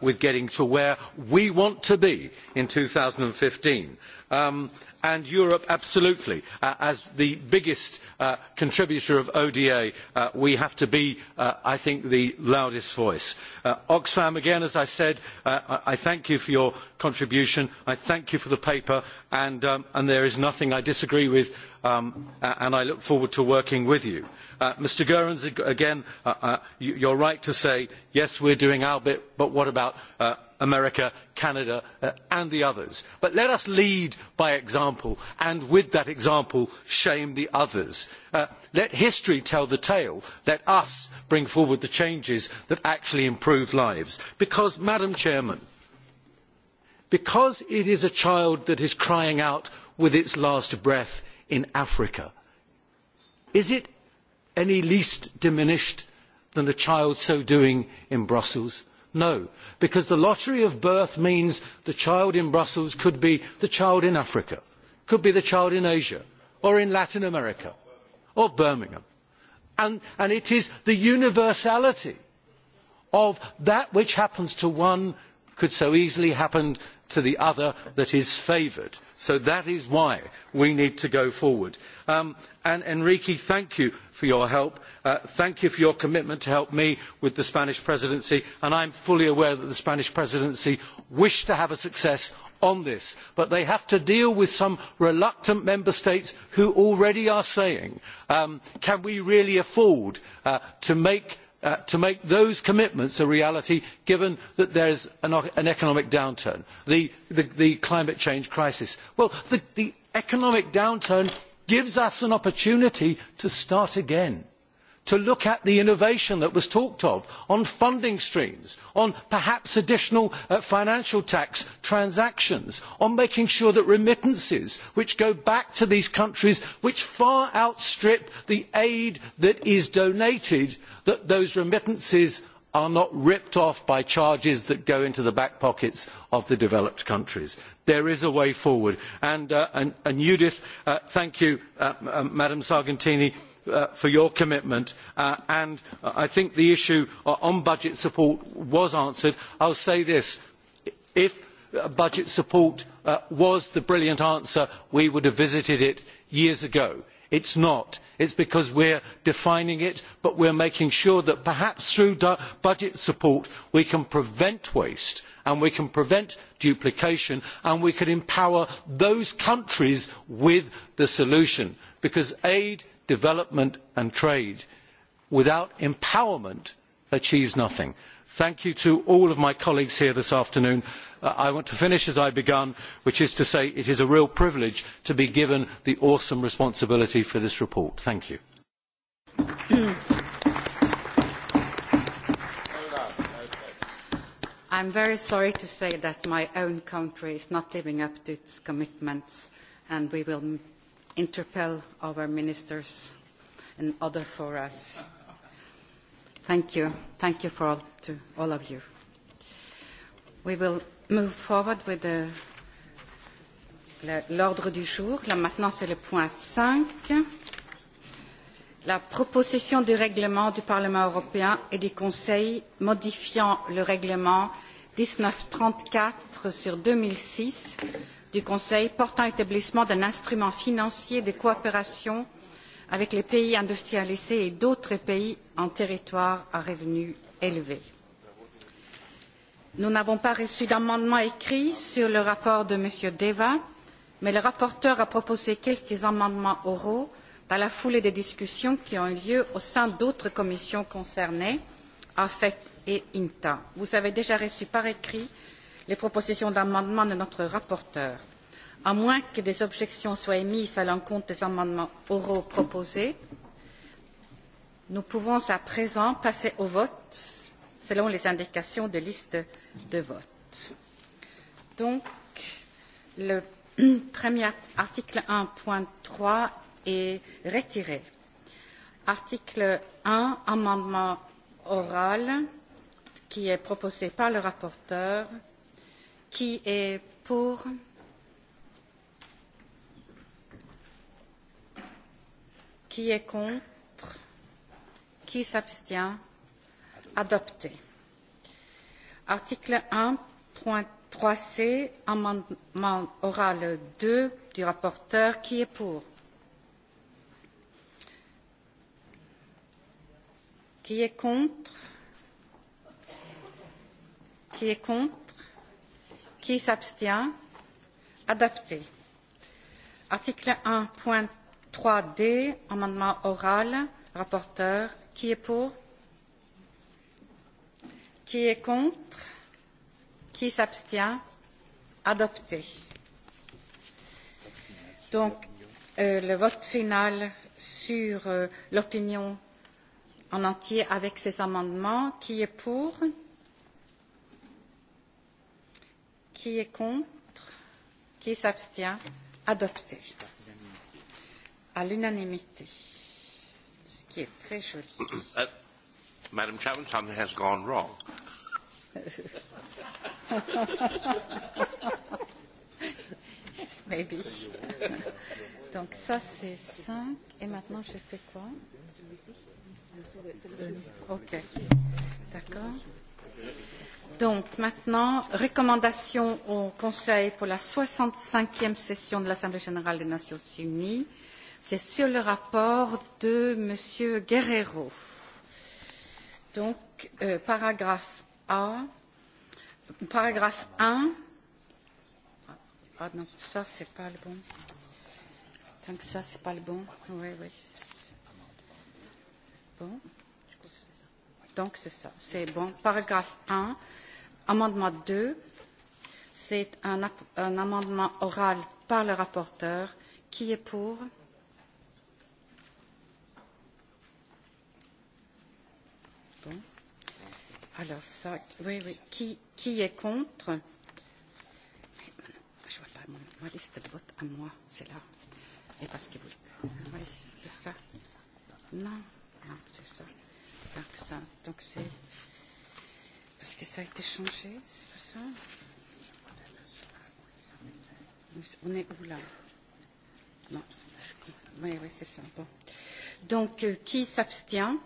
with getting to where we want to be in fifteen and Europe, absolutely. as the biggest contributor of ODA, we have to be, I think, the loudest voice. Oxfam, again, as I said, I thank you for your contribution. I thank you for the paper, and, there is nothing I disagree with, and I look forward to working with you. Mr. Goerens, again, you, are right to say, yes, we are doing our bit, but what about america canada and the others but let us lead by example and with that example shame the others. let history tell the tale let us bring forward the changes that actually improve lives because because it is a child that is crying out with its last breath in africa is it any less diminished than a child so doing in brussels? No, because the lottery of birth means the child in Brussels could be the child in Africa, could be the child in Asia, or in Latin America, or Birmingham. And, it is the universality of that which happens to one could so easily happen to the other that is favoured. So that is why we need to go forward. and Enrique, thank you for your help thank you for your commitment to help me with the Spanish presidency, and I am fully aware that the Spanish presidency wish to have a success on this, but they have to deal with some reluctant member states who already are saying, can we really afford to make to make those commitments a reality given that there is an economic downturn, the climate change crisis. Well, the economic downturn gives us an opportunity to start again to look at the innovation that was talked of on funding streams, on perhaps additional financial tax transactions, on making sure that remittances which go back to these countries which far outstrip the aid that is donated, that those remittances are not ripped off by charges that go into the back pockets of the developed countries. There is a way forward. And, Judith, thank you, Madam Sargentini for your commitment and I think the issue on budget support was answered. I will say this, if budget support was the brilliant answer, we would have visited it years ago. It is not. It is because we are defining it, but we are making sure that perhaps through budget support we can prevent waste and we can prevent duplication and we can empower those countries with the solution because aid development and trade without empowerment achieves nothing. Thank you to all of my colleagues here this afternoon. I want to finish as I began, which is to say it is a real privilege to be given the awesome responsibility for this report. Thank you. I am very sorry to say that my own country is not living up to its commitments, and we will interpel our ministers and other fora. Thank you. Thank you for all, to all of you. We will move forward with the L'ordre du jour, là maintenant c'est le point 5. La proposition du règlement du Parlement européen et du Conseil modifiant le règlement 1934 sur 2006 du Conseil portant établissement d'un instrument financier de coopération avec les pays industrialisés et d'autres pays en territoire à revenus élevés. Nous n'avons pas reçu d'amendement écrit sur le rapport de M. Deva, mais le rapporteur a proposé quelques amendements oraux dans la foulée des discussions qui ont eu lieu au sein d'autres commissions concernées, AFET et INTA. Vous avez déjà reçu par écrit les propositions d'amendement de notre rapporteur. À moins que des objections soient émises à l'encontre des amendements oraux proposés, nous pouvons à présent passer au vote selon les indications de liste de vote. Donc, le premier article un point trois est retiré. Article un, amendement oral qui est proposé par le rapporteur Qui est pour Qui est contre Qui s'abstient Adopté. Article 13 point c amendement oral 2 du rapporteur. Qui est pour Qui est contre Qui est contre Qui s'abstient Adopté. Article point trois D, amendement oral, rapporteur. Qui est pour Qui est contre Qui s'abstient Adopté. Donc, le vote final sur l'opinion en entier avec ces amendements. Qui est pour Qui est contre Qui s'abstient Adopté. À l'unanimité. Ce qui est très joli. Madame Chairman, something has gone wrong. yes, maybe. Donc ça c'est 5 et maintenant je fais quoi Ok. D'accord. Donc maintenant, recommandation au Conseil pour la soixante cinquième session de l'Assemblée générale des Nations unies. C'est sur le rapport de M. Guerrero. Donc, paragraphe A, paragraphe un. Ah non, ça c'est pas le bon. Tant que ça c'est pas le bon. Oui, oui. Bon. Donc c'est ça, c'est bon. Paragraphe 1, amendement 2, c'est un, un amendement oral par le rapporteur. Qui est pour Bon. Alors ça, oui, oui. Qui, qui est contre Je vois pas mon, ma liste de vote à moi, c'est là. Et parce que vous. Oui, c'est ça. Non, non, c'est ça pas que ça. Donc c'est parce que ça a été changé, c'est pas ça On est où là Non, je... oui, oui, c'est ça. Bon. Donc euh, qui s'abstient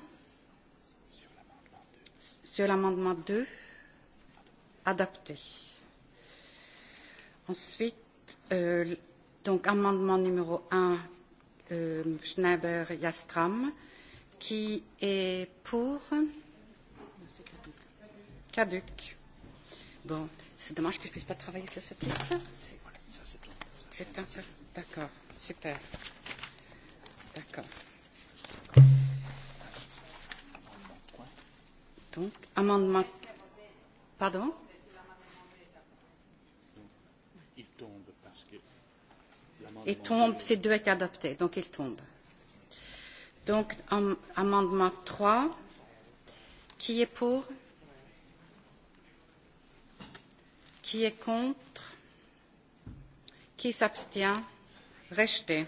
Sur l'amendement 2, adapté. Ensuite, euh, donc amendement numéro 1, euh, Schneider-Yastram. Euh, Qui est pour Caduc. Bon, c'est dommage que je ne puisse pas travailler sur ce titre. C'est un seul. D'accord, super. D'accord. Donc, amendement. Pardon Il tombe parce que. Il tombe, ces deux étaient adoptés, donc il tombe. Donc, amendement 3. Qui est pour Qui est contre Qui s'abstient Rejeté.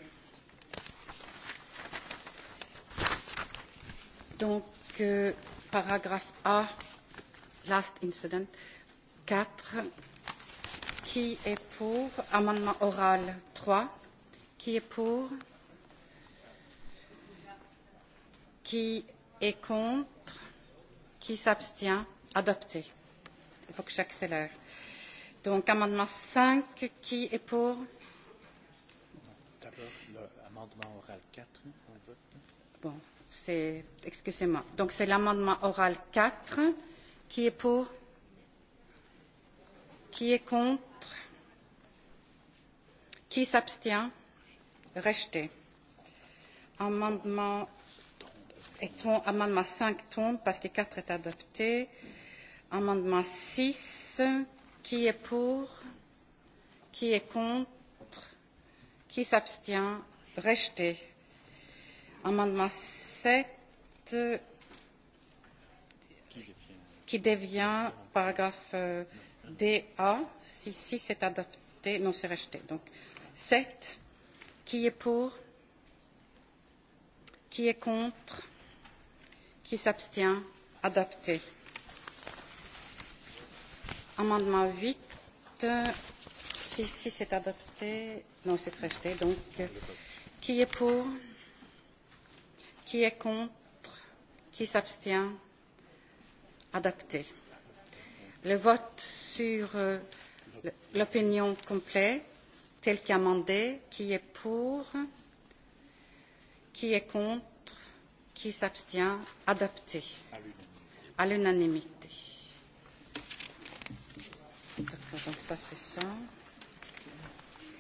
Donc, euh, paragraphe A, last incident, 4. Qui est pour Amendement oral 3. Qui est pour Qui est contre Qui s'abstient Adopté. Il faut que j'accélère. Donc, amendement 5, qui est pour D'abord, l'amendement oral 4, on vote. Bon, c'est. Excusez-moi. Donc, c'est l'amendement oral 4. Qui est pour Qui est contre Qui s'abstient Rejeté. Amendement et ton amendement 5 tombe parce que 4 est adopté. Amendement 6, qui est pour Qui est contre Qui s'abstient Rejeté. Amendement 7 qui devient paragraphe DA si, si c'est adopté, non c'est rejeté. Donc 7, qui est pour Qui est contre Qui s'abstient Adapté. Amendement 8. Si, si c'est adopté, non, c'est rejeté. Donc, qui est pour Qui est contre Qui s'abstient Adapté. Le vote sur l'opinion complète, telle qu'amendée, qui est pour Qui est contre Qui s'abstient Adopté. À l'unanimité. donc ça c'est ça.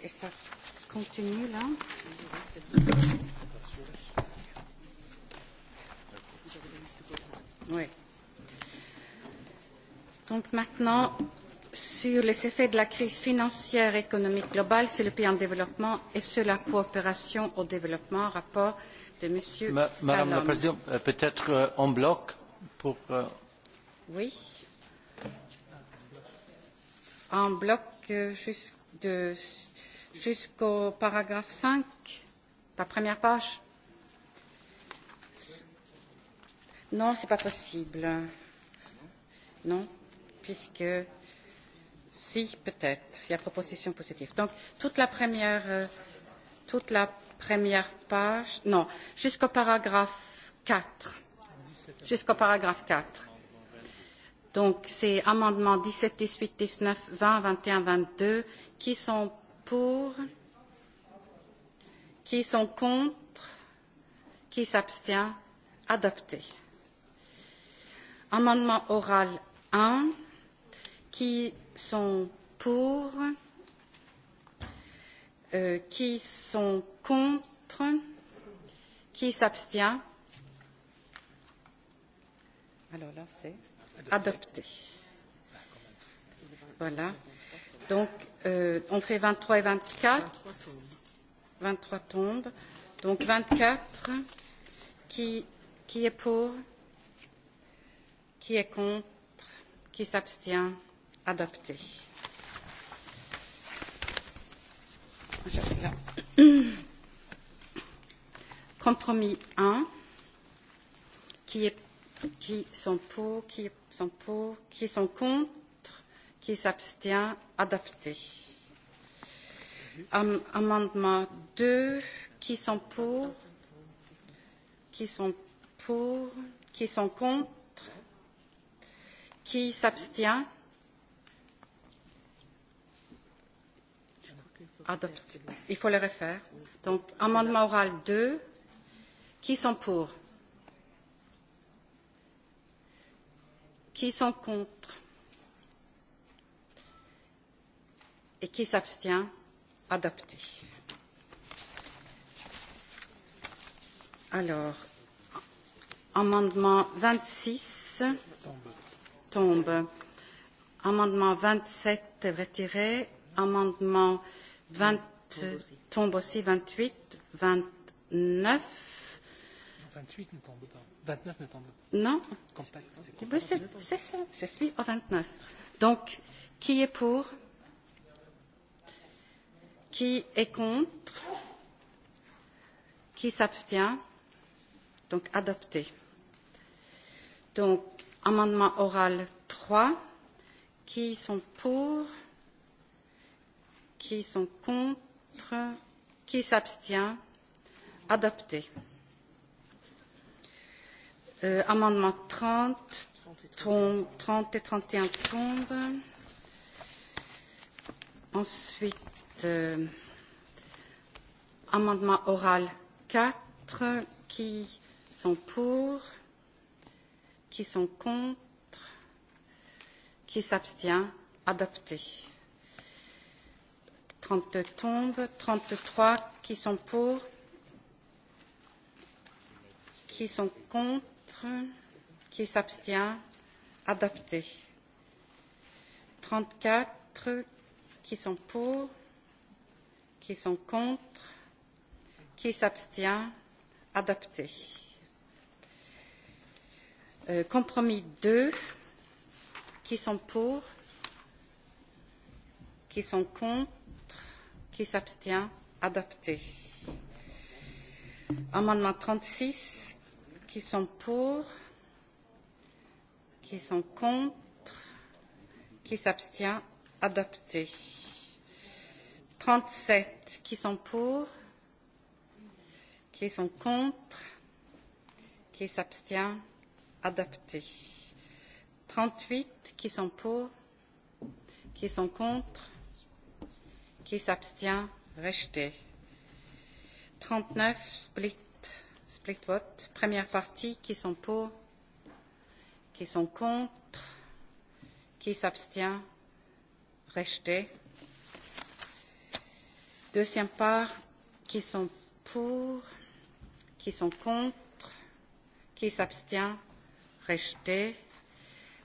Et ça continue là Oui. Donc maintenant, sur les effets de la crise financière et économique globale sur les pays en développement et sur la coopération au développement, rapport de Monsieur Madame la Présidente, peut-être en bloc pour. Oui. En bloc jusqu'au paragraphe 5, la première page. Non, ce n'est pas possible. Non, puisque. Si, peut-être. Il y a proposition positive. Donc, toute la première. toute la première page, non, jusqu'au paragraphe 4. Jusqu'au paragraphe 4. Donc, c'est amendements 17, 18, 19, 20, 21, 22 qui sont pour, qui sont contre, qui s'abstient, adopté. Amendement oral 1, qui sont pour, qui sont contre Qui s'abstient Alors là, c'est adopté. Voilà. Donc, euh, on fait 23 et 24. 23 tombes. Donc, 24. Qui, qui est pour Qui est contre Qui s'abstient Adopté. Compromis 1. Qui, est, qui sont pour, qui sont pour, qui sont contre, qui s'abstient, adapté. Am amendement 2. Qui sont pour, qui sont pour, qui sont contre, qui s'abstient, adopté. Il faut le refaire. Donc, amendement oral 2. Qui sont pour Qui sont contre Et qui s'abstient Adopté. Alors, amendement 26 tombe. Amendement 27 retiré. Amendement 20, tombe aussi 28, 29. 28 ne tombe pas. 29 ne tombe pas. Non. C'est ça, je suis au 29. Donc, qui est pour Qui est contre Qui s'abstient Donc, adopté. Donc, amendement oral 3. Qui sont pour qui sont contre, qui s'abstient, adopté. Euh, amendement 30, 30 et 31 tombent. Ensuite, euh, amendement oral 4, qui sont pour, qui sont contre, qui s'abstient, adopté. 32 tombent. 33 qui sont pour Qui sont contre Qui s'abstient Adopté. 34 qui sont pour Qui sont contre Qui s'abstient Adopté. compromis 2. Qui sont pour Qui sont contre Qui s'abstient Adopté. Amendement 36. Qui sont pour Qui sont contre Qui s'abstient Adopté. 37. Qui sont pour Qui sont contre Qui s'abstient Adopté. 38. Qui sont pour Qui sont contre Qui s'abstient Rejeté. 39, split, split vote. Première partie, qui sont pour Qui sont contre Qui s'abstient Rejeté. Deuxième part, qui sont pour Qui sont contre Qui s'abstient Rejeté.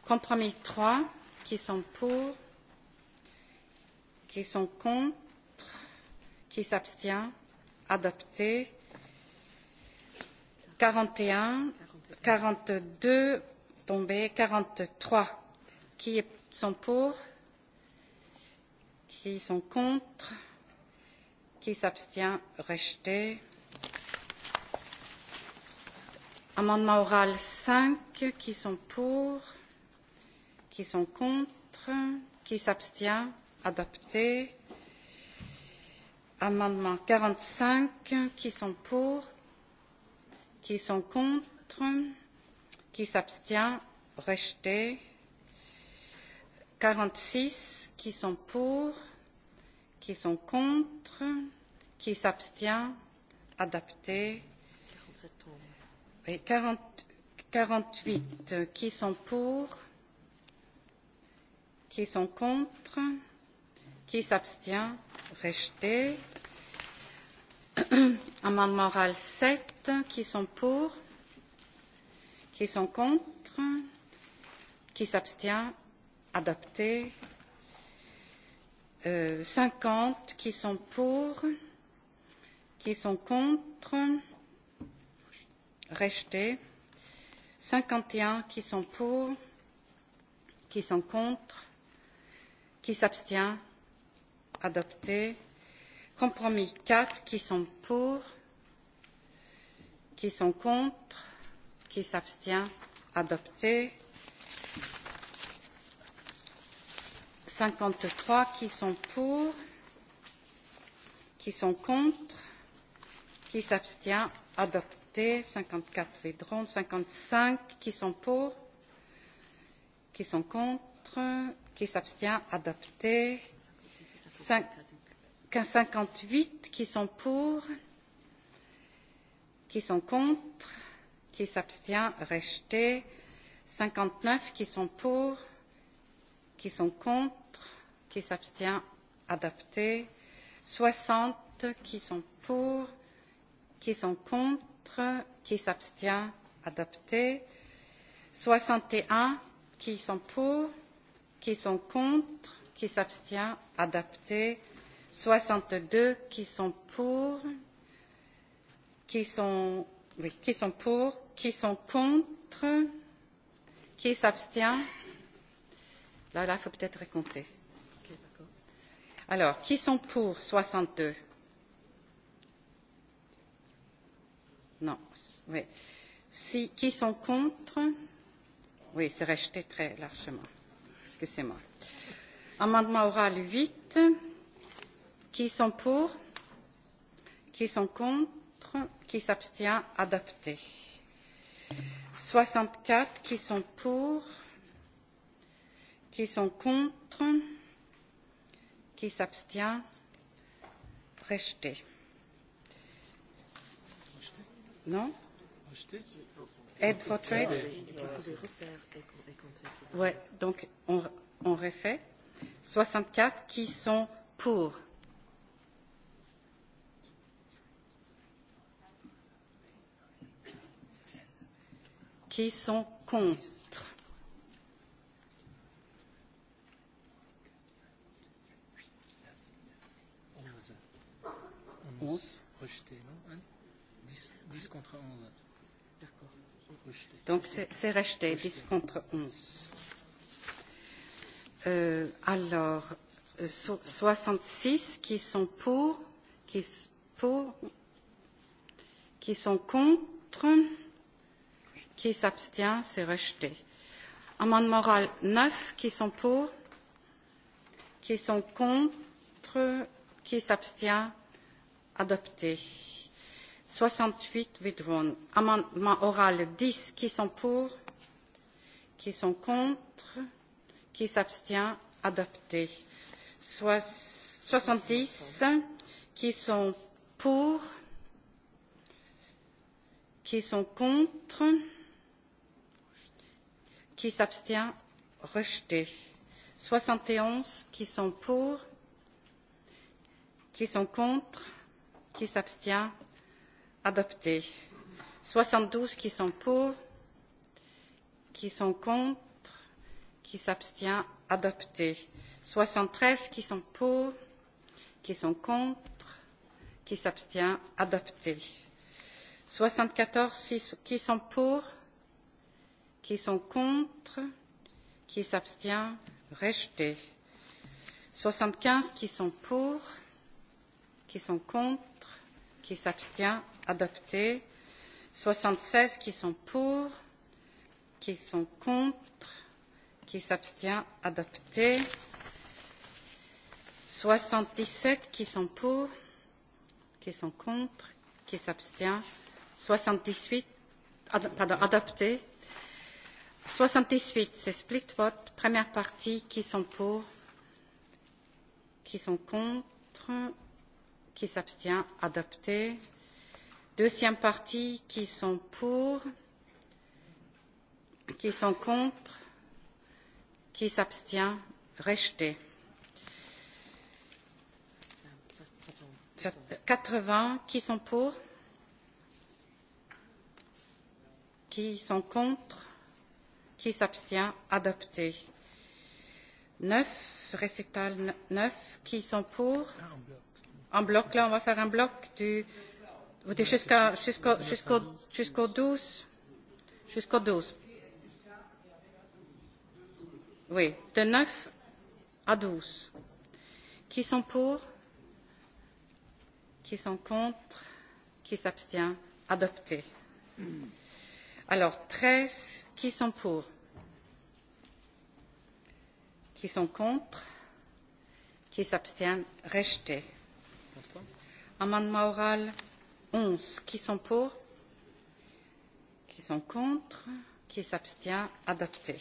Compromis 3, qui sont pour qui sont contre, qui s'abstient, adopté. 41, 42, tombé. 43, qui sont pour, qui sont contre, qui s'abstient, rejeté. Amendement oral 5, qui sont pour, qui sont contre, qui s'abstient, adopté. Amendement quarante cinq, qui sont pour, qui sont contre, qui s'abstient, rejeté. Quarante six, qui sont pour, qui sont contre, qui s'abstient, adopté. Quarante huit, qui sont pour, qui sont contre, Qui s'abstient Rejeté. Amendement oral 7. Qui sont pour Qui sont contre Qui s'abstient Adopté. Euh, 50. Qui sont pour Qui sont contre Rejeté. 51. Qui sont pour Qui sont contre Qui s'abstient adopté. Compromis quatre qui sont pour, qui sont contre, qui s'abstient, adopté. Cinquante trois qui sont pour, qui sont contre, qui s'abstient, adopté. Cinquante quatre Vidron, cinquante cinq qui sont pour, qui sont contre, qui s'abstient, adopté cinquante huit qui sont pour, qui sont contre, qui s'abstient, rejeté. Cinquante neuf qui sont pour, qui sont contre, qui s'abstient, adopté. Soixante qui sont pour, qui sont contre, qui s'abstient, adopté. Soixante et un qui sont pour, qui sont contre, qui s'abstient, adapté. Soixante deux qui sont pour, qui sont, oui, qui sont pour, qui sont contre, qui s'abstient. Là, là, il faut peut-être raconter. Alors, qui sont pour soixante deux Non, oui. Si, qui sont contre Oui, c'est rejeté très largement. Excusez-moi. Amendement oral huit. Qui sont pour Qui sont contre Qui s'abstient Adopté. Soixante quatre. Qui sont pour Qui sont contre Qui s'abstient Rejeté. Non Aide for Oui, donc on, on refait soixante quatre qui sont pour qui sont contre Rejeté, non contre D'accord. Donc c'est rejeté, dix contre onze. Euh, alors, 66 qui sont pour, qui, pour, qui sont contre, qui s'abstient, c'est rejeté. Amendement moral 9 qui sont pour, qui sont contre, qui s'abstient, adopté. 68 withdrawn. Amendement oral 10 qui sont pour, qui sont contre, Qui s'abstient Adopté. Soixante dix. Qui sont pour Qui sont contre Qui s'abstient Rejeté. Soixante et onze. Qui sont pour Qui sont contre Qui s'abstient Adopté. Soixante douze. Qui sont pour Qui sont contre qui s'abstient, adopté. 73 qui sont pour, qui sont contre, qui s'abstient, adopté. 74 qui sont pour, qui sont contre, qui s'abstient, rejeté. 75 qui sont pour, qui sont contre, qui s'abstient, adopté. 76 qui sont pour, qui sont contre, qui s'abstient adopté. 77 qui sont pour, qui sont contre, qui s'abstient. 78 ad, pardon, adopté. 78 c'est split vote, première partie qui sont pour, qui sont contre, qui s'abstient adopté. Deuxième partie qui sont pour, qui sont contre, Qui s'abstient Rejeté. 80. Qui sont pour Qui sont contre Qui s'abstient Adopté. 9. Récital 9. Qui sont pour En bloc, là, on va faire un bloc du jusqu'au jusqu'au jusqu'au 12. Jusqu'au 12. Oui, de 9 à 12. Qui sont pour Qui sont contre Qui s'abstient Adopté. Alors, 13, qui sont pour Qui sont contre Qui s'abstient Rejeté. Amendement oral 11, qui sont pour Qui sont contre Qui s'abstient Adopté.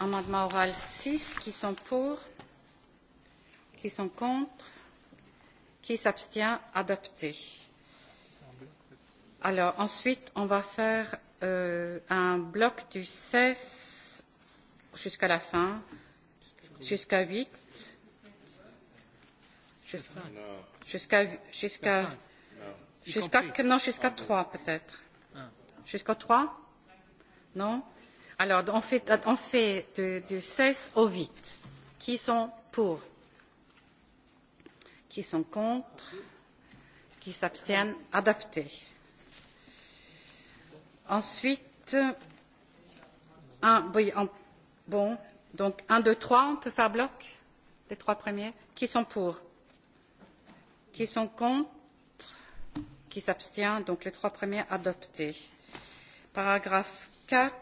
Amendement oral 6, qui sont pour, qui sont contre, qui s'abstient, adopté. Alors ensuite, on va faire euh, un bloc du 16 jusqu'à la fin, jusqu'à 8, jusqu'à jusqu'à jusqu'à jusqu non jusqu'à 3 peut-être. Jusqu'à 3 Non Alors, on fait, on fait de, de 16 au 8. Qui sont pour Qui sont contre Qui s'abstiennent Adapté. Ensuite, un, oui, un, bon, donc 1, 2, 3, on peut faire bloc Les trois premiers Qui sont pour Qui sont contre Qui s'abstient Donc les trois premiers adoptés. Paragraphe 4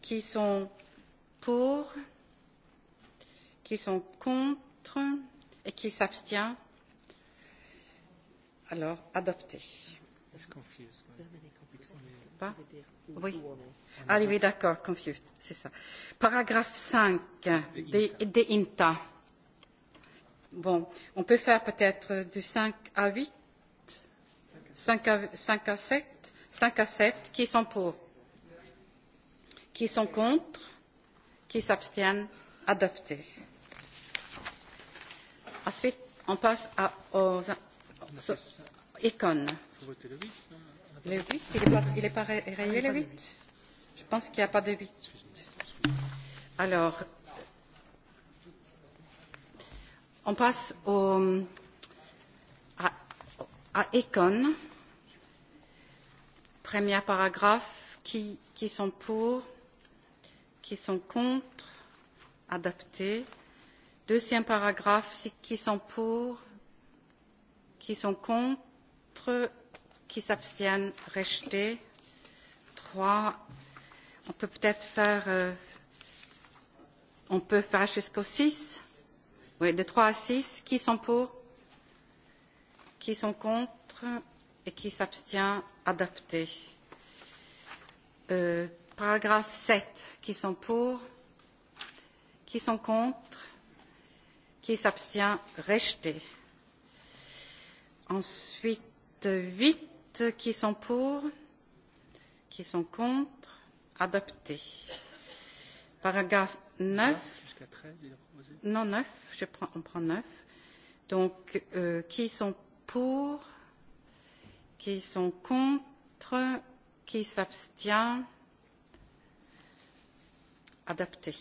qui sont pour, qui sont contre et qui s'abstient. Alors, adopté. Pas oui. Ah oui, d'accord, confused, c'est ça. Paragraphe 5 des, de INTA. Bon, on peut faire peut-être du 5 à 8, 5 à, 5 à 7, 5 à 7, qui sont pour Qui sont contre Qui s'abstiennent Adopté. Ensuite, on passe à, aux icônes. Le 8, il n'est pas, rayé, le 8 Je pense qu'il n'y a pas de 8. Alors, on passe au, à, à Econ. Premier paragraphe, qui, qui sont pour qui sont contre, adopté. Deuxième paragraphe, qui sont pour, qui sont contre, qui s'abstiennent, rejeté. Trois, on peut peut-être faire, euh, on peut faire jusqu'au six. Oui, de trois à six, qui sont pour, qui sont contre et qui s'abstient, adapté Euh, Paragraphe 7. Qui sont pour Qui sont contre Qui s'abstient Rejeté. Ensuite, 8. Qui sont pour Qui sont contre Adopté. Paragraphe 9. Non, 9. Je prends, on prend 9. Donc, euh, qui sont pour Qui sont contre Qui s'abstient adopté.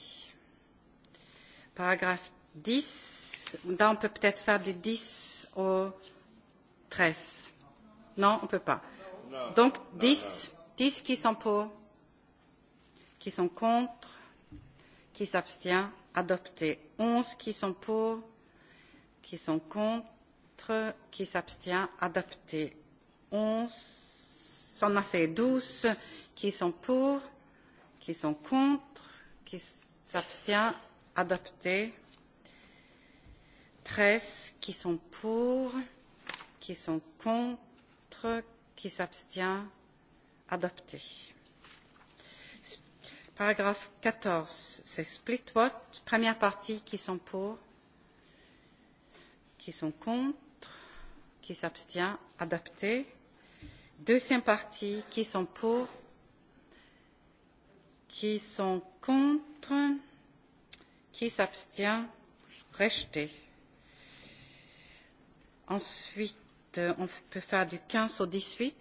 Paragraphe 10. Là, on peut peut-être faire du 10 au 13. Non, on ne peut pas. Donc 10, 10 qui sont pour, qui sont contre, qui s'abstient, adopté. 11 qui sont pour, qui sont contre, qui s'abstient, adopté. 11, on a fait 12 qui sont pour, qui sont contre, qui s'abstient adopté. 13 qui sont pour, qui sont contre, qui s'abstient adopté. Paragraphe 14, c'est split vote. Première partie qui sont pour, qui sont contre, qui s'abstient adopté. Deuxième partie qui sont pour, qui sont contre, qui s'abstient, rejeté. Ensuite, on peut faire du 15 au 18.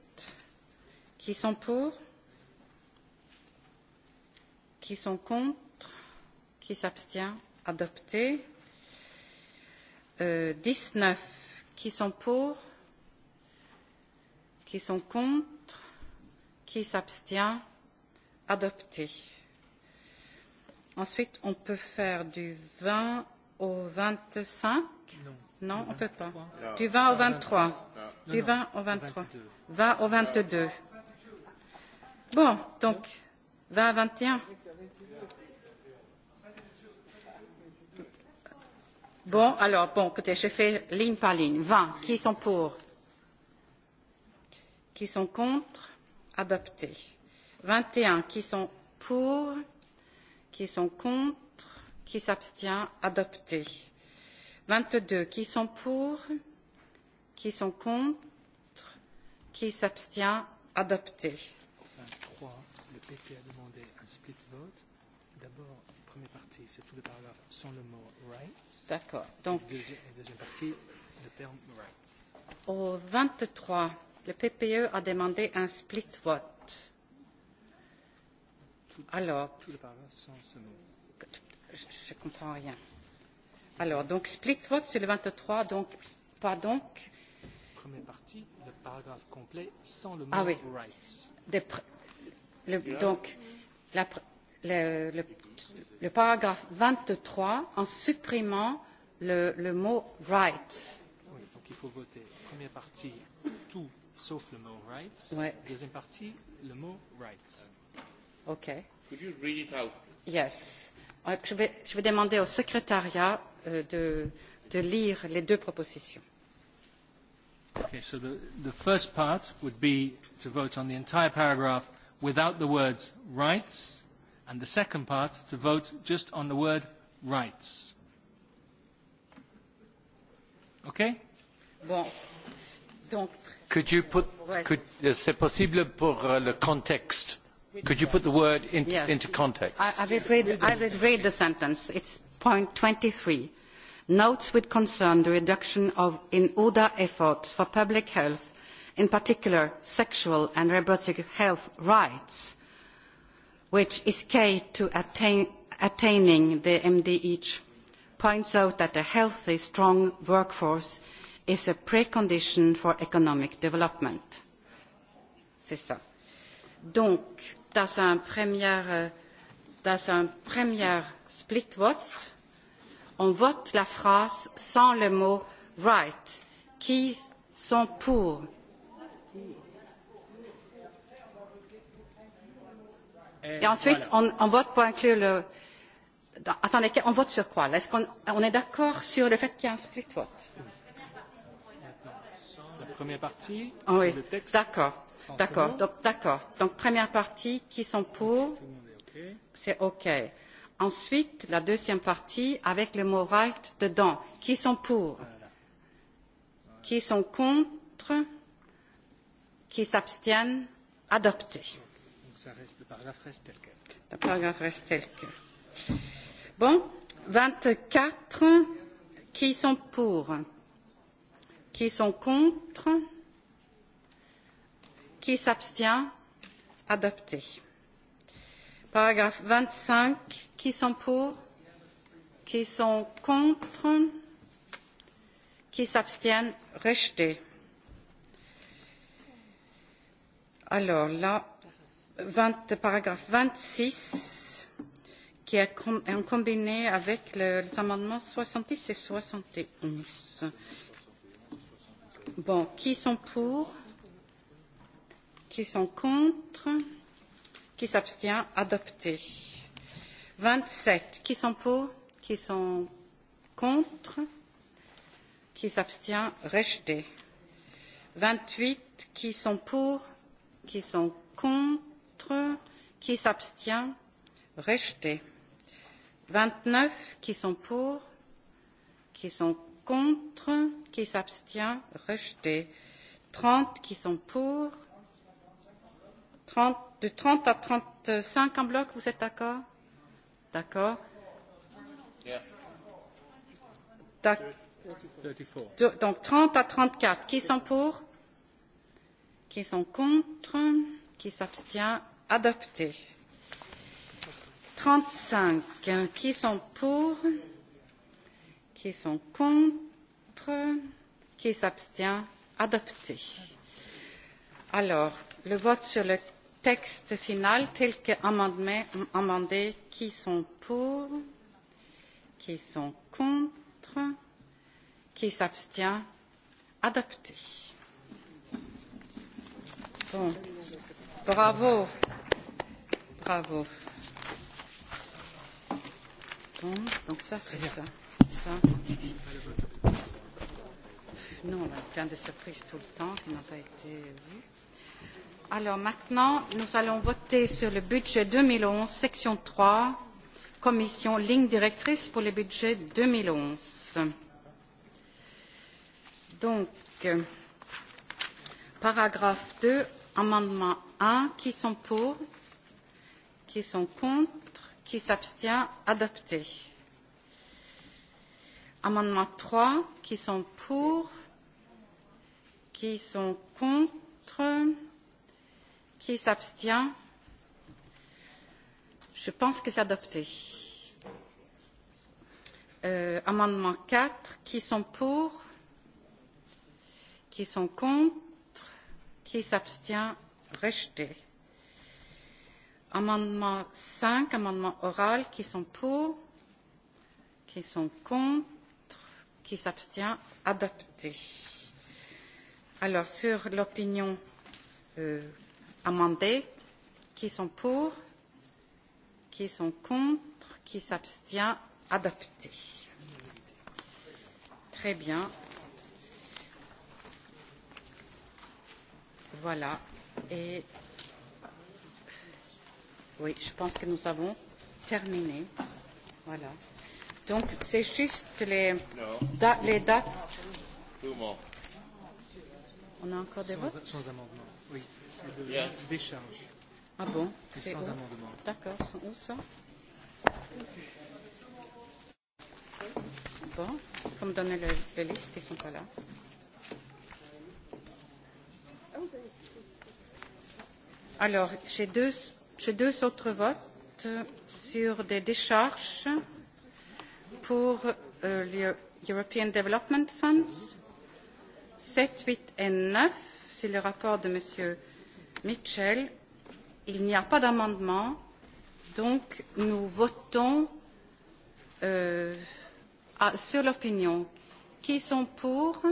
Qui sont pour Qui sont contre Qui s'abstient Adopté. Euh, 19. Qui sont pour Qui sont contre Qui s'abstient adopté. Ensuite, on peut faire du vingt au vingt cinq Non, on ne peut pas. Du vingt au vingt trois, Du vingt au vingt trois, vingt au vingt deux. Bon, donc vingt à un. Bon, alors, bon, écoutez, je fais ligne par ligne. Vingt, Qui sont pour Qui sont contre Adopté vingt et un qui sont pour, qui sont contre, qui s'abstient, adopté. Vingt deux qui sont pour, qui sont contre, qui s'abstient, adopté. Vingt-trois, le PP a demandé un split vote. D'abord, première partie, c'est tout le paragraphe sans le mot rights. D'accord. Donc. Et deuxième partie, le terme rights. Au vingt trois, le PPE a demandé un split vote. Alors, je ne comprends rien. Alors, donc, split vote, c'est le 23, donc, pas donc. Première partie, le paragraphe complet sans le mot ah, oui. rights. Des pr... le, donc, la, le, le, le paragraphe 23 en supprimant le, le mot rights. Oui, donc il faut voter. Première partie, tout sauf le mot rights. Ouais. Deuxième partie, le mot rights. Okay. Could you read it out? Yes. Je vais, je vais demander au secrétariat euh, de, de lire les deux propositions. Okay, so the, the first part would be to vote on the entire paragraph without the words rights, and the second part to vote just on the word rights. Okay? Bon. Donc, could you put, could, c'est possible pour le contexte Could you put the word into, yes. into context? I, I, will read, I will read the sentence. It's point 23. Notes with concern the reduction of in ODA efforts for public health, in particular sexual and reproductive health rights, which is key to attain, attaining the MDH, points out that a healthy, strong workforce is a precondition for economic development. C'est ça. Donc, Dans un premier première, dat premier split vote. On vote la phrase sans le mot right. Qui sont pour? Et ensuite, on, on vote pour inclure le. Attendez, on vote sur quoi Est-ce qu'on on est d'accord sur le fait qu'il y a un split vote La première partie, oui. sur le texte. D'accord. D'accord, d'accord. Donc première partie, qui sont pour C'est OK. Ensuite, la deuxième partie avec le mot right dedans. Qui sont pour Qui sont contre Qui s'abstiennent Adopté. le paragraphe reste tel quel. Le paragraphe reste tel quel. Bon, 24. Qui sont pour Qui sont contre Qui s'abstient Adopté. Paragraphe vingt cinq, Qui sont pour Qui sont contre Qui s'abstiennent Rejeté. Alors là, paragraphe vingt six, qui est en combiné avec les amendements soixante six et soixante et onze. Bon, qui sont pour Qui sont contre Qui s'abstient Adopté. 27. Qui sont pour Qui sont contre Qui s'abstient Rejeté. 28. Qui sont pour Qui sont contre Qui s'abstient Rejeté. 29. Qui sont pour Qui sont contre Qui s'abstient Rejeté. 30. Qui sont pour de trente à trente cinq en bloc, vous êtes d'accord D'accord. Donc trente à trente quatre. Qui sont pour Qui sont contre Qui s'abstient Adopté. Trente cinq. Qui sont pour Qui sont contre Qui s'abstient Adopté. Alors, le vote sur le texte final tel que amendé. Qui sont pour Qui sont contre Qui s'abstient Adopté. Bon. Bravo. Bravo. Bon, donc ça c'est ça. ça. Nous, on a plein de surprises tout le temps qui n'ont pas été vues. Alors maintenant, nous allons voter sur le budget deux mille onze, section trois, commission ligne directrice pour le budget deux mille onze. Donc, paragraphe deux, amendement un, qui sont pour, qui sont contre, qui s'abstient, adopté. Amendement trois, qui sont pour, qui sont contre, Qui s'abstient Je pense que c'est adopté. Euh, amendement 4. Qui sont pour Qui sont contre Qui s'abstient Rejeté. Amendement 5, amendement oral. Qui sont pour Qui sont contre Qui s'abstient Adopté. Alors, sur l'opinion euh, amendé. Qui sont pour Qui sont contre Qui s'abstient Adopté. Très bien. Voilà. Et oui, je pense que nous avons terminé. Voilà. Donc, c'est juste les, da, les dates. On a encore des votes Sans amendement, oui c'est de décharge. Ah bon C'est sans amendement. D'accord, c'est où ça Bon, il faut me donner le, les listes, ils ne sont pas là. Alors, j'ai deux, j'ai deux autres votes sur des décharges pour euh, le European Development Funds, 7, 8 et 9, c'est le rapport de Monsieur Mitchell. Il n'y a pas d'amendement, donc nous votons sur l'opinion. Qui sont pour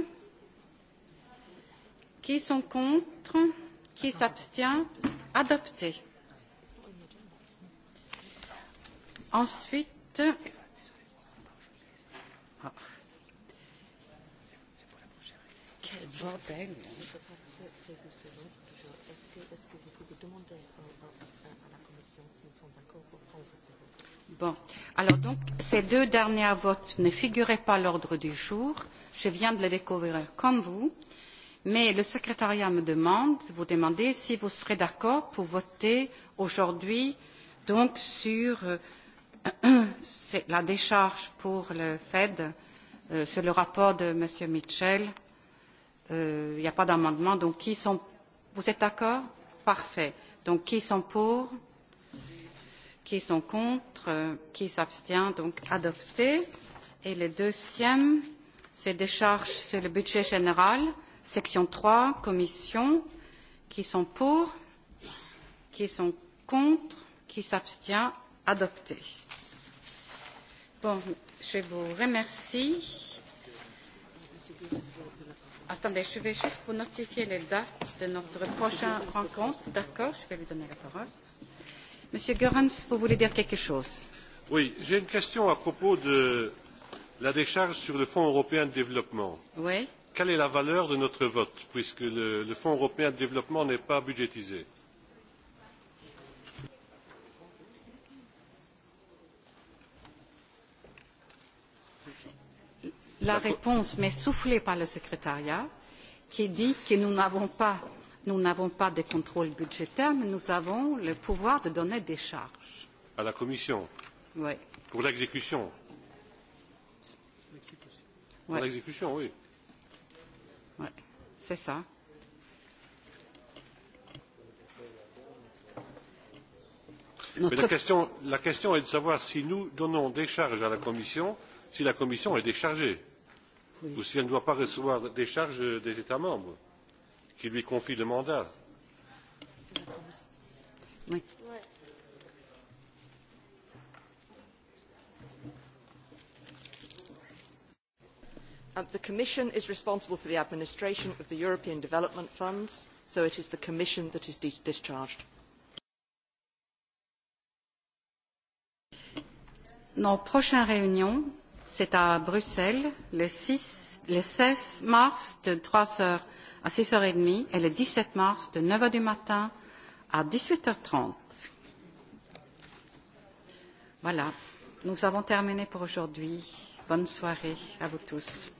Qui sont contre Qui s'abstient Adopté. Ensuite, quel bordel Bon. Alors donc, ces deux derniers votes ne figuraient pas à l'ordre du jour. Je viens de les découvrir comme vous. Mais le secrétariat me demande, vous demandez si vous serez d'accord pour voter aujourd'hui donc sur la décharge pour le Fed, sur le rapport de M. Mitchell. Il n'y a pas d'amendement. Donc qui sont, vous êtes d'accord Parfait. Donc qui sont pour qui sont contre, qui s'abstient, donc adopté. Et le deuxième, c'est des charges sur le budget général, section 3, commission, qui sont pour, qui sont contre, qui s'abstient, adopté. Bon, je vous remercie. Attendez, je vais juste vous notifier les dates de notre prochaine rencontre. D'accord, je vais lui donner la parole. Monsieur Goerens, vous voulez dire quelque chose Oui, j'ai une question à propos de la décharge sur le Fonds européen de développement. Quelle est la valeur de notre vote, puisque le, Fonds européen de développement n'est pas budgétisé La réponse m'est soufflée par le secrétariat qui dit que nous n'avons pas Nous n'avons pas de contrôle budgétaire, mais nous avons le pouvoir de donner des charges. À la Commission Oui. Pour l'exécution Pour l'exécution, oui. Oui, c'est ça. la question est de savoir si nous donnons des charges à la commission si la commission est déchargée ou si elle ne doit pas recevoir des charges des états membres qui lui confie le mandat. the Commission is responsible for the administration of the European Development Funds, so it is the Commission that is discharged. Nos prochaines réunions, c'est à Bruxelles, le 6 le 16 mars de 3h à 6h30 et le 17 mars de 9h du matin à 18h30. Voilà, nous avons terminé pour aujourd'hui. Bonne soirée à vous tous.